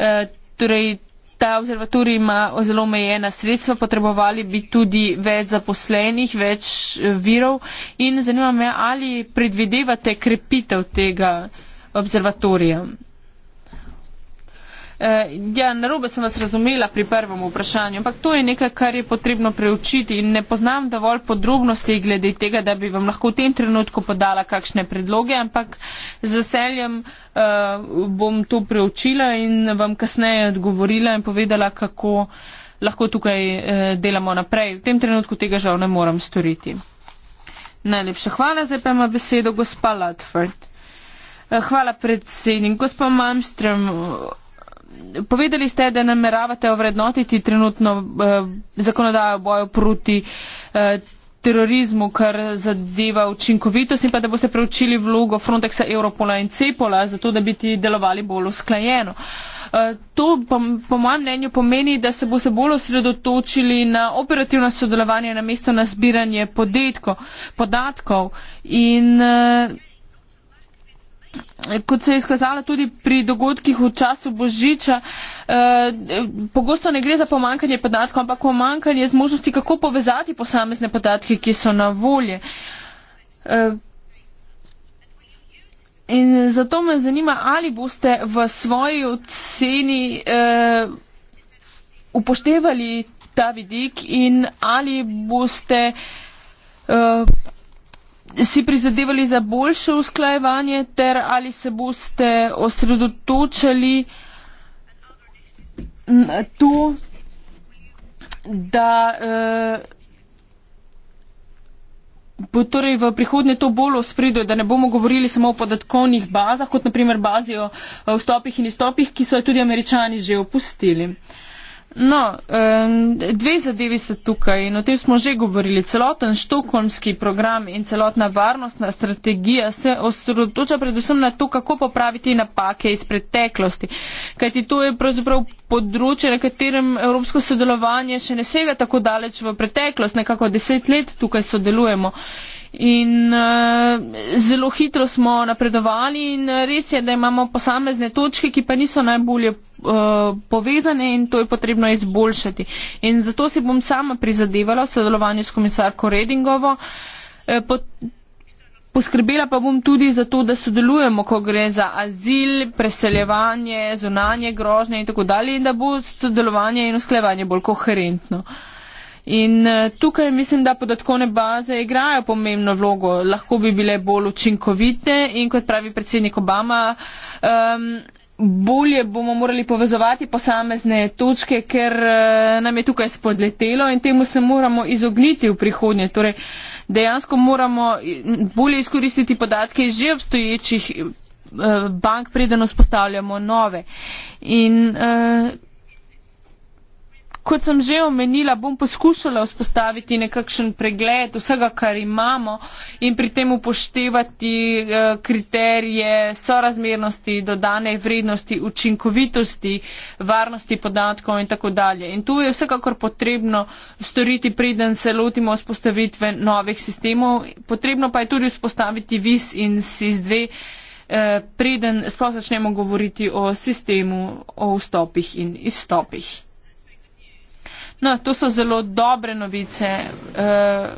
Uh, torej, ta observatori ima zelo omejena sredstva, potrebovali bi tudi več zaposlenih, več e, virov in zanima me, ali predvidevate krepitev tega observatorija. Eh, ja, narobe sem vas razumela pri prvem vprašanju, ampak to je nekaj, kar je potrebno preučiti in ne poznam dovolj podrobnosti glede tega, da bi vam lahko v tem trenutku podala kakšne predloge, ampak z veseljem uh, bom to preučila in vam kasneje odgovorila in povedala, kako lahko tukaj uh, delamo naprej. V tem trenutku tega žal ne moram storiti. Najlepša hvala, zdaj pa ima besedo gospa Latford. Uh, hvala predsednik, gospa Malmström. Uh, povedali ste, da nameravate ovrednotiti trenutno eh, zakonodajo boju proti eh, terorizmu, kar zadeva učinkovitost in pa da boste preučili vlogo Frontexa, Europola in Cepola, zato da bi ti delovali bolj usklajeno. Eh, to po, po mojem mnenju pomeni, da se boste bolj osredotočili na operativno sodelovanje na mesto na zbiranje podetko, podatkov in eh, Kot se je izkazalo tudi pri dogodkih v času božiča, eh, pogosto ne gre za pomankanje podatkov, ampak pomankanje zmožnosti, kako povezati posamezne podatke, ki so na volje. Eh, zato me zanima, ali boste v svoji oceni eh, upoštevali ta vidik in ali boste. Eh, si prizadevali za boljše usklajevanje ter ali se boste osredotočali na to, da eh, bo torej v prihodnje to bolj ospredo, da ne bomo govorili samo o podatkovnih bazah, kot naprimer bazi o vstopih in izstopih, ki so jo tudi američani že opustili. Eh, No, dve zadevi ste tukaj in o tem smo že govorili. Celoten štokholmski program in celotna varnostna strategija se osredotoča predvsem na to, kako popraviti napake iz preteklosti. Kajti to je pravzaprav področje, na katerem evropsko sodelovanje še ne sega tako daleč v preteklost, nekako deset let tukaj sodelujemo. In uh, zelo hitro smo napredovali in eh, res je, da imamo posamezne točke, ki pa niso najbolje uh, povezane in to je potrebno izboljšati. In zato si bom sama prizadevala v sodelovanju s komisarko Redingovo. Uh, pot, Poskrbela pa bom tudi za to, da sodelujemo, ko gre za azil, preseljevanje, zunanje grožnje in tako dalje, in da bo sodelovanje in usklevanje bolj koherentno. Uh, In eh, tukaj mislim, da podatkovne baze igrajo pomembno vlogo, lahko bi bile bolj učinkovite in kot pravi predsednik Obama, um, bolje bomo morali povezovati posamezne točke, ker eh, nam je tukaj spodletelo in temu se moramo izogniti v prihodnje. Torej, dejansko moramo eh, bolje izkoristiti podatke iz že obstoječih bank, preden vzpostavljamo nove. In uh, Kot sem že omenila, bom poskušala vzpostaviti nekakšen pregled vsega, kar imamo in pri tem upoštevati eh, kriterije sorazmernosti, dodane vrednosti, učinkovitosti, varnosti podatkov in tako dalje. In tu je vsekakor potrebno storiti, preden se lotimo vzpostavitve novih sistemov. Potrebno pa je tudi vzpostaviti VIS in SIS-2, eh, preden sploh začnemo govoriti o sistemu, o vstopih in izstopih. No, to so zelo dobre novice. Eh,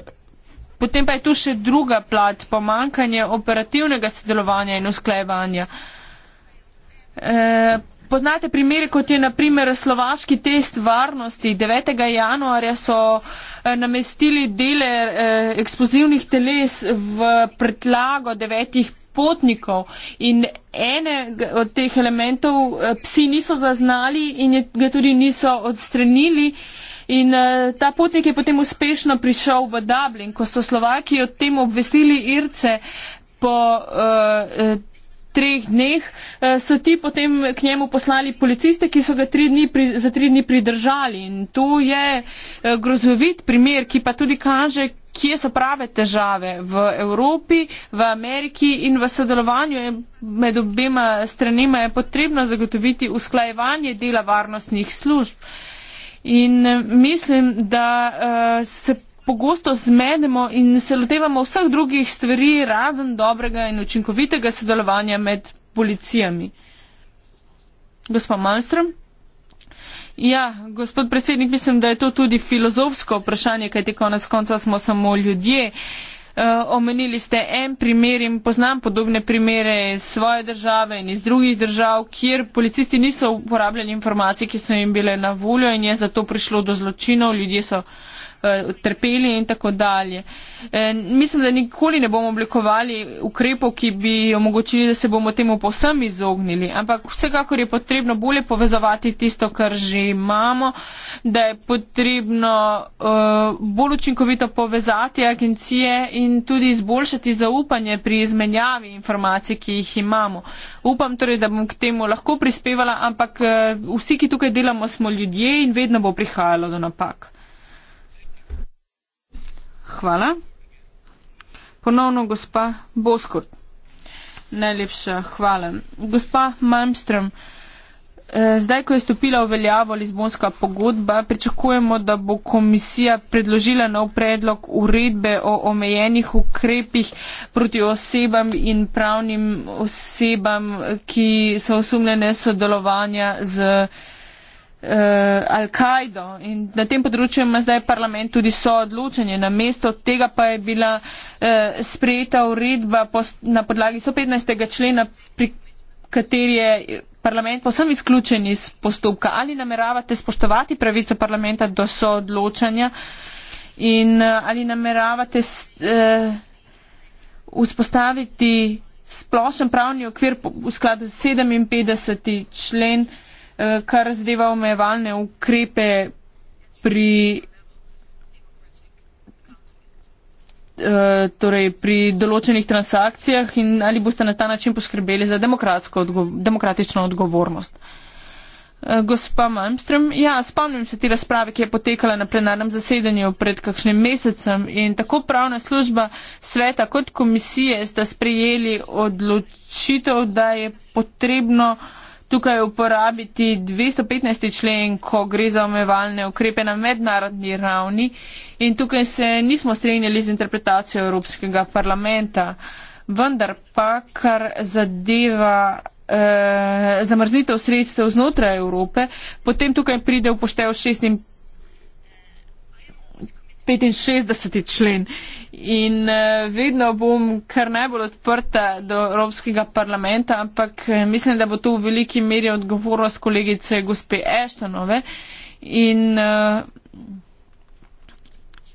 potem pa je tu še druga plat, pomankanje operativnega sodelovanja in usklajevanja. Eh, poznate primere, kot je naprimer slovaški test varnosti. 9. januarja so eh, namestili dele eksplozivnih teles v pretlago devetih potnikov in ene od teh elementov psi niso zaznali in ga tudi niso odstrenili. In eh, ta potnik je potem uspešno prišel v Dublin, ko so Slovaki o tem obvestili Irce po eh, eh, treh dneh, so ti potem k njemu poslali policiste, ki so ga tri dni, za tri dni pridržali. In to je grozovit primer, ki pa tudi kaže, kje so prave težave v Evropi, v Ameriki in v sodelovanju med obema stranima je potrebno zagotoviti usklajevanje dela varnostnih služb. In eh, mislim, da uh, se pogosto zmedemo in se lotevamo vseh drugih stvari, razen dobrega in učinkovitega sodelovanja med policijami. Gospa Malmström? Ja, gospod predsednik, mislim, da je to tudi filozofsko vprašanje, kajti konec konca smo samo ljudje. Uh, Eh, omenili ste en primer in poznam podobne primere iz svoje države in iz drugih držav, kjer policisti niso uporabljali informacij, ki so jim bile na voljo in je zato prišlo do zločinov. Ljudje so uh, Eh, trpeli in tako dalje. Eh, mislim, da nikoli ne bomo oblikovali ukrepov, ki bi omogočili, da se bomo temu povsem izognili, ampak vsekakor je potrebno bolje povezovati tisto, kar že imamo, da je potrebno eh, bolj učinkovito povezati agencije in tudi izboljšati zaupanje pri izmenjavi informacij, ki jih imamo. Upam torej, da bom k temu lahko prispevala, ampak vsi, ki tukaj delamo, smo ljudje in vedno bo prihajalo do napak. Hvala. Ponovno gospa Boskort. Najlepša hvala. Gospa Malmström, eh, zdaj, ko je stopila v veljavo Lizbonska pogodba, pričakujemo, da bo komisija predložila nov predlog uredbe o omejenih ukrepih proti osebam in pravnim osebam, ki so osumljene sodelovanja z uh, Al-Kaido in na tem področju ima zdaj parlament tudi soodločenje. Na mesto tega pa je bila uh, sprejeta uredba na podlagi 115. člena, pri kateri je parlament posem izključen iz postopka. Ali nameravate spoštovati pravico parlamenta do soodločanja in uh, ali nameravate uh, vzpostaviti splošen pravni okvir v skladu 57. člen? Eh, kar zadeva omejevalne ukrepe pri, eh, torej pri določenih transakcijah in ali boste na ta način poskrbeli za odgo demokratično odgovornost. Eh, gospa Malmström, ja, spomnim se te razprave, ki je potekala na plenarnem zasedanju pred kakšnim mesecem in tako pravna služba sveta kot komisije sta sprejeli odločitev, da je potrebno uh, tukaj uporabiti 215. člen, ko gre za omevalne ukrepe na mednarodni ravni in tukaj se nismo strinjali z interpretacijo Evropskega parlamenta. Vendar pa, kar zadeva eh, zamrznitev sredstev znotraj Evrope, potem tukaj pride v poštev 65. člen in eh, vedno bom kar najbolj odprta do Evropskega parlamenta, ampak eh, mislim, da bo to v veliki meri odgovornost kolegice gospe Eštonove. In eh,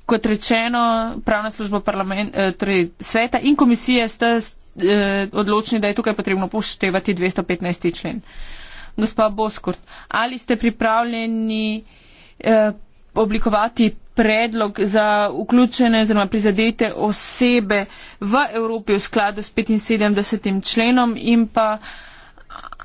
kot rečeno, pravna služba torej sveta in komisije sta odločni, da je tukaj potrebno poštevati 215. člen. Gospa Boskurt, ali ste pripravljeni eh, oblikovati predlog za vključene oziroma prizadete osebe v Evropi v skladu s 75. členom in pa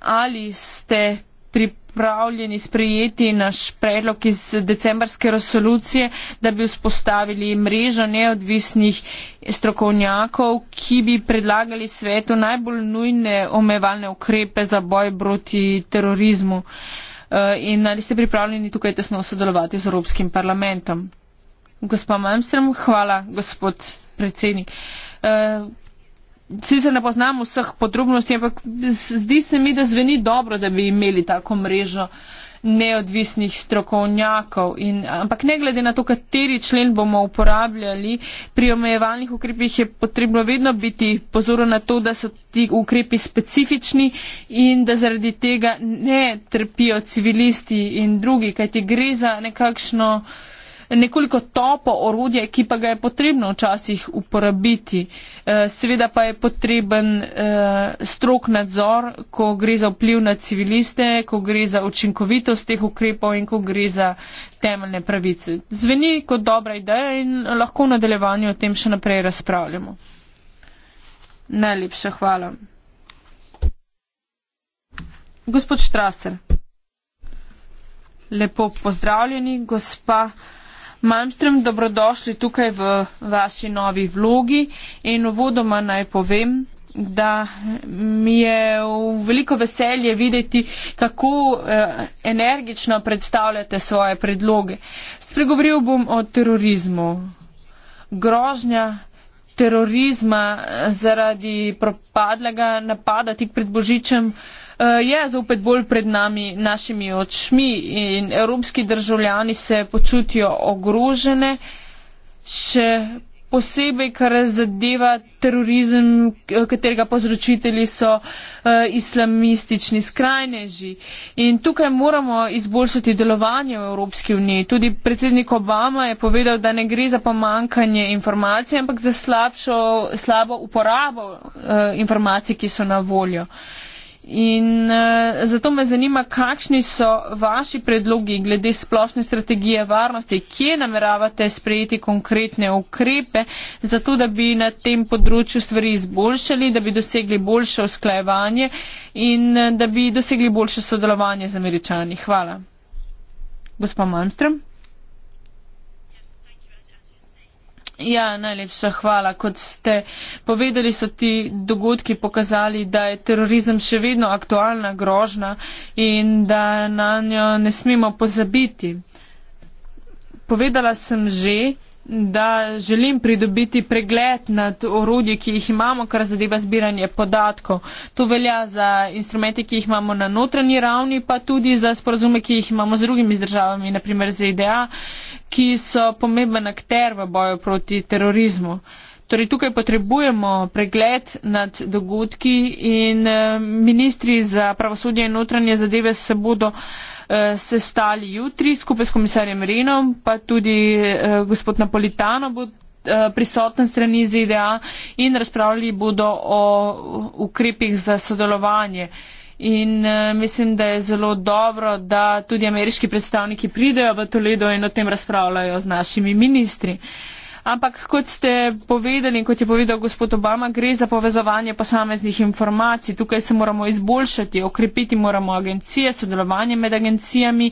ali ste pripravljeni sprejeti naš predlog iz decembrske resolucije, da bi vzpostavili mrežo neodvisnih strokovnjakov, ki bi predlagali svetu najbolj nujne omevalne ukrepe za boj proti terorizmu. Eh, in ali ste pripravljeni tukaj tesno sodelovati z Evropskim parlamentom? gospa Malmström, hvala, gospod predsednik. Eh, sicer ne poznam vseh podrobnosti, ampak zdi se mi, da zveni dobro, da bi imeli tako mrežo neodvisnih strokovnjakov. In, ampak ne glede na to, kateri člen bomo uporabljali, pri omejevalnih ukrepih je potrebno vedno biti pozoren na to, da so ti ukrepi specifični in da zaradi tega ne trpijo civilisti in drugi, kajti gre za nekakšno uh, nekoliko topo orodje, ki pa ga je potrebno včasih uporabiti. Eh, seveda pa je potreben eh, strok nadzor, ko gre za vpliv na civiliste, ko gre za učinkovitost teh ukrepov in ko gre za temeljne pravice. Zveni kot dobra ideja in lahko v nadaljevanju o tem še naprej razpravljamo. Najlepša hvala. Gospod Štraser. Lepo pozdravljeni, gospa. Malmström, dobrodošli tukaj v vaši novi vlogi in uvodoma naj povem da mi je v veliko veselje videti, kako eh, energično predstavljate svoje predloge. Spregovoril bom o terorizmu. Grožnja terorizma eh, zaradi propadlega napada tik pred Božičem eh, Eh, je zopet bolj pred nami, našimi očmi in evropski državljani se počutijo ogrožene, še posebej, kar zadeva terorizem, eh, katerega povzročitelji so eh, islamistični skrajneži. In tukaj moramo izboljšati delovanje v Evropski uniji. Tudi predsednik Obama je povedal, da ne gre za pomankanje informacij, ampak za slabšo, slabo uporabo informacij, ki so na voljo. In uh, zato me zanima, kakšni so vaši predlogi glede splošne strategije varnosti, kje nameravate sprejeti konkretne ukrepe, zato da bi na tem področju stvari izboljšali, da bi dosegli boljše usklajevanje in uh, da bi dosegli boljše sodelovanje z američani. Hvala. Gospod Malmström. Ja, najlepša hvala. Kot ste povedali, so ti dogodki pokazali, da je terorizem še vedno aktualna grožna in da na njo ne smemo pozabiti. Povedala sem že, da želim pridobiti pregled nad orodje, ki jih imamo, kar zadeva zbiranje podatkov. To velja za instrumente, ki jih imamo na notranji ravni, pa tudi za sporazume, ki jih imamo z drugimi državami, naprimer z EDA, ki so pomemben akter v boju proti terorizmu. Torej, tukaj potrebujemo pregled nad dogodki in eh, ministri za pravosodje in notranje zadeve se bodo eh, se stali jutri skupaj s komisarjem Renom, pa tudi eh, gospod Napolitano bo prisoten strani ZDA in razpravljali bodo o ukrepih za sodelovanje. In uh, mislim, da je zelo dobro, da tudi ameriški predstavniki pridejo v Toledo in o tem razpravljajo z našimi ministri. Uh, Ampak kot ste povedali in kot je povedal gospod Obama, gre za povezovanje posameznih informacij. Tukaj se moramo izboljšati, okrepiti moramo agencije, sodelovanje med agencijami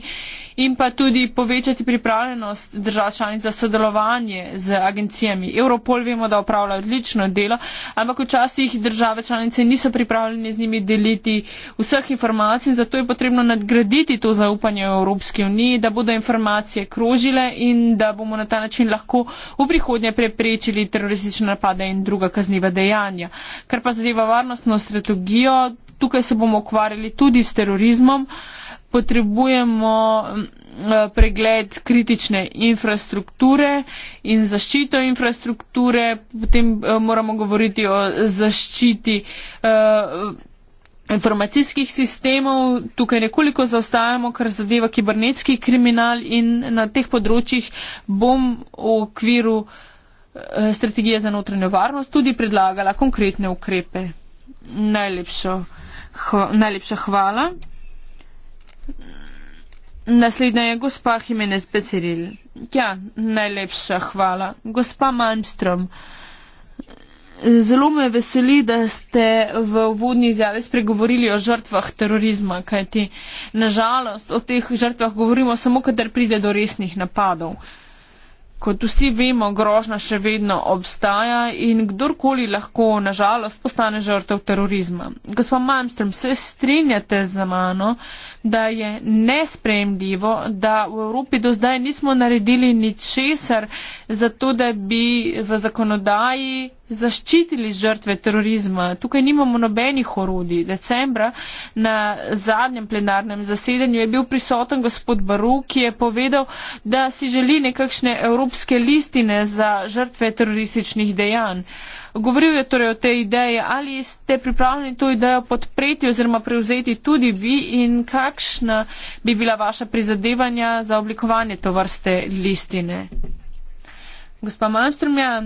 in pa tudi povečati pripravljenost držav članic za sodelovanje z agencijami. Europol vemo, da opravlja odlično delo, ampak včasih države članice niso pripravljene z njimi deliti vseh informacij in zato je potrebno nadgraditi to zaupanje v Evropski uniji, da bodo informacije krožile in da bomo na ta način lahko upri prihodnje preprečili teroristične napade in druga kazniva dejanja. Ker pa zadeva varnostno strategijo, tukaj se bomo ukvarjali tudi s terorizmom, potrebujemo mm, eh, pregled kritične infrastrukture in zaščito infrastrukture, potem eh, moramo govoriti o zaščiti. Uh, informacijskih sistemov. Tukaj nekoliko zaostajamo, kar zadeva kibernetski kriminal in na teh področjih bom v okviru eh, strategije za notranjo varnost tudi predlagala konkretne ukrepe. Najlepšo, hva, najlepša hvala. Naslednja je gospa Jimenez Beceril. Ja, najlepša hvala. Gospa Malmstrom. Zelo me veseli, da ste v vodni izjavi spregovorili o žrtvah terorizma, kajti nažalost o teh žrtvah govorimo samo, kadar pride do resnih napadov. Kot vsi vemo, grožna še vedno obstaja in kdorkoli lahko nažalost postane žrtev terorizma. Gospa Malmström, se strinjate z mano, da je nesprejemljivo, da v Evropi do zdaj nismo naredili ničesar, zato da bi v zakonodaji zaščitili žrtve terorizma. Tukaj nimamo nobenih orodij. Decembra na zadnjem plenarnem zasedanju je bil prisoten gospod Baru, ki je povedal, da si želi nekakšne evropske listine za žrtve terorističnih dejanj. Govoril je torej o tej ideji, ali ste pripravljeni to idejo podpreti oziroma prevzeti tudi vi in kakšna bi bila vaša prizadevanja za oblikovanje to vrste listine. Gospa Manštrumja,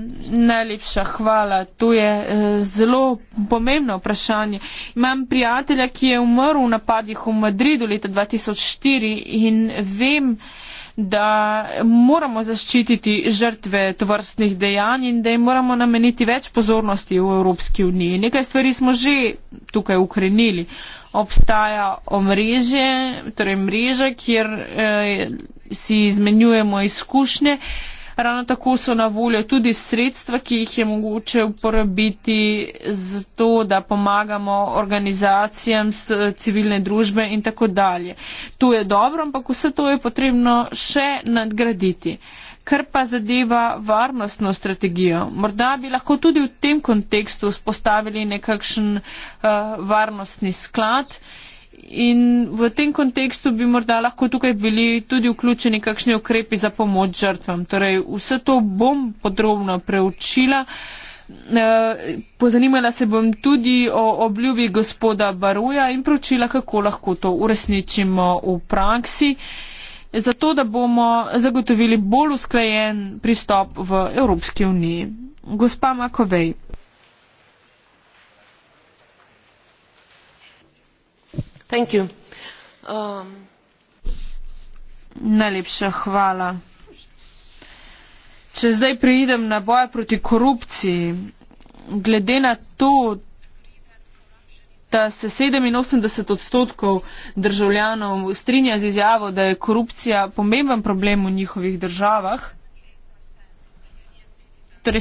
najlepša hvala. To je eh, zelo pomembno vprašanje. Imam prijatelja, ki je umrl v napadih v Madridu leta 2004 in vem, da moramo zaščititi žrtve tovrstnih dejanj in da jim moramo nameniti več pozornosti v Evropski uniji. Nekaj stvari smo že tukaj ukrenili. Obstaja omrežje, torej mreža, kjer eh, si izmenjujemo izkušnje. Eh, Ravno tako so na voljo tudi sredstva, ki jih je mogoče uporabiti za to, da pomagamo organizacijam eh, civilne družbe in tako dalje. To je dobro, ampak vse to je potrebno še nadgraditi. Kar pa zadeva varnostno strategijo. Morda bi lahko tudi v tem kontekstu spostavili nekakšen uh, varnostni sklad. Uh, In v tem kontekstu bi morda lahko tukaj bili tudi vključeni kakšni ukrepi za pomoč žrtvam. Torej, vse to bom podrobno preučila. Eh, pozanimala se bom tudi o obljubi gospoda Baruja in preučila, kako lahko to uresničimo v praksi, zato da bomo zagotovili bolj usklajen pristop v Evropski uniji. Gospa Makovej. Um, Najlepša hvala. Če zdaj preidem na boja proti korupciji, glede na to, da se 87 odstotkov državljanov strinja z izjavo, da je korupcija pomemben problem v njihovih državah, torej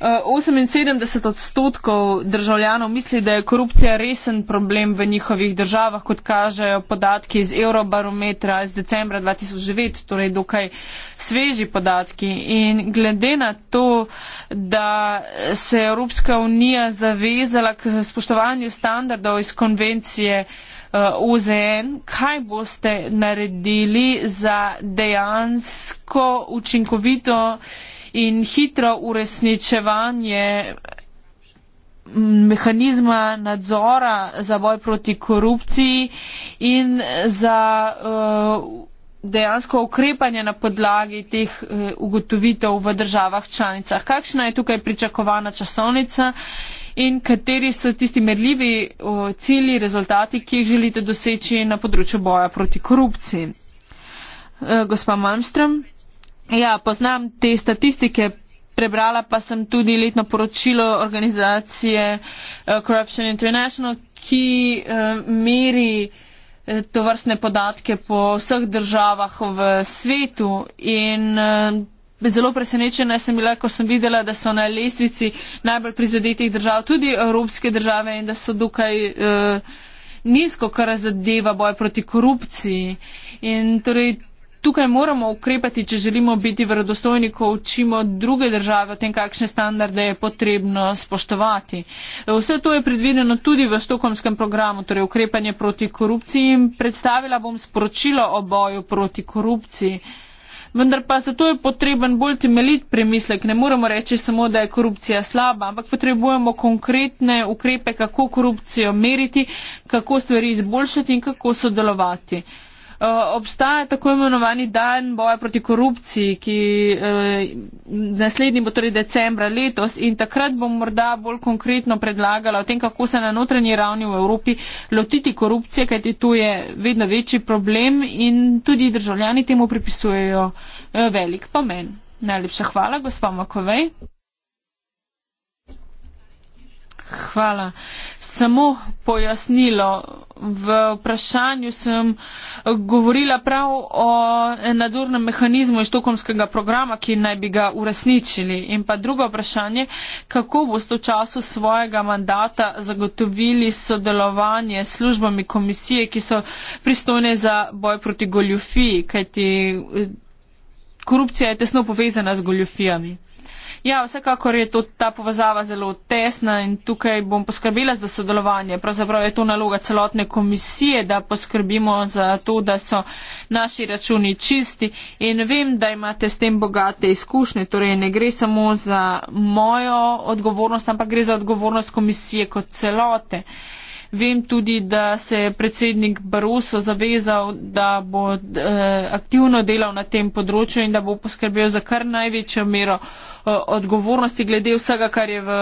78 eh, odstotkov državljanov misli, da je korupcija resen problem v njihovih državah, kot kažejo podatki iz Eurobarometra iz decembra 2009, torej dokaj sveži podatki. In glede na to, da se je Evropska unija zavezala k spoštovanju standardov iz konvencije eh, OZN, kaj boste naredili za dejansko učinkovito in hitro uresničevanje mm, mehanizma nadzora za boj proti korupciji in za eh, dejansko ukrepanje na podlagi teh eh, ugotovitev v državah članicah. Kakšna je tukaj pričakovana časovnica in kateri so tisti merljivi eh, cilji, rezultati, ki jih želite doseči na področju boja proti korupciji? Gospa Malmström. Ja, poznam te statistike. Prebrala pa sem tudi letno poročilo organizacije eh, Corruption International, ki eh, meri eh, to vrstne podatke po vseh državah v svetu. In zelo presenečena sem bila, ko sem videla, da so na lestvici najbolj prizadetih držav tudi evropske države in da so dokaj nizko, kar zadeva boj proti korupciji. In torej tukaj moramo ukrepati, če želimo biti verodostojni, ko učimo druge države o tem, kakšne standarde je potrebno spoštovati. Vse to je predvideno tudi v stokomskem programu, torej ukrepanje proti korupciji. Predstavila bom sporočilo o boju proti korupciji. Vendar pa zato je potreben bolj temeljit premislek. Ne moremo reči samo, da je korupcija slaba, ampak potrebujemo konkretne ukrepe, kako korupcijo meriti, kako stvari izboljšati in kako sodelovati. Eh, obstaja tako imenovani dan boja proti korupciji, ki uh, naslednji bo torej decembra letos in takrat bom morda bolj konkretno predlagala o tem, kako se na notranji ravni v Evropi lotiti korupcije, kajti tu je vedno večji problem in tudi državljani temu pripisujejo uh, velik pomen. Najlepša hvala, gospod Makovej. Hvala. Samo pojasnilo. V vprašanju sem govorila prav o nadzornem mehanizmu štokomskega programa, ki naj bi ga uresničili. In pa drugo vprašanje, kako boste v času svojega mandata zagotovili sodelovanje s službami komisije, ki so pristojne za boj proti goljufiji, kajti eh, korupcija je tesno povezana z goljufijami. Ja, vsekakor je to, ta povezava zelo tesna in tukaj bom poskrbela za sodelovanje. Pravzaprav je to naloga celotne komisije, da poskrbimo za to, da so naši računi čisti in vem, da imate s tem bogate izkušnje. Torej, ne gre samo za mojo odgovornost, ampak gre za odgovornost komisije kot celote. Uh, Vem tudi, da se je predsednik Baroso zavezal, da bo eh, aktivno delal na tem področju in da bo poskrbel za kar največjo mero eh, odgovornosti glede vsega, kar je v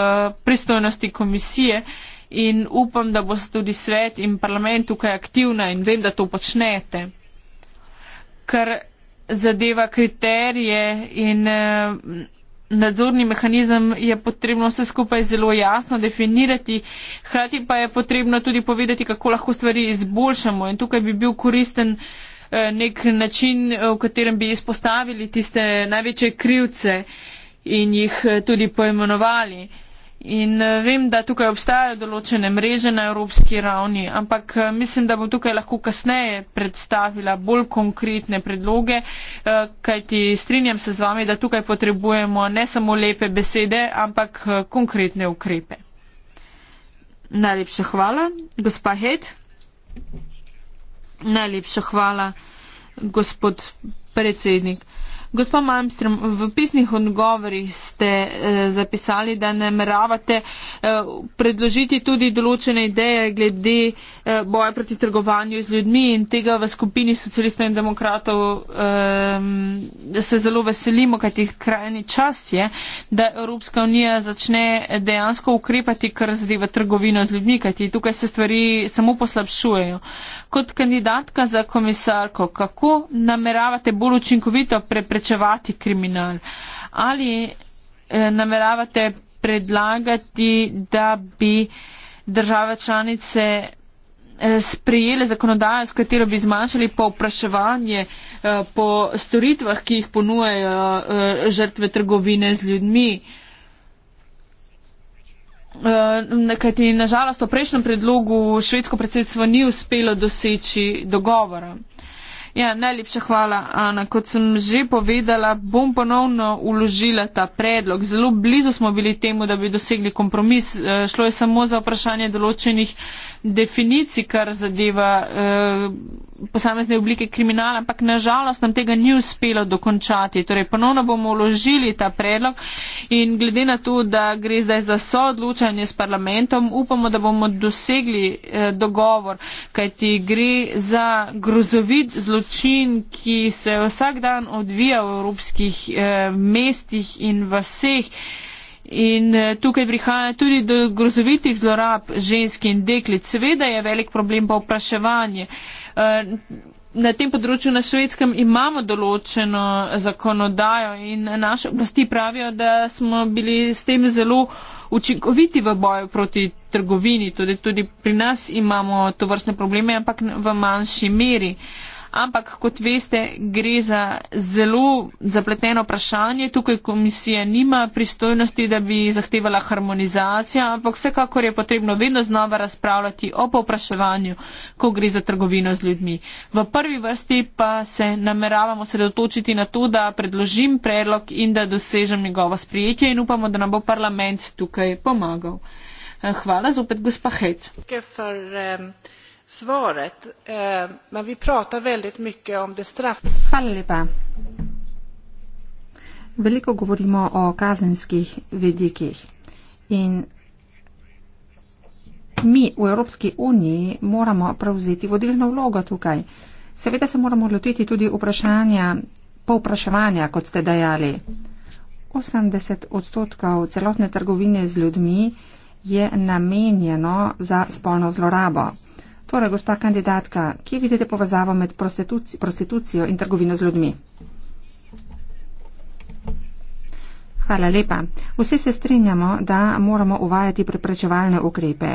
pristojnosti komisije. In upam, da bo se tudi svet in parlament tukaj aktivna in vem, da to počnete. Ker zadeva kriterije in. Eh, nadzorni mehanizem, je potrebno vse skupaj zelo jasno definirati. Hkrati pa je potrebno tudi povedati, kako lahko stvari izboljšamo. In tukaj bi bil koristen eh, nek način, eh, v katerem bi izpostavili tiste največje krivce in jih eh, tudi poimenovali. In eh, vem, da tukaj obstajajo določene mreže na evropski ravni, ampak eh, mislim, da bom tukaj lahko kasneje predstavila bolj konkretne predloge, eh, kajti strinjam se z vami, da tukaj potrebujemo ne samo lepe besede, ampak konkretne ukrepe. Najlepša hvala. Gospa Hed. Najlepša hvala, gospod predsednik. Gospod Malmström, v pisnih odgovorih ste eh, zapisali, da nameravate eh, predložiti tudi določene ideje glede eh, boja proti trgovanju z ljudmi in tega v skupini socialistov in demokratov eh, se zelo veselimo, kaj ti krajni čas je, da Evropska unija začne dejansko ukrepati, kar zadeva trgovino z ljudmi, kaj ti tukaj se stvari samo poslabšujejo kot kandidatka za komisarko, kako nameravate bolj učinkovito preprečevati kriminal? Ali eh, nameravate predlagati, da bi države članice eh, sprejele zakonodajo, s katero bi zmanjšali povpraševanje eh, po storitvah, ki jih ponujejo eh, žrtve trgovine z ljudmi. Uh, Eh, kajti nažalost v prejšnjem predlogu švedsko predsedstvo ni uspelo doseči dogovora. Ja, najlepša hvala, Ana. Kot sem že povedala, bom ponovno uložila ta predlog. Zelo blizu smo bili temu, da bi dosegli kompromis. E, šlo je samo za vprašanje določenih definicij, kar zadeva e, posamezne oblike kriminala, ampak nažalost nam tega ni uspelo dokončati. Torej, ponovno bomo uložili ta predlog in glede na to, da gre zdaj za soodločanje s parlamentom, upamo, da bomo dosegli e, dogovor, kajti gre za grozovit zločin zločin, ki se vsak dan odvija v evropskih eh, mestih in vseh. In eh, tukaj prihaja tudi do grozovitih zlorab žensk in deklic. Seveda je velik problem pa vpraševanje. Eh, Na tem področju na švedskem imamo določeno zakonodajo in naše oblasti pravijo, da smo bili s tem zelo učinkoviti v boju proti trgovini. Tudi, tudi pri nas imamo to vrstne probleme, ampak v manjši meri. Uh, ampak kot veste, gre za zelo zapleteno vprašanje. Tukaj komisija nima pristojnosti, da bi zahtevala harmonizacijo, ampak vsekakor je potrebno vedno znova razpravljati o povpraševanju, ko gre za trgovino z ljudmi. V prvi vrsti pa se nameravamo sredotočiti na to, da predložim predlog in da dosežem njegovo sprijetje in upamo, da nam bo parlament tukaj pomagal. Hvala zopet, gospa Hed. Okay for, um svaret. Eh, men vi pratar väldigt mycket om det straff... Hvala lepa. Veliko govorimo o kazenskih vidikih. In mi v Evropski uniji moramo prevzeti vodilno vlogo tukaj. Seveda se moramo lotiti tudi vprašanja, povpraševanja, kot ste dejali. 80 odstotkov celotne trgovine z ljudmi je namenjeno za spolno zlorabo. Torej, gospa kandidatka, kje vidite povezavo med prostituci, prostitucijo in trgovino z ljudmi? Hvala lepa. Vsi se strinjamo, da moramo uvajati preprečevalne ukrepe.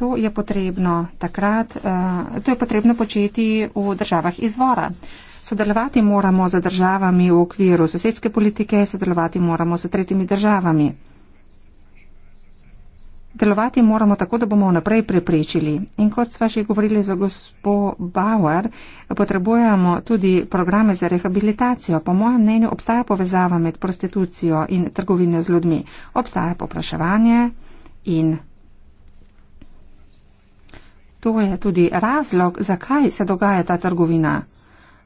To je potrebno takrat, uh, to je potrebno početi v državah izvora. Sodelovati moramo z državami v okviru sosedske politike, sodelovati moramo s tretjimi državami. Delovati moramo tako, da bomo naprej preprečili. In kot sva že govorili za gospo Bauer, potrebujemo tudi programe za rehabilitacijo. Po mojem mnenju obstaja povezava med prostitucijo in trgovino z ljudmi. Obstaja popraševanje in. To je tudi razlog, zakaj se dogaja ta trgovina.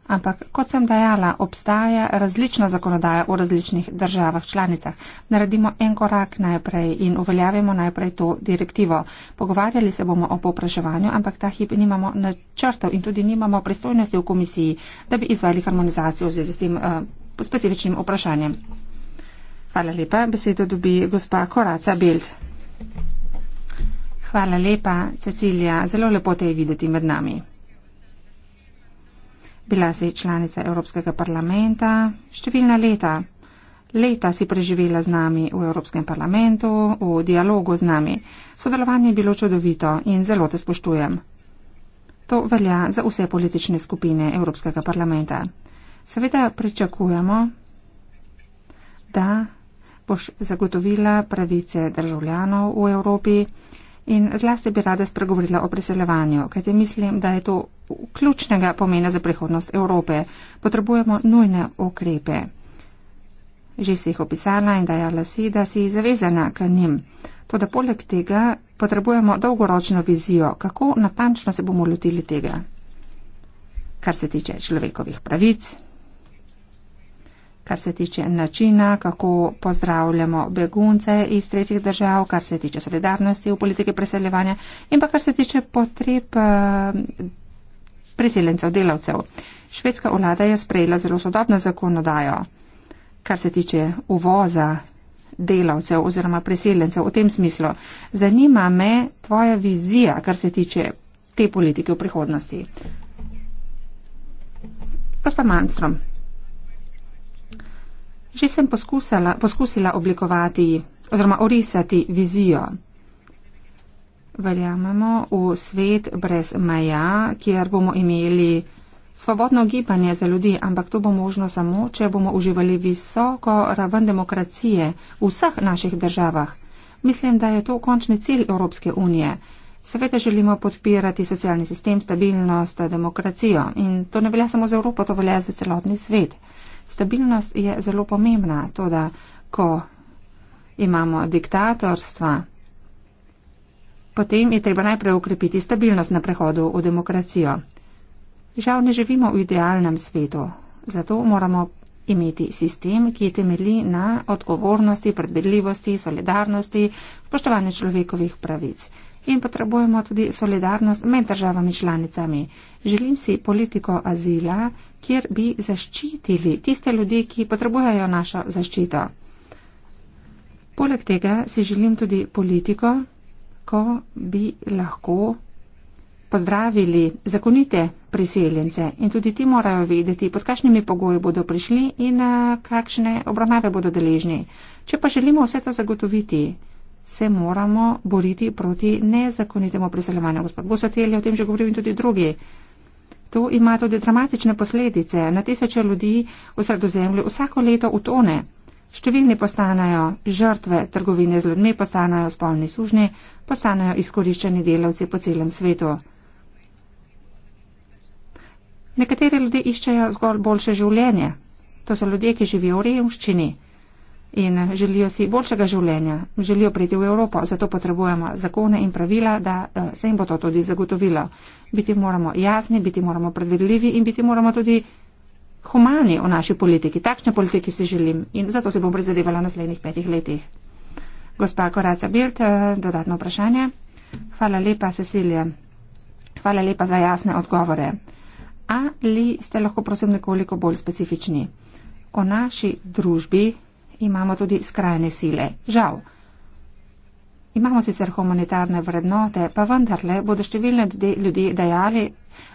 Ampak, kot sem dejala, obstaja različna zakonodaja v različnih državah članicah. Naredimo en korak najprej in uveljavimo najprej to direktivo. Pogovarjali se bomo o popraševanju, ampak ta hip nimamo načrtov in tudi nimamo pristojnosti v komisiji, da bi izvali harmonizacijo v zvezi s tem uh, specifičnim vprašanjem. Hvala lepa. Besedo dobi gospa Koraca Bild. Hvala lepa, Cecilija. Zelo lepo te je videti med nami. Bila si članica Evropskega parlamenta številna leta. Leta si preživela z nami v Evropskem parlamentu, v dialogu z nami. Sodelovanje je bilo čudovito in zelo te spoštujem. To velja za vse politične skupine Evropskega parlamenta. Seveda pričakujemo, da boš zagotovila pravice državljanov v Evropi, In zlasti bi rada spregovorila o priseljevanju, kajti mislim, da je to ključnega pomena za prihodnost Evrope. Potrebujemo nujne ukrepe. Že si jih opisala in dajala si, da si zavezana k njim. Toda poleg tega potrebujemo dolgoročno vizijo, kako natančno se bomo lotili tega, kar se tiče človekovih pravic, kar se tiče načina, kako pozdravljamo begunce iz tretjih držav, kar se tiče solidarnosti v politiki preseljevanja in pa kar se tiče potreb eh, priseljencev, delavcev. Švedska vlada je sprejela zelo sodobno zakonodajo, kar se tiče uvoza delavcev oziroma priseljencev v tem smislu. Zanima me tvoja vizija, kar se tiče te politike v prihodnosti. Gospod Manstrom. Že sem poskusila, poskusila oblikovati oziroma orisati vizijo. Verjamemo v svet brez meja, kjer bomo imeli svobodno gibanje za ljudi, ampak to bo možno samo, če bomo uživali visoko raven demokracije v vseh naših državah. Mislim, da je to končni cilj Evropske unije. Seveda želimo podpirati socialni sistem, stabilnost, demokracijo. In to ne velja samo za Evropo, to velja za celotni svet. Stabilnost je zelo pomembna, to da, ko imamo diktatorstva, potem je treba najprej ukrepiti stabilnost na prehodu v demokracijo. Žal ne živimo v idealnem svetu, zato moramo imeti sistem, ki je temeli na odgovornosti, predvedljivosti, solidarnosti, spoštovanju človekovih pravic. In potrebujemo tudi solidarnost med državami članicami. Želim si politiko azila, kjer bi zaščitili tiste ljudi, ki potrebujejo našo zaščito. Poleg tega si želim tudi politiko, ko bi lahko pozdravili zakonite priseljence in tudi ti morajo vedeti, pod kakšnimi pogoji bodo prišli in eh, kakšne obravnave bodo deležni. Če pa želimo vse to zagotoviti, se moramo boriti proti nezakonitemu priseljevanju. Gospod Bosotelj je o tem že govoril in tudi drugi. To ima tudi dramatične posledice. Na tisoče ljudi v sredozemlju vsako leto utone. Številni postanejo žrtve trgovine z ljudmi, postanejo spolni sužni, postanejo izkoriščeni delavci po celem svetu. Nekateri ljudje iščejo zgolj boljše življenje. To so ljudje, ki živijo v revščini in želijo si boljšega življenja, želijo priti v Evropo, zato potrebujemo zakone in pravila, da eh, se jim bo to tudi zagotovilo. Biti moramo jasni, biti moramo predvidljivi in biti moramo tudi humani v naši politiki. Takšne politike si želim in zato se bom prizadevala naslednjih petih letih. Gospa Koraca Birt, eh, dodatno vprašanje. Hvala lepa, Cecilija. Hvala lepa za jasne odgovore. Ali ste lahko, prosim, nekoliko bolj specifični? O naši družbi imamo tudi skrajne sile. Žal. Imamo sicer humanitarne vrednote, pa vendarle bodo številne ljudi dejali,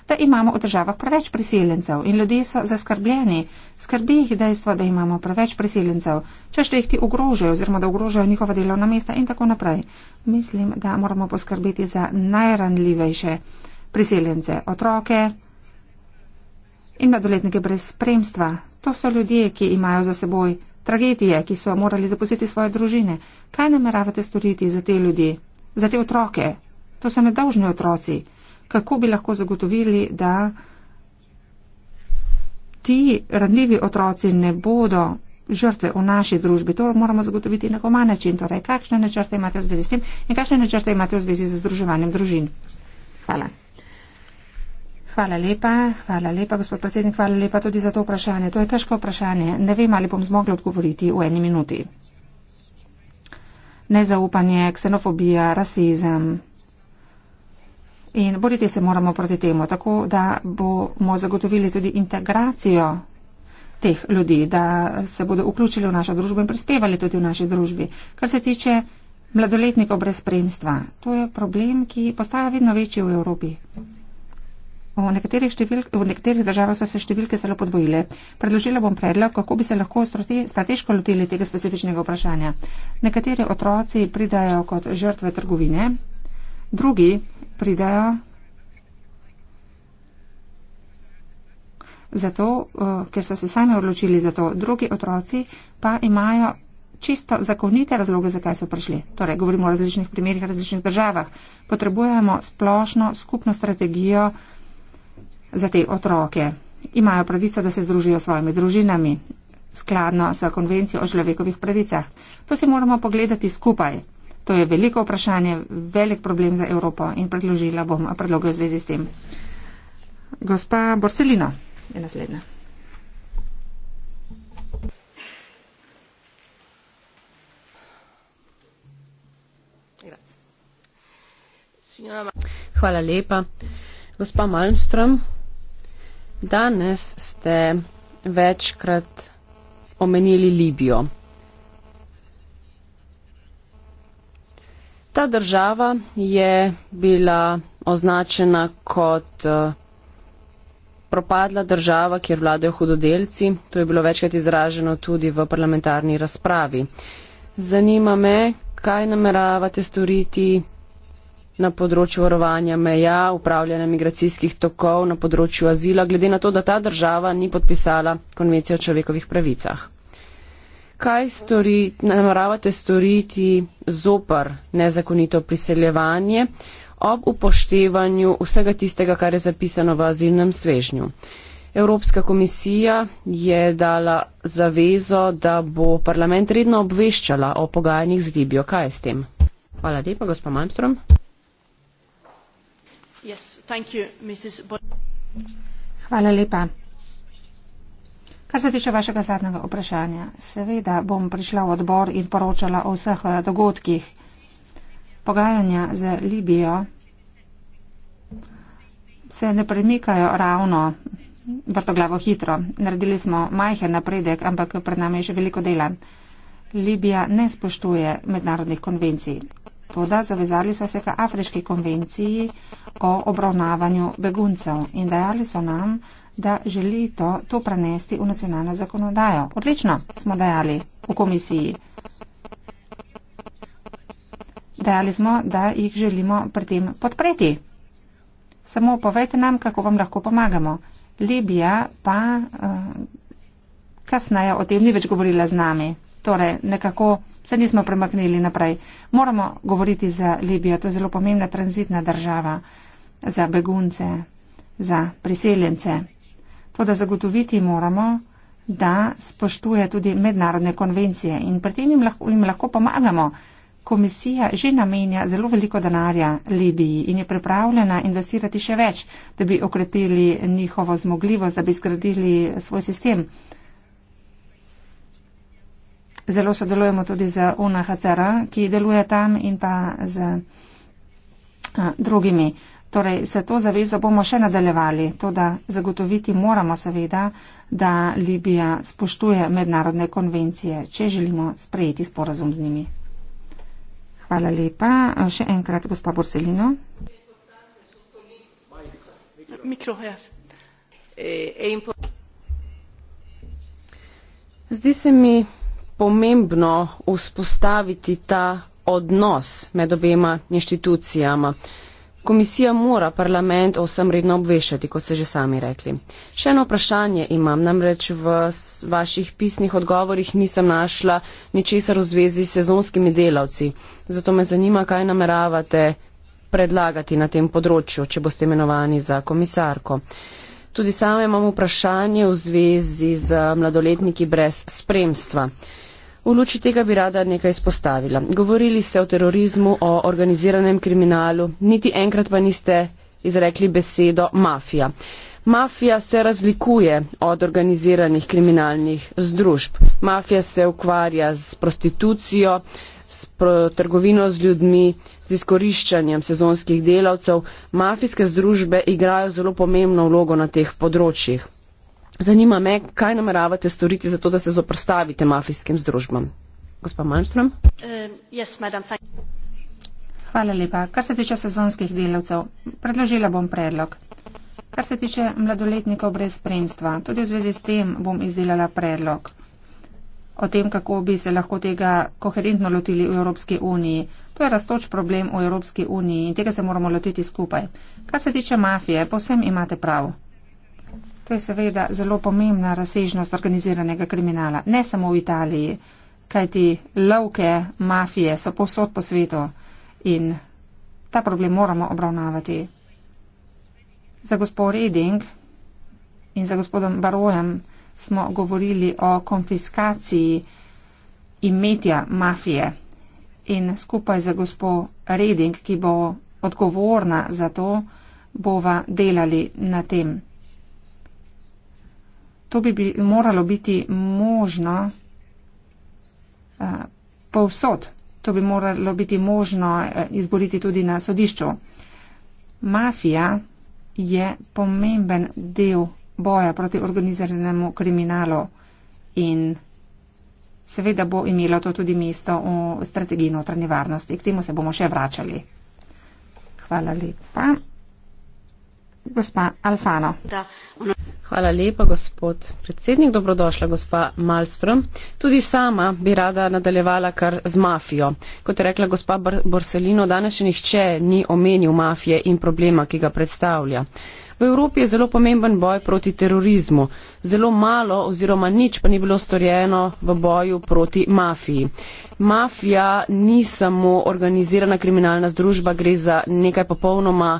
da imamo v državah preveč priseljencev in ljudje so zaskrbljeni. Skrbi jih dejstvo, da imamo preveč priseljencev, če jih ti ogrožajo oziroma da ogrožajo njihova delovna mesta in tako naprej. Mislim, da moramo poskrbeti za najranljivejše priseljence, otroke in mladoletnike brez spremstva. To so ljudje, ki imajo za seboj tragedije, ki so morali zapustiti svoje družine. Kaj nameravate storiti za te ljudi, za te otroke? To so nedolžni otroci. Kako bi lahko zagotovili, da ti ranljivi otroci ne bodo žrtve v naši družbi? To moramo zagotoviti na koma način. Torej, kakšne načrte imate v zvezi s tem in kakšne načrte imate v zvezi z združevanjem družin? Hvala. Hvala lepa, hvala lepa, gospod predsednik, hvala lepa tudi za to vprašanje. To je težko vprašanje. Ne vem, ali bom zmogla odgovoriti v eni minuti. Nezaupanje, ksenofobija, rasizem. In boriti se moramo proti temu, tako da bomo zagotovili tudi integracijo teh ljudi, da se bodo vključili v našo družbo in prispevali tudi v naši družbi. Kar se tiče mladoletnikov brez spremstva, to je problem, ki postaja vedno večji v Evropi. V nekaterih, števil, v nekaterih državah so se številke zelo podvojile. Predložila bom predlog, kako bi se lahko strateško lotili tega specifičnega vprašanja. Nekateri otroci pridajo kot žrtve trgovine, drugi pridajo zato, eh, ker so se sami odločili za to. Drugi otroci pa imajo čisto zakonite razloge, zakaj so prišli. Torej, govorimo o različnih primerjih, različnih državah. Potrebujemo splošno, skupno strategijo, za te otroke. Imajo pravico, da se združijo s svojimi družinami, skladno s konvencijo o človekovih pravicah. To si moramo pogledati skupaj. To je veliko vprašanje, velik problem za Evropo in predložila bom predloge v zvezi s tem. Gospa Borselino je naslednja. Hvala lepa. Gospa Malmström, Danes ste večkrat omenili Libijo. Ta država je bila označena kot eh, propadla država, kjer vladajo hudodelci. To je bilo večkrat izraženo tudi v parlamentarni razpravi. Zanima me, kaj nameravate storiti na področju varovanja meja, upravljanja migracijskih tokov, na področju azila, glede na to, da ta država ni podpisala konvencije o človekovih pravicah. Kaj stori, namravate storiti zopr nezakonito priseljevanje ob upoštevanju vsega tistega, kar je zapisano v azilnem svežnju? Evropska komisija je dala zavezo, da bo parlament redno obveščala o pogajanjih z Libijo. Kaj je s tem? Hvala lepa, gospod Malmström. Hvala lepa. Kar se tiče vašega zadnjega vprašanja, seveda bom prišla v odbor in poročala o vseh eh, dogodkih. Pogajanja z Libijo se ne premikajo ravno vrtoglavo hitro. Naredili smo majhen napredek, ampak pred nami je še veliko dela. Libija ne spoštuje mednarodnih konvencij. Toda zavezali so se k Afriški konvenciji o obravnavanju beguncev in dejali so nam, da želi to, to prenesti v nacionalno zakonodajo. Odlično smo dejali v komisiji. Dejali smo, da jih želimo pri tem podpreti. Samo povejte nam, kako vam lahko pomagamo. Libija pa uh, kasneje o tem ni več govorila z nami torej nekako se nismo premaknili naprej. Moramo govoriti za Libijo, to je zelo pomembna tranzitna država za begunce, za priseljence. To, da zagotoviti moramo, da spoštuje tudi mednarodne konvencije in pri tem jim lahko, jim lahko pomagamo. Komisija že namenja zelo veliko denarja Libiji in je pripravljena investirati še več, da bi okretili njihovo zmogljivost, da bi zgradili svoj sistem zelo sodelujemo tudi z UNHCR, ki deluje tam in pa z a, drugimi. Torej, se to zavezo bomo še nadaljevali, to da zagotoviti moramo seveda, da Libija spoštuje mednarodne konvencije, če želimo sprejeti sporazum z njimi. Hvala lepa. Še enkrat, gospa Borselino. Ja. E, e, Zdi se mi, pomembno vzpostaviti ta odnos med obema inštitucijama. Komisija mora parlament o vsem redno obveščati, kot ste že sami rekli. Še eno vprašanje imam, namreč v vaših pisnih odgovorih nisem našla ničesar v zvezi s sezonskimi delavci. Zato me zanima, kaj nameravate predlagati na tem področju, če boste imenovani za komisarko. Tudi sama imam vprašanje v zvezi z mladoletniki brez spremstva. V luči tega bi rada nekaj izpostavila. Govorili ste o terorizmu, o organiziranem kriminalu, niti enkrat pa niste izrekli besedo mafija. Mafija se razlikuje od organiziranih kriminalnih združb. Mafija se ukvarja z prostitucijo, s trgovino z ljudmi, z izkoriščanjem sezonskih delavcev. Mafijske združbe igrajo zelo pomembno vlogo na teh področjih. Zanima me, kaj nameravate storiti za to, da se zoprstavite mafijskim združbam. Gospa Manström? Uh, um, yes, madam, Hvala lepa. Kar se tiče sezonskih delavcev, predložila bom predlog. Kar se tiče mladoletnikov brez spremstva, tudi v zvezi s tem bom izdelala predlog o tem, kako bi se lahko tega koherentno lotili v Evropski uniji. To je rastoč problem v Evropski uniji in tega se moramo lotiti skupaj. Kar se tiče mafije, povsem imate prav. To je seveda zelo pomembna razsežnost organiziranega kriminala, ne samo v Italiji, kajti lovke, mafije so posod po svetu in ta problem moramo obravnavati. Za gospod Reding in za gospodom Barojem smo govorili o konfiskaciji imetja mafije in skupaj za gospod Reding, ki bo odgovorna za to, bova delali na tem. To bi, bi moralo biti možno uh, povsod. To bi moralo biti možno eh, izboliti tudi na sodišču. Mafija je pomemben del boja proti organiziranemu kriminalu in seveda bo imelo to tudi mesto v strategiji notranje varnosti. K temu se bomo še vračali. Hvala lepa gospa Alfano. Hvala lepa, gospod predsednik. Dobrodošla, gospa Malström. Tudi sama bi rada nadaljevala kar z mafijo. Kot je rekla gospa Borselino, danes še nihče ni omenil mafije in problema, ki ga predstavlja. V Evropi je zelo pomemben boj proti terorizmu. Zelo malo oziroma nič pa ni bilo storjeno v boju proti mafiji. Mafija ni samo organizirana kriminalna združba, gre za nekaj popolnoma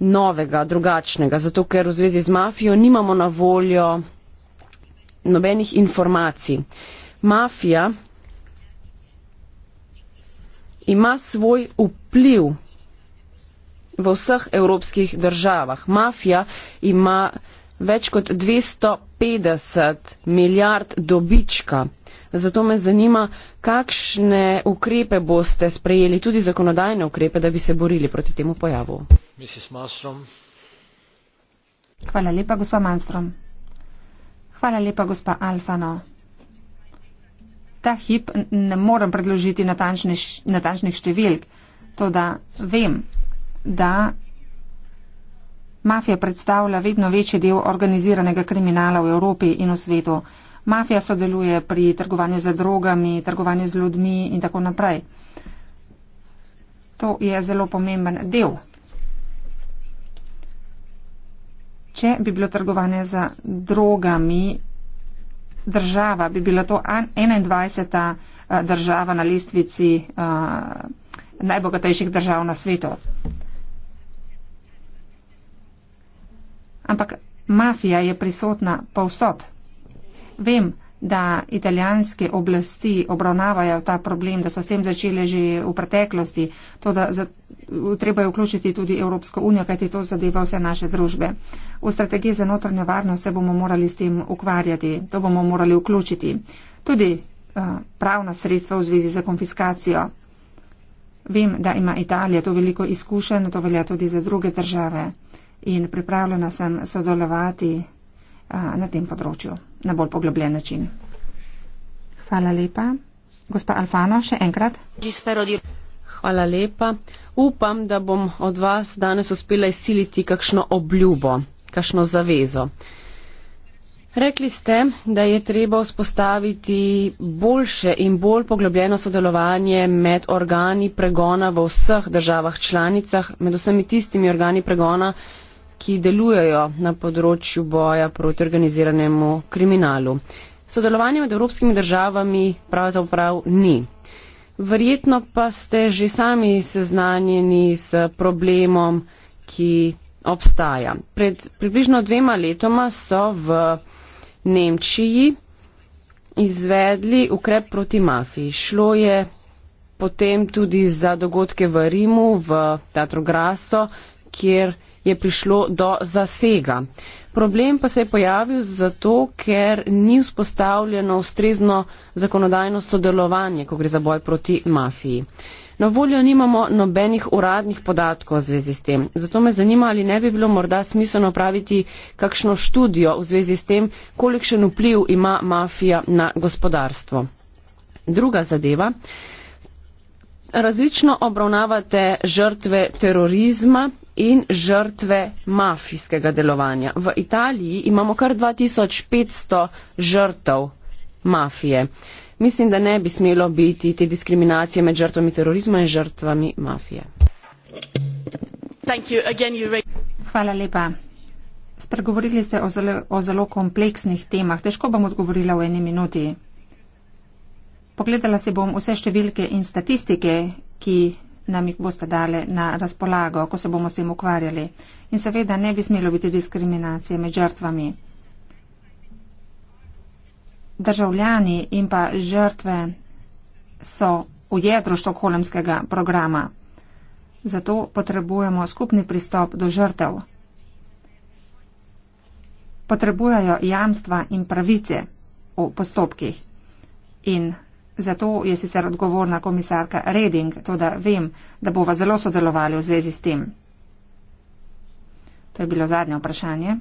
novega, drugačnega, zato ker v zvezi z mafijo nimamo na voljo nobenih informacij. Mafija ima svoj vpliv v vseh evropskih državah. Mafija ima več kot 250 milijard dobička Zato me zanima, kakšne ukrepe boste sprejeli, tudi zakonodajne ukrepe, da bi se borili proti temu pojavu. Hvala lepa, gospa Malmström. Hvala lepa, gospa Alfano. Ta hip ne morem predložiti natančnih številk, to da vem, da mafija predstavlja vedno večji del organiziranega kriminala v Evropi in v svetu. Mafija sodeluje pri trgovanju z drogami, trgovanju z ljudmi in tako naprej. To je zelo pomemben del. Če bi bilo trgovanje z drogami država, bi bila to 21. Eh, država na listvici eh, najbogatejših držav na svetu. Ampak mafija je prisotna povsod. Vem, da italijanske oblasti obravnavajo ta problem, da so s tem začele že v preteklosti, to, da treba je vključiti tudi Evropsko unijo, kajti to zadeva vse naše družbe. V strategiji za notranjo varnost se bomo morali s tem ukvarjati, to bomo morali vključiti. Tudi uh, pravna sredstva v zvezi za konfiskacijo. Vem, da ima Italija to veliko izkušenj, to velja tudi za druge države in pripravljena sem sodelovati na tem področju na bolj poglobljen način. Hvala lepa. Gospa Alfano, še enkrat. Hvala lepa. Upam, da bom od vas danes uspela izsiliti kakšno obljubo, kakšno zavezo. Rekli ste, da je treba vzpostaviti boljše in bolj poglobljeno sodelovanje med organi pregona v vseh državah članicah, med vsemi tistimi organi pregona, ki delujejo na področju boja proti organiziranemu kriminalu. Sodelovanje med evropskimi državami pravzaprav ni. Verjetno pa ste že sami seznanjeni s problemom, ki obstaja. Pred približno dvema letoma so v Nemčiji izvedli ukrep proti mafiji. Šlo je potem tudi za dogodke v Rimu, v Teatro Grasso, kjer je prišlo do zasega. Problem pa se je pojavil zato, ker ni vzpostavljeno ustrezno zakonodajno sodelovanje, ko gre za boj proti mafiji. Na voljo nimamo nobenih uradnih podatkov v zvezi s tem. Zato me zanima, ali ne bi bilo morda smiselno praviti kakšno študijo v zvezi s tem, kolikšen vpliv ima mafija na gospodarstvo. Druga zadeva različno obravnavate žrtve terorizma in žrtve mafijskega delovanja. V Italiji imamo kar 2500 žrtev mafije. Mislim, da ne bi smelo biti te diskriminacije med žrtvami terorizma in žrtvami mafije. Hvala lepa. Spregovorili ste o zelo, o zelo kompleksnih temah. Težko bom odgovorila v eni minuti. Pogledala si bom vse številke in statistike, ki nam jih boste dali na razpolago, ko se bomo s tem ukvarjali. In seveda ne bi smelo biti diskriminacije med žrtvami. Državljani in pa žrtve so v jedru štokholmskega programa. Zato potrebujemo skupni pristop do žrtev. Potrebujajo jamstva in pravice v postopkih. In Zato je sicer odgovorna komisarka Reding, tudi vem, da bova zelo sodelovali v zvezi s tem. To je bilo zadnje vprašanje.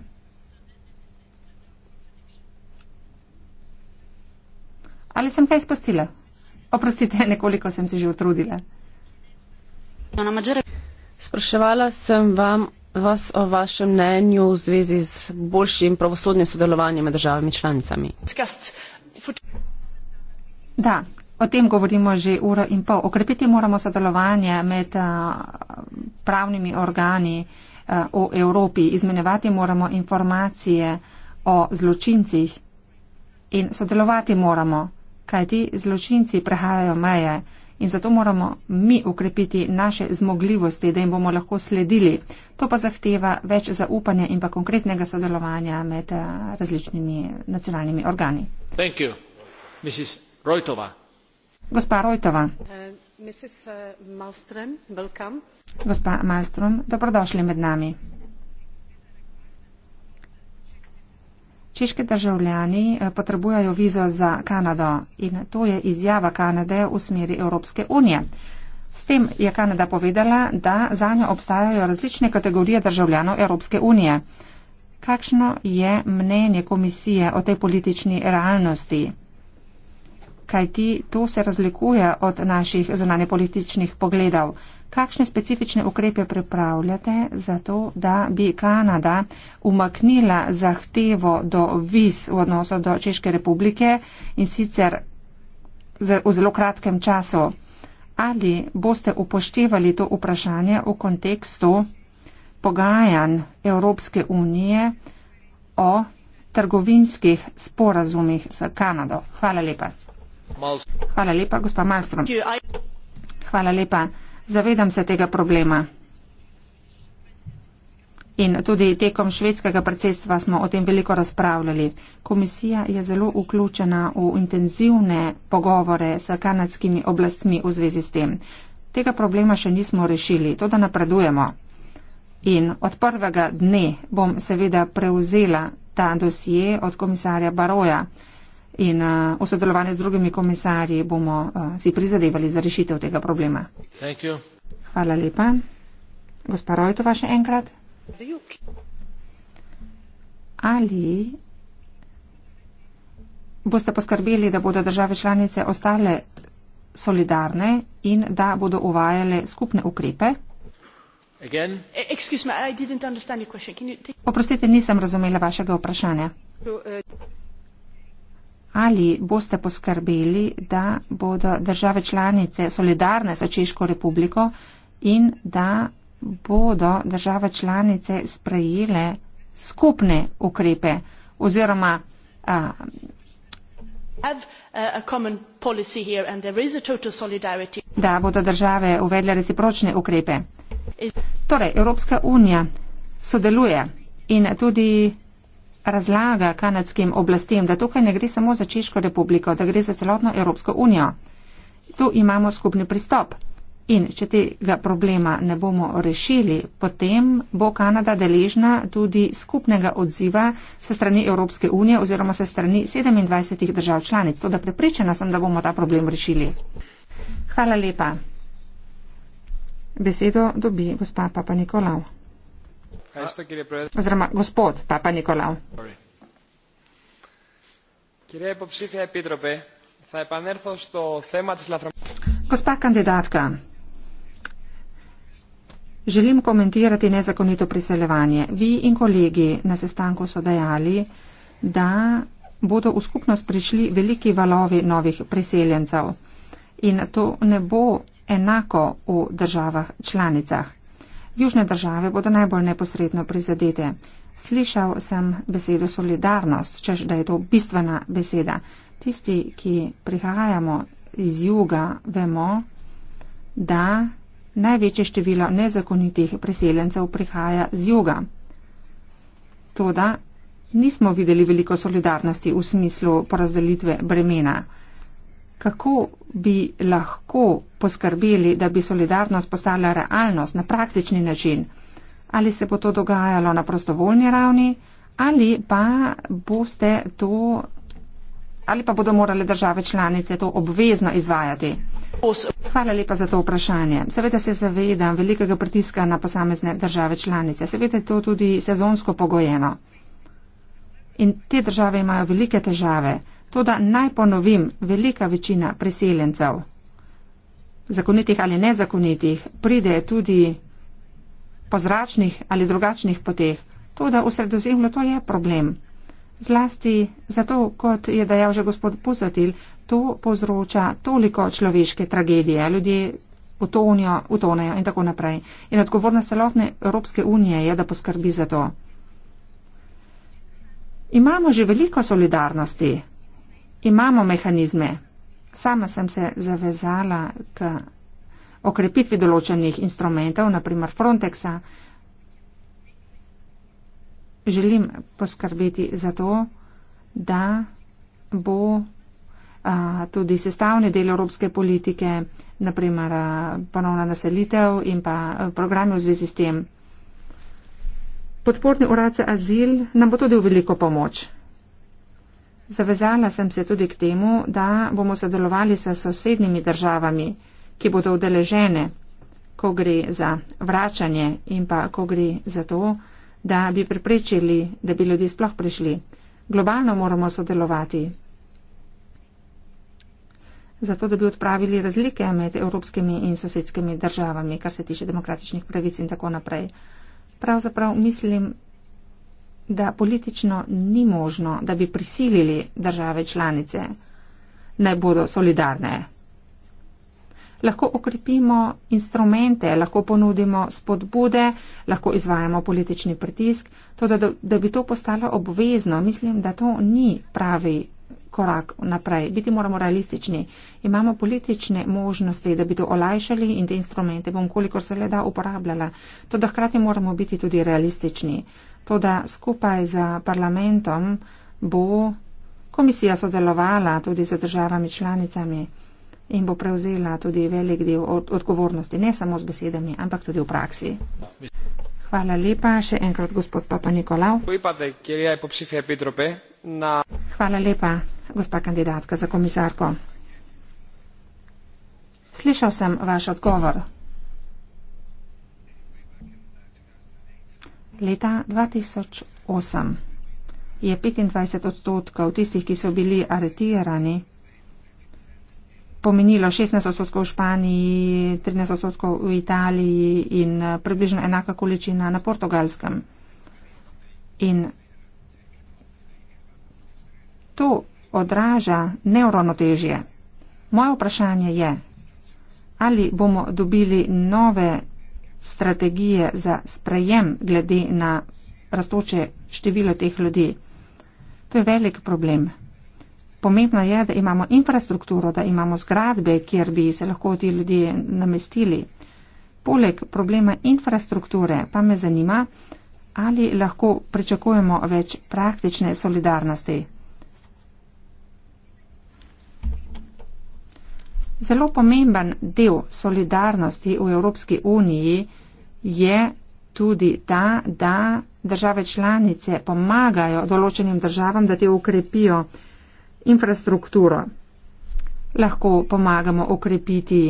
Ali sem kaj spustila? Oprostite, nekoliko sem se že utrudila. Spraševala sem vam, vas o vašem mnenju v zvezi z boljšim pravosodnim sodelovanjem med državami članicami. Da, o tem govorimo že uro in pol. Okrepiti moramo sodelovanje med pravnimi organi v Evropi, izmenevati moramo informacije o zločincih in sodelovati moramo, kaj ti zločinci prehajajo meje in zato moramo mi ukrepiti naše zmogljivosti, da jim bomo lahko sledili. To pa zahteva več zaupanja in pa konkretnega sodelovanja med različnimi nacionalnimi organi. Hvala reutová eh, eh, gospa malmström dobrodošli med nami češki državljani eh, potrebujejo vizo za kanado in to je izjava kanade v smeri evropske unije S tem je Kanada povedala, da za njo obstajajo različne kategorije državljanov Evropske unije. Kakšno je mnenje komisije o tej politični realnosti? kajti to se razlikuje od naših zunanje političnih pogledov. Kakšne specifične ukrepe pripravljate za to, da bi Kanada umaknila zahtevo do viz v odnosu do Češke republike in sicer v zelo kratkem času? Ali boste upoštevali to vprašanje v kontekstu pogajanj Evropske unije o trgovinskih sporazumih s Kanado? Hvala lepa. Hvala lepa, gospa Malstrom. Hvala lepa. Zavedam se tega problema. In tudi tekom švedskega predsedstva smo o tem veliko razpravljali. Komisija je zelo vključena v intenzivne pogovore s kanadskimi oblastmi v zvezi s tem. Tega problema še nismo rešili, to da napredujemo. In od prvega dne bom seveda prevzela ta dosije od komisarja Baroja in eh, v sodelovanju z drugimi komisarji bomo eh, si prizadevali za rešitev tega problema. Hvala lepa. Gospa Rojtova še enkrat. Ali boste poskrbeli, da bodo države članice ostale solidarne in da bodo uvajale skupne ukrepe? E, me, Oprostite, nisem razumela vašega vprašanja. So, uh, Ali boste poskrbeli, da bodo države članice solidarne za Češko republiko in da bodo države članice sprejele skupne ukrepe oziroma. A, da bodo države uvedle recipročne ukrepe. Torej, Evropska unija sodeluje in tudi razlaga kanadskim oblastem, da tukaj ne gre samo za Češko republiko, da gre za celotno Evropsko unijo. Tu imamo skupni pristop. In če tega problema ne bomo rešili, potem bo Kanada deležna tudi skupnega odziva se strani Evropske unije oziroma se strani 27 držav članic. Toda prepričana sem, da bomo ta problem rešili. Hvala lepa. Besedo dobi gospa Papa Nikolao oziroma gospod Papa Nikolau. Gospa kandidatka, želim komentirati nezakonito priseljevanje. Vi in kolegi na sestanku so dejali, da bodo v skupnost prišli veliki valovi novih priseljencev in to ne bo enako v državah članicah. Južne države bodo najbolj neposredno prizadete. Slišal sem besedo solidarnost, čež da je to bistvena beseda. Tisti, ki prihajamo iz juga, vemo, da največje število nezakonitih priseljencev prihaja z juga. Toda nismo videli veliko solidarnosti v smislu porazdelitve bremena kako bi lahko poskrbeli, da bi solidarnost postala realnost na praktični način. Ali se bo to dogajalo na prostovoljni ravni, ali pa boste to. Ali pa bodo morale države članice to obvezno izvajati? Hvala lepa za to vprašanje. Seveda se zavedam velikega pritiska na posamezne države članice. Seveda je to tudi sezonsko pogojeno. In te države imajo velike težave. Toda naj ponovim, velika večina preseljencev, zakonitih ali nezakonitih, pride tudi po zračnih ali drugačnih poteh. Toda v sredozemlju to je problem. Zlasti zato, kot je dejal že gospod Pusatil, to povzroča toliko človeške tragedije. Ljudje utonijo, utonejo in tako naprej. In odgovornost celotne Evropske unije je, da poskrbi za to. Imamo že veliko solidarnosti, imamo mehanizme. Sama sem se zavezala k okrepitvi določenih instrumentov, naprimer Frontexa. Želim poskrbeti za to, da bo a, tudi sestavni del evropske politike, naprimer a, ponovna naselitev in pa programe v zvezi s tem. Podporni urad za azil nam bo tudi v veliko pomoč. Zavezala sem se tudi k temu, da bomo sodelovali s sosednjimi državami, ki bodo udeležene, ko gre za vračanje in pa ko gre za to, da bi preprečili, da bi ljudje sploh prišli. Globalno moramo sodelovati, zato da bi odpravili razlike med evropskimi in sosedskimi državami, kar se tiče demokratičnih pravic in tako naprej. Pravzaprav mislim, da politično ni možno, da bi prisilili države članice, naj bodo solidarne. Lahko okrepimo instrumente, lahko ponudimo spodbude, lahko izvajamo politični pritisk, to, da, da bi to postalo obvezno, mislim, da to ni pravi korak naprej. Biti moramo realistični. Imamo politične možnosti, da bi to olajšali in te instrumente bom kolikor se le da uporabljala. To, da hkrati moramo biti tudi realistični. Toda skupaj z parlamentom bo komisija sodelovala tudi z državami članicami in bo prevzela tudi velik del odgovornosti, ne samo z besedami, ampak tudi v praksi. Hvala lepa še enkrat, gospod Papa Nikolav. Hvala lepa, gospa kandidatka za komisarko. Slišal sem vaš odgovor. leta 2008 je 25 odstotkov tistih, ki so bili aretirani, pomenilo 16 odstotkov v Španiji, 13 odstotkov v Italiji in eh, približno enaka količina na portugalskem. In to odraža neuronotežje. Moje vprašanje je, ali bomo dobili nove strategije za sprejem glede na rastoče število teh ljudi. To je velik problem. Pomembno je, da imamo infrastrukturo, da imamo zgradbe, kjer bi se lahko ti ljudje namestili. Poleg problema infrastrukture pa me zanima, ali lahko pričakujemo več praktične solidarnosti. Zelo pomemben del solidarnosti v Evropski uniji je tudi ta, da države članice pomagajo določenim državam, da te ukrepijo infrastrukturo. Lahko pomagamo ukrepiti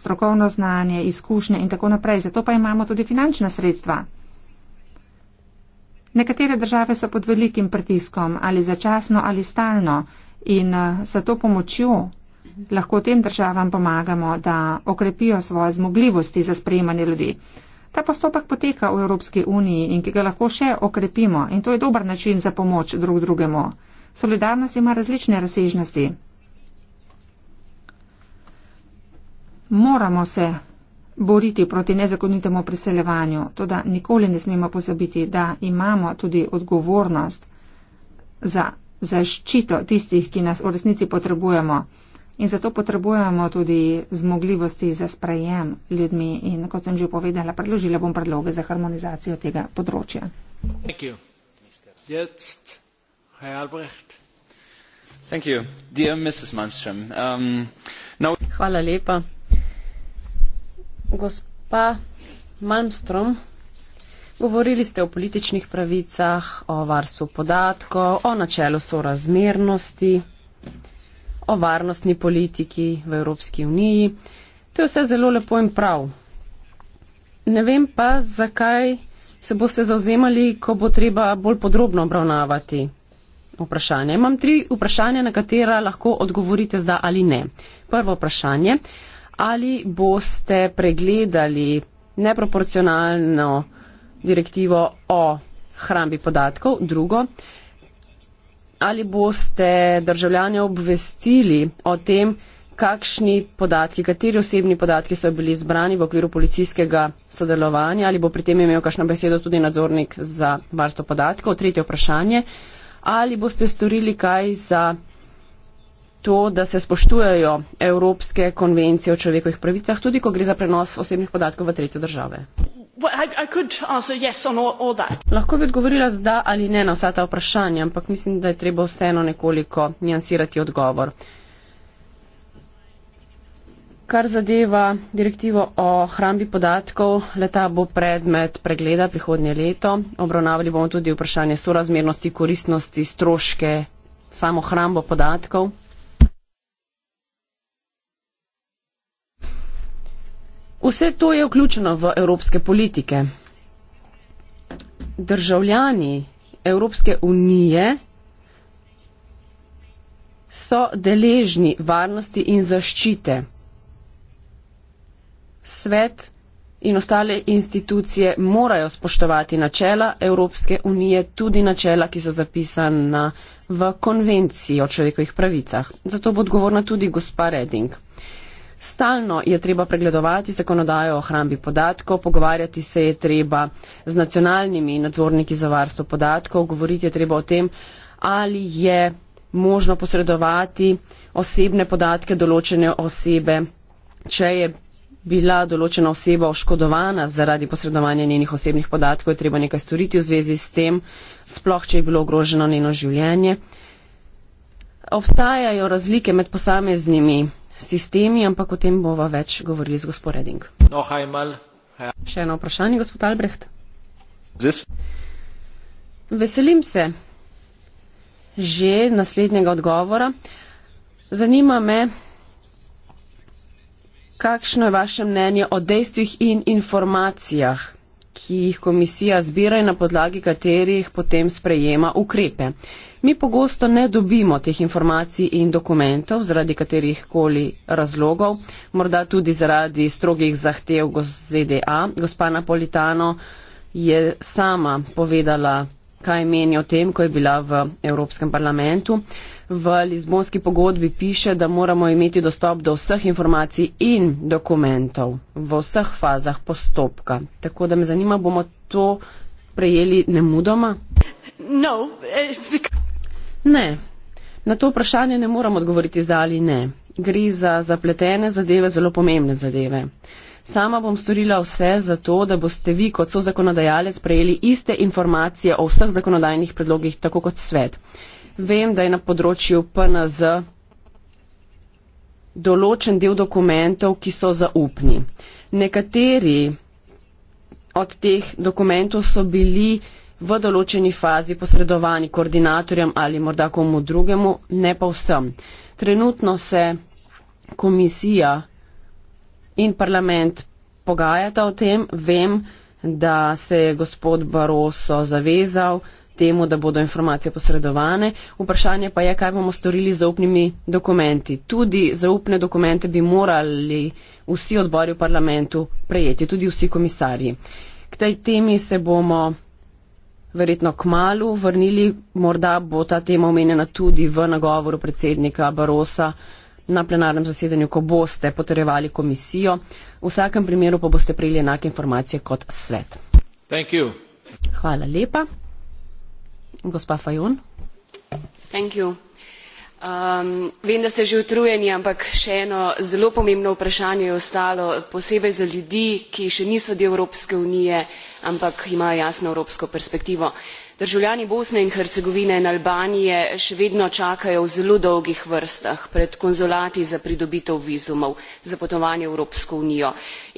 strokovno znanje, izkušnje in tako naprej. Zato pa imamo tudi finančna sredstva. Nekatere države so pod velikim pritiskom ali začasno ali stalno in za eh, to pomočjo lahko tem državam pomagamo, da okrepijo svoje zmogljivosti za sprejemanje ljudi. Ta postopek poteka v Evropski uniji in ki ga lahko še okrepimo in to je dober način za pomoč drug drugemu. Solidarnost ima različne razsežnosti. Moramo se boriti proti nezakonitemu priseljevanju, to da nikoli ne smemo pozabiti, da imamo tudi odgovornost za zaščito tistih, ki nas v resnici potrebujemo. In zato potrebujemo tudi zmogljivosti za sprejem ljudmi. In kot sem že povedala, predložila bom predloge za harmonizacijo tega področja. Um, Hvala lepa. Gospa Malmström, govorili ste o političnih pravicah, o varstvu podatkov, o načelu sorazmernosti o varnostni politiki v Evropski uniji. To je vse zelo lepo in prav. Ne vem pa, zakaj se boste zauzemali, ko bo treba bolj podrobno obravnavati vprašanje. Imam tri vprašanja, na katera lahko odgovorite zda ali ne. Prvo vprašanje, ali boste pregledali neproporcionalno direktivo o hrambi podatkov. Drugo, ali boste državljane obvestili o tem, kakšni podatki, kateri osebni podatki so bili zbrani v okviru policijskega sodelovanja, ali bo pri tem imel kakšno besedo tudi nadzornik za varstvo podatkov. Tretje vprašanje, ali boste storili kaj za to, da se spoštujejo evropske konvencije o človekovih pravicah, tudi ko gre za prenos osebnih podatkov v tretje države. Lahko bi odgovorila z da ali ne na vsa ta vprašanja, ampak mislim, da je treba vseeno nekoliko njansirati odgovor. Kar zadeva direktivo o hrambi podatkov, leta bo predmet pregleda prihodnje leto. Obravnavali bomo tudi vprašanje sorazmernosti, koristnosti, stroške, samo hrambo podatkov. Vse to je vključeno v evropske politike. Državljani Evropske unije so deležni varnosti in zaščite. Svet in ostale institucije morajo spoštovati načela Evropske unije, tudi načela, ki so zapisana v konvenciji o človekovih pravicah. Zato bo odgovorna tudi gospa Reding. Stalno je treba pregledovati zakonodajo o hrambi podatkov, pogovarjati se je treba z nacionalnimi nadzorniki za varstvo podatkov, govoriti je treba o tem, ali je možno posredovati osebne podatke določene osebe, če je bila določena oseba oškodovana zaradi posredovanja njenih osebnih podatkov, je treba nekaj storiti v zvezi s tem, sploh če je bilo ogroženo njeno življenje. Obstajajo razlike med posameznimi sistemi, ampak o tem bova več govorili z gospod Reding. No, Še eno vprašanje, gospod Albrecht. This? Veselim se že naslednjega odgovora. Zanima me, kakšno je vaše mnenje o dejstvih in informacijah, ki jih komisija zbira in na podlagi katerih potem sprejema ukrepe. Mi pogosto ne dobimo teh informacij in dokumentov zaradi katerih koli razlogov, morda tudi zaradi strogih zahtev ZDA. Gospa Napolitano je sama povedala, kaj meni o tem, ko je bila v Evropskem parlamentu. Uh, v Lizbonski pogodbi piše, da moramo imeti dostop do vseh informacij in dokumentov v vseh fazah postopka. Tako da me zanima, bomo to prejeli nemudoma? No. Eh, ne. Na to vprašanje ne moram odgovoriti zdaj ali ne. Gre za zapletene zadeve, zelo pomembne zadeve. Sama bom storila vse za to, da boste vi kot so zakonodajalec prejeli iste informacije o vseh zakonodajnih predlogih, tako kot svet vem, da je na področju PNZ določen del dokumentov, ki so zaupni. Nekateri od teh dokumentov so bili v določeni fazi posredovani koordinatorjem ali morda komu drugemu, ne pa vsem. Trenutno se komisija in parlament pogajata o tem. Vem, da se je gospod Baroso zavezal, temu, da bodo informacije posredovane. Vprašanje pa je, kaj bomo storili z zaupnimi dokumenti. Tudi zaupne dokumente bi morali vsi odbori v parlamentu prejeti, tudi vsi komisarji. K tej temi se bomo verjetno k malu vrnili, morda bo ta tema omenjena tudi v nagovoru predsednika Barosa na plenarnem zasedanju, ko boste potrejevali komisijo. V vsakem primeru pa boste prejeli enake informacije kot svet. Hvala lepa gospa fajon um, vem da ste že utrujeni ampak še eno zelo pomembno vprašanje je ostalo posebej za ljudi ki še niso del evropske unije ampak imajo jasno evropsko perspektivo državljani bosne in hercegovine in albanije še vedno čakajo v zelo dolgih vrstah pred konzulati za pridobitev vizumov za potovanje v evropsko unijo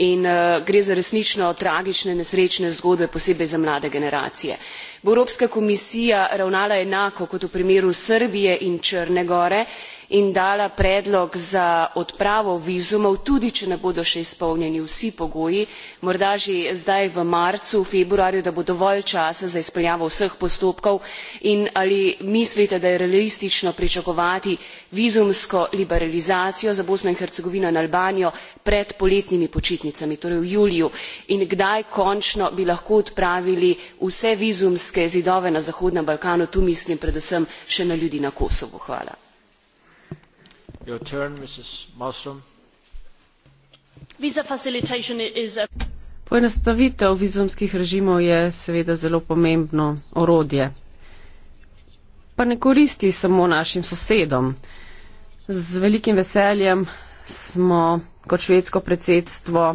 in eh, gre za resnično tragične nesrečne zgodbe posebej za mlade generacije. bo evropska komisija ravnala enako kot v primeru srbije in črne gore in dala predlog za odpravo vizumov tudi če ne bodo še izpolnjeni vsi pogoji morda že zdaj v marcu februarju da bo dovolj časa za izpeljavo vseh postopkov in ali mislite da je realistično pričakovati vizumsko liberalizacijo za bosno in hercegovino in albanijo pred poletnimi počitnicami torej v juliju in kdaj končno bi lahko odpravili vse vizumske zidove na zahodnem balkanu tu mislim predvsem še na ljudi na kosovu poenostavitev vizumskih režimov je seveda zelo pomembno orodje pa ne koristi samo našim sosedom z velikim veseljem smo kot švedsko predsedstvo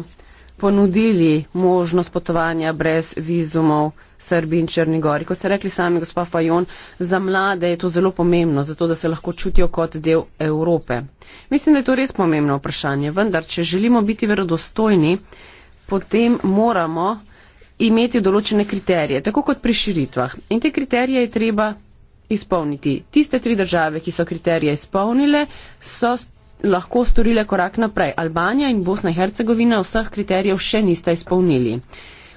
podprli predlog komisije da se vizumski režim za vse države članice ponudili možnost potovanja brez vizumov Srbiji in Črnigori. Ko ste rekli sami, gospa Fajon, za mlade je to zelo pomembno, zato da se lahko čutijo kot del Evrope. Mislim, da je to res pomembno vprašanje, vendar, če želimo biti verodostojni, potem moramo imeti določene kriterije, tako kot pri širitvah. In te kriterije je treba izpolniti. Tiste tri države, ki so kriterije izpolnile, so lahko storile korak naprej. Albanija in Bosna in Hercegovina vseh kriterijev še nista izpolnili.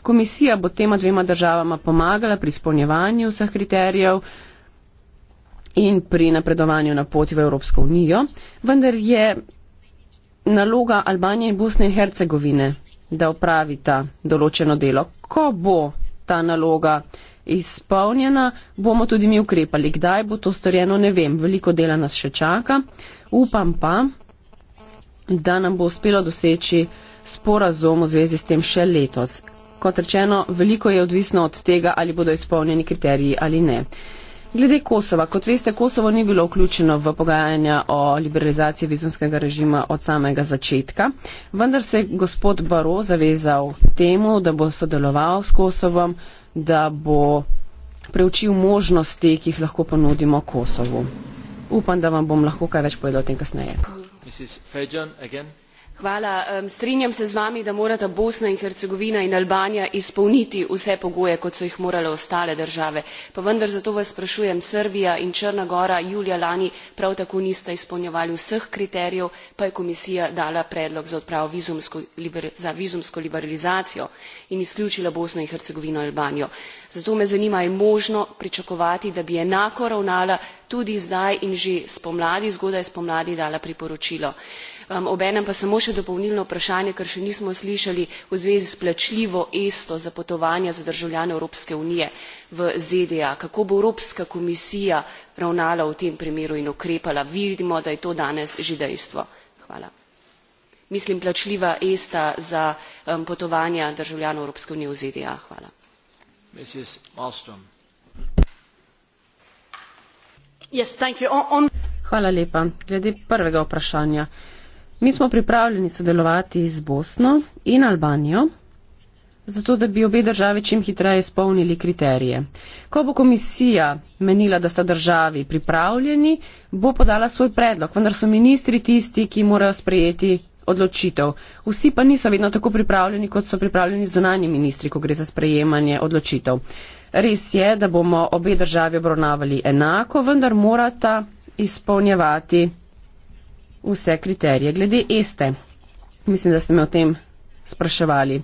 Komisija bo tema dvema državama pomagala pri izpolnjevanju vseh kriterijev in pri napredovanju na poti v Evropsko unijo, vendar je naloga Albanije in Bosne in Hercegovine, da opravita določeno delo. Ko bo ta naloga izpolnjena, bomo tudi mi ukrepali. Kdaj bo to storjeno, ne vem. Veliko dela nas še čaka. Uh, Upam pa, da nam bo uspelo doseči sporazum v zvezi s tem še letos. Kot rečeno, veliko je odvisno od tega, ali bodo izpolnjeni kriteriji ali ne. Glede Kosova, kot veste, Kosovo ni bilo vključeno v pogajanja o liberalizaciji vizumskega režima od samega začetka, vendar se je gospod Baro zavezal temu, da bo sodeloval s Kosovom, da bo preučil možnosti, ki jih lahko ponudimo Kosovu upam da vam bom lahko kaj več povedala o tem kasneje strinjam se z vami da morata bosna in hercegovina in albanija izpolniti vse pogoje kot so jih morale ostale države pa vendar zato vas sprašujem srbija in črna gora julija lani prav tako nista izpolnjevali vseh kriterijev pa je komisija dala predlog za odpravo za vizumsko liberalizacijo in izključila bosno in hercegovino in albanijo zato me zanima ali je možno pričakovati da bi enako ravnala tudi zdaj in že spomladi zgodaj spomladi dala priporočilo. Um, obenem pa samo še dopolnilno vprašanje ker še nismo slišali v zvezi s plačljivo esto za potovanja za državljane evropske unije v zda kako bo evropska komisija ravnala v tem primeru in ukrepala vidimo da je to danes že dejstvo hvala mislim plačljiva esta za um, potovanja državljanov evropske unije v zda hvala Hvala lepa. Glede prvega vprašanja. Mi smo pripravljeni sodelovati z Bosno in Albanijo, zato da bi obe državi čim hitreje izpolnili kriterije. Ko bo komisija menila, da sta državi pripravljeni, bo podala svoj predlog, vendar so ministri tisti, ki morajo sprejeti odločitev. Vsi pa niso vedno tako pripravljeni, kot so pripravljeni zunani ministri, ko gre za sprejemanje odločitev. Res je, da bomo obe državi obravnavali enako, vendar morata izpolnjevati vse kriterije glede este. Mislim, da ste me o tem spraševali.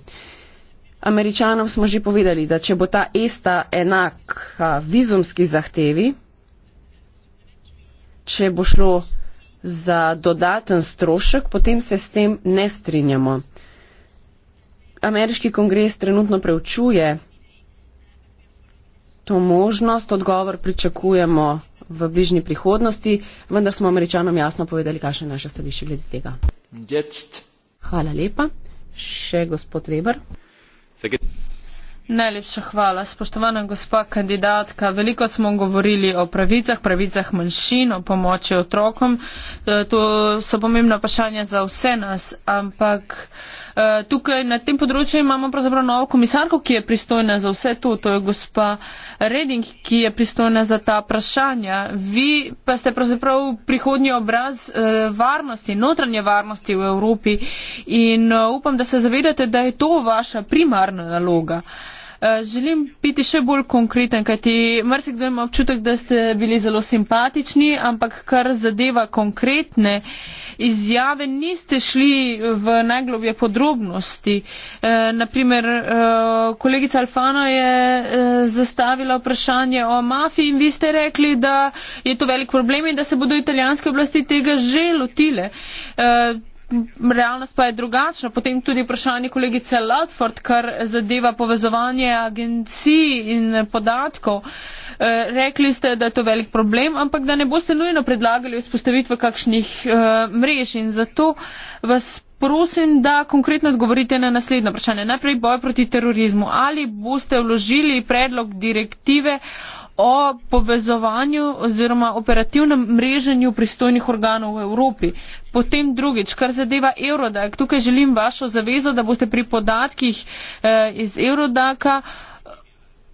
Američanom smo že povedali, da če bo ta esta enaka vizumski zahtevi, če bo šlo za dodaten strošek, potem se s tem ne strinjamo. Ameriški kongres trenutno preučuje to možnost, odgovor pričakujemo v bližnji prihodnosti, vendar smo američanom jasno povedali, kakšno je naše stališče glede tega. Jetzt. Hvala lepa. Še gospod Weber. Najlepša hvala. Spoštovana gospa kandidatka, veliko smo govorili o pravicah, pravicah manjšin, o pomoči otrokom. E, to so pomembna vprašanja za vse nas, ampak e, tukaj na tem področju imamo pravzaprav novo komisarko, ki je pristojna za vse to. To je gospa Reding, ki je pristojna za ta vprašanja. Vi pa ste pravzaprav prihodnji obraz e, varnosti, notranje varnosti v Evropi in upam, da se zavedate, da je to vaša primarna naloga. Eh, želim biti še bolj konkreten, kajti mrsikdo ima občutek, da ste bili zelo simpatični, ampak kar zadeva konkretne izjave, niste šli v najglobje podrobnosti. E, eh, naprimer, e, eh, kolegica Alfano je e, zastavila vprašanje o mafiji in vi ste rekli, da je to velik problem in da se bodo italijanske oblasti tega že lotile. E, realnost pa je drugačna. Potem tudi vprašanje kolegice Ludford, kar zadeva povezovanje agencij in podatkov. Eh, rekli ste, da je to velik problem, ampak da ne boste nujno predlagali vzpostavitve kakšnih eh, mrež in zato vas. Prosim, da konkretno odgovorite na naslednjo vprašanje. Najprej boj proti terorizmu. Ali boste vložili predlog direktive o povezovanju oziroma operativnem mreženju pristojnih organov v Evropi. Potem drugič, kar zadeva Eurodak, tukaj želim vašo zavezo, da boste pri podatkih eh, iz Eurodaka eh,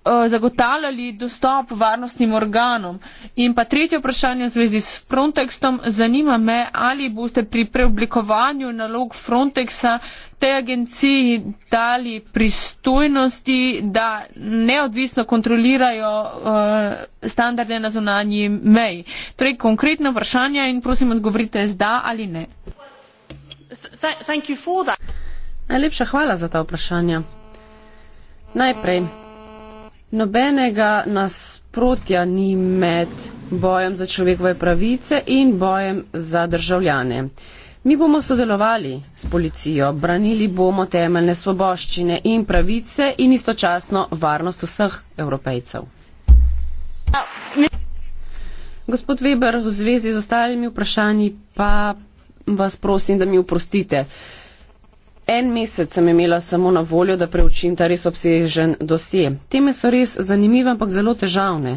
Eh, zagotavljali dostop varnostnim organom. In pa tretje vprašanje v zvezi s Frontexom, zanima me, ali boste pri preoblikovanju nalog Frontexa tej agenciji dali pristojnosti, da neodvisno kontrolirajo uh, standarde na zunanji meji. Torej, konkretno vprašanje in prosim odgovorite z da ali ne. Najlepša hvala za ta vprašanja. Najprej. Nobenega nasprotja ni med bojem za človekove pravice in bojem za državljane. Mi bomo sodelovali s policijo, branili bomo temeljne svoboščine in pravice in istočasno varnost vseh evropejcev. Gospod Weber, v zvezi z ostalimi vprašanji pa vas prosim, da mi oprostite. En mesec sem imela samo na voljo, da preučim ta res obsežen dosje. Teme so res zanimive, ampak zelo težavne.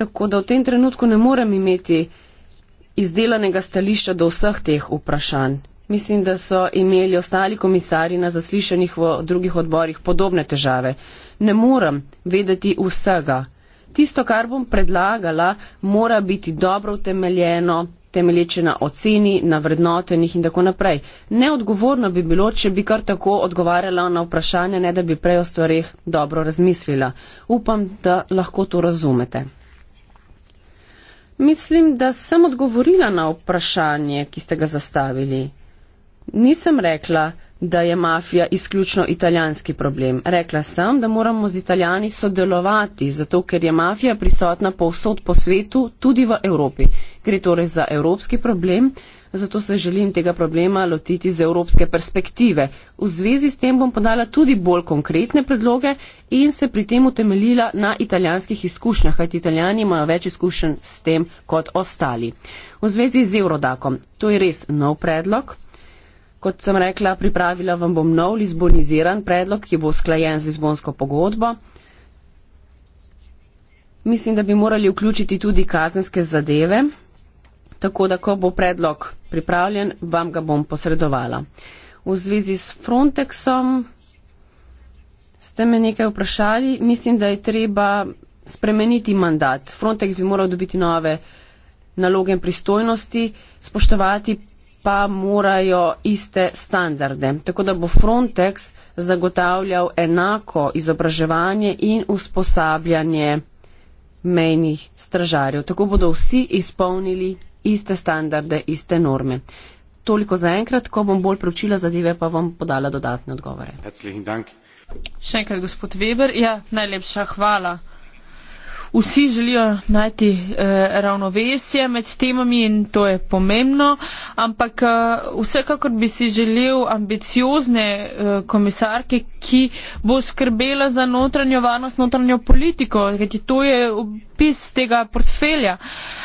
Tako da v tem trenutku ne morem imeti izdelanega stališča do vseh teh vprašanj. Mislim, da so imeli ostali komisari na zaslišanjih v drugih odborih podobne težave. Ne morem vedeti vsega. Tisto, kar bom predlagala, mora biti dobro utemeljeno, temelječe na oceni, na vrednotenih in tako naprej. Neodgovorno bi bilo, če bi kar tako odgovarjala na vprašanje, ne da bi prej o stvarih dobro razmislila. Upam, da lahko to razumete. Mislim, da sem odgovorila na vprašanje, ki ste ga zastavili. Nisem rekla, da da je mafija izključno italijanski problem. Rekla sem, da moramo z italijani sodelovati, zato ker je mafija prisotna povsod po svetu, tudi v Evropi. Gre torej za evropski problem, zato se želim tega problema lotiti z evropske perspektive. V zvezi s tem bom podala tudi bolj konkretne predloge in se pri tem utemeljila na italijanskih izkušnjah, kajti italijani imajo več izkušenj s tem kot ostali. V zvezi z Eurodakom. To je res nov predlog kot sem rekla, pripravila vam bom nov lizboniziran predlog, ki bo sklajen z lizbonsko pogodbo. Mislim, da bi morali vključiti tudi kazenske zadeve, tako da, ko bo predlog pripravljen, vam ga bom posredovala. V zvezi s Frontexom ste me nekaj vprašali. Mislim, da je treba spremeniti mandat. Frontex bi moral dobiti nove naloge in pristojnosti, spoštovati pa morajo iste standarde. Tako da bo Frontex zagotavljal enako izobraževanje in usposabljanje mejnih stražarjev. Tako bodo vsi izpolnili iste standarde, iste norme. Toliko za enkrat, ko bom bolj preučila zadeve, pa vam podala dodatne odgovore. Še enkrat, gospod Weber, ja, najlepša hvala vsi želijo najti eh, ravnovesje med temami in to je pomembno, ampak eh, vsekakor bi si želel ambiciozne eh, komisarke, ki bo skrbela za notranjo varnost, notranjo politiko, kajti to je opis tega portfelja.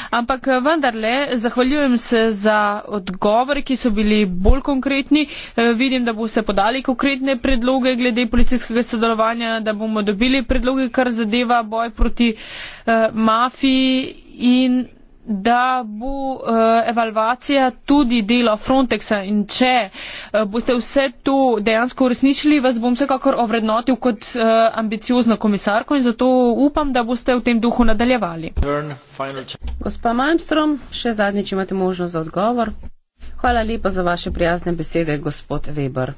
Ampak eh, vendarle, zahvaljujem se za odgovore, ki so bili bolj konkretni. Eh, vidim, da boste podali konkretne predloge glede policijskega sodelovanja, da bomo dobili predloge, kar zadeva boj proti eh, Eh, mafiji in da bo eh, evalvacija tudi dela Frontexa in če eh, boste vse to dejansko uresničili, vas bom vsekakor ovrednotil kot ambiciozno komisarko in zato upam, da boste v tem duhu nadaljevali. Gospa Malmstrom, še zadnjič imate možnost za odgovor. Hvala lepa za vaše prijazne besede, gospod Weber.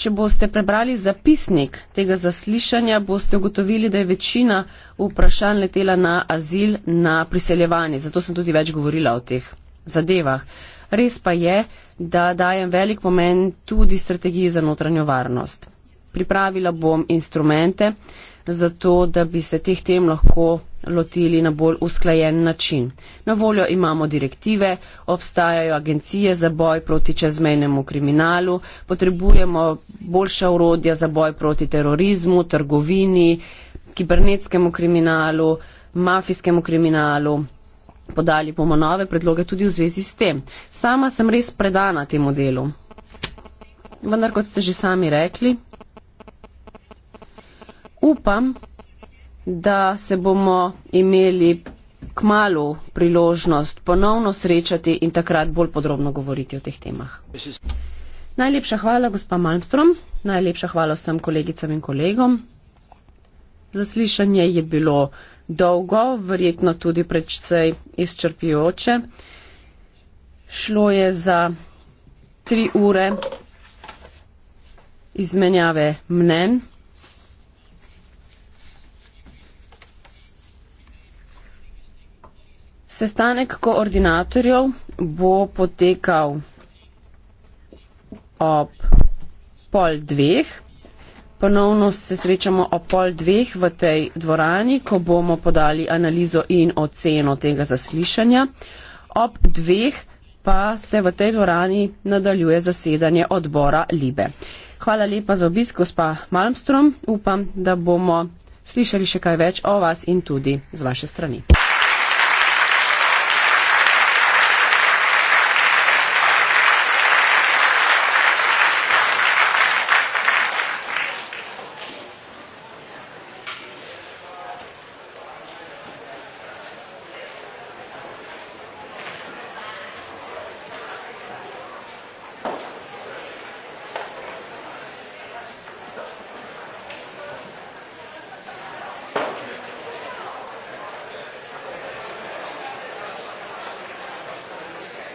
Če boste prebrali zapisnik tega zaslišanja, boste ugotovili, da je večina vprašanj letela na azil, na priseljevanje. Zato sem tudi več govorila o teh zadevah. Res pa je, da dajem velik pomen tudi strategiji za notranjo varnost. Pripravila bom instrumente za to, da bi se teh tem lahko lotili na bolj usklajen način. Na voljo imamo direktive, obstajajo agencije za boj proti čezmejnemu kriminalu, potrebujemo boljša urodja za boj proti terorizmu, trgovini, kibernetskemu kriminalu, mafijskemu kriminalu. Podali bomo nove predloge tudi v zvezi s tem. Sama sem res predana temu delu. Vendar, kot ste že sami rekli, upam, da se bomo imeli k malu priložnost ponovno srečati in takrat bolj podrobno govoriti o teh temah. Najlepša hvala, gospa Malmstrom. Najlepša hvala vsem kolegicam in kolegom. Zaslišanje je bilo dolgo, verjetno tudi predvsej izčrpijoče. Šlo je za tri ure izmenjave mnen. Sestanek koordinatorjev bo potekal ob pol dveh. Ponovno se srečamo ob pol dveh v tej dvorani, ko bomo podali analizo in oceno tega zaslišanja. Ob dveh pa se v tej dvorani nadaljuje zasedanje odbora Libe. Hvala lepa za obisk, gospa Malmstrom. Upam, da bomo slišali še kaj več o vas in tudi z vaše strani.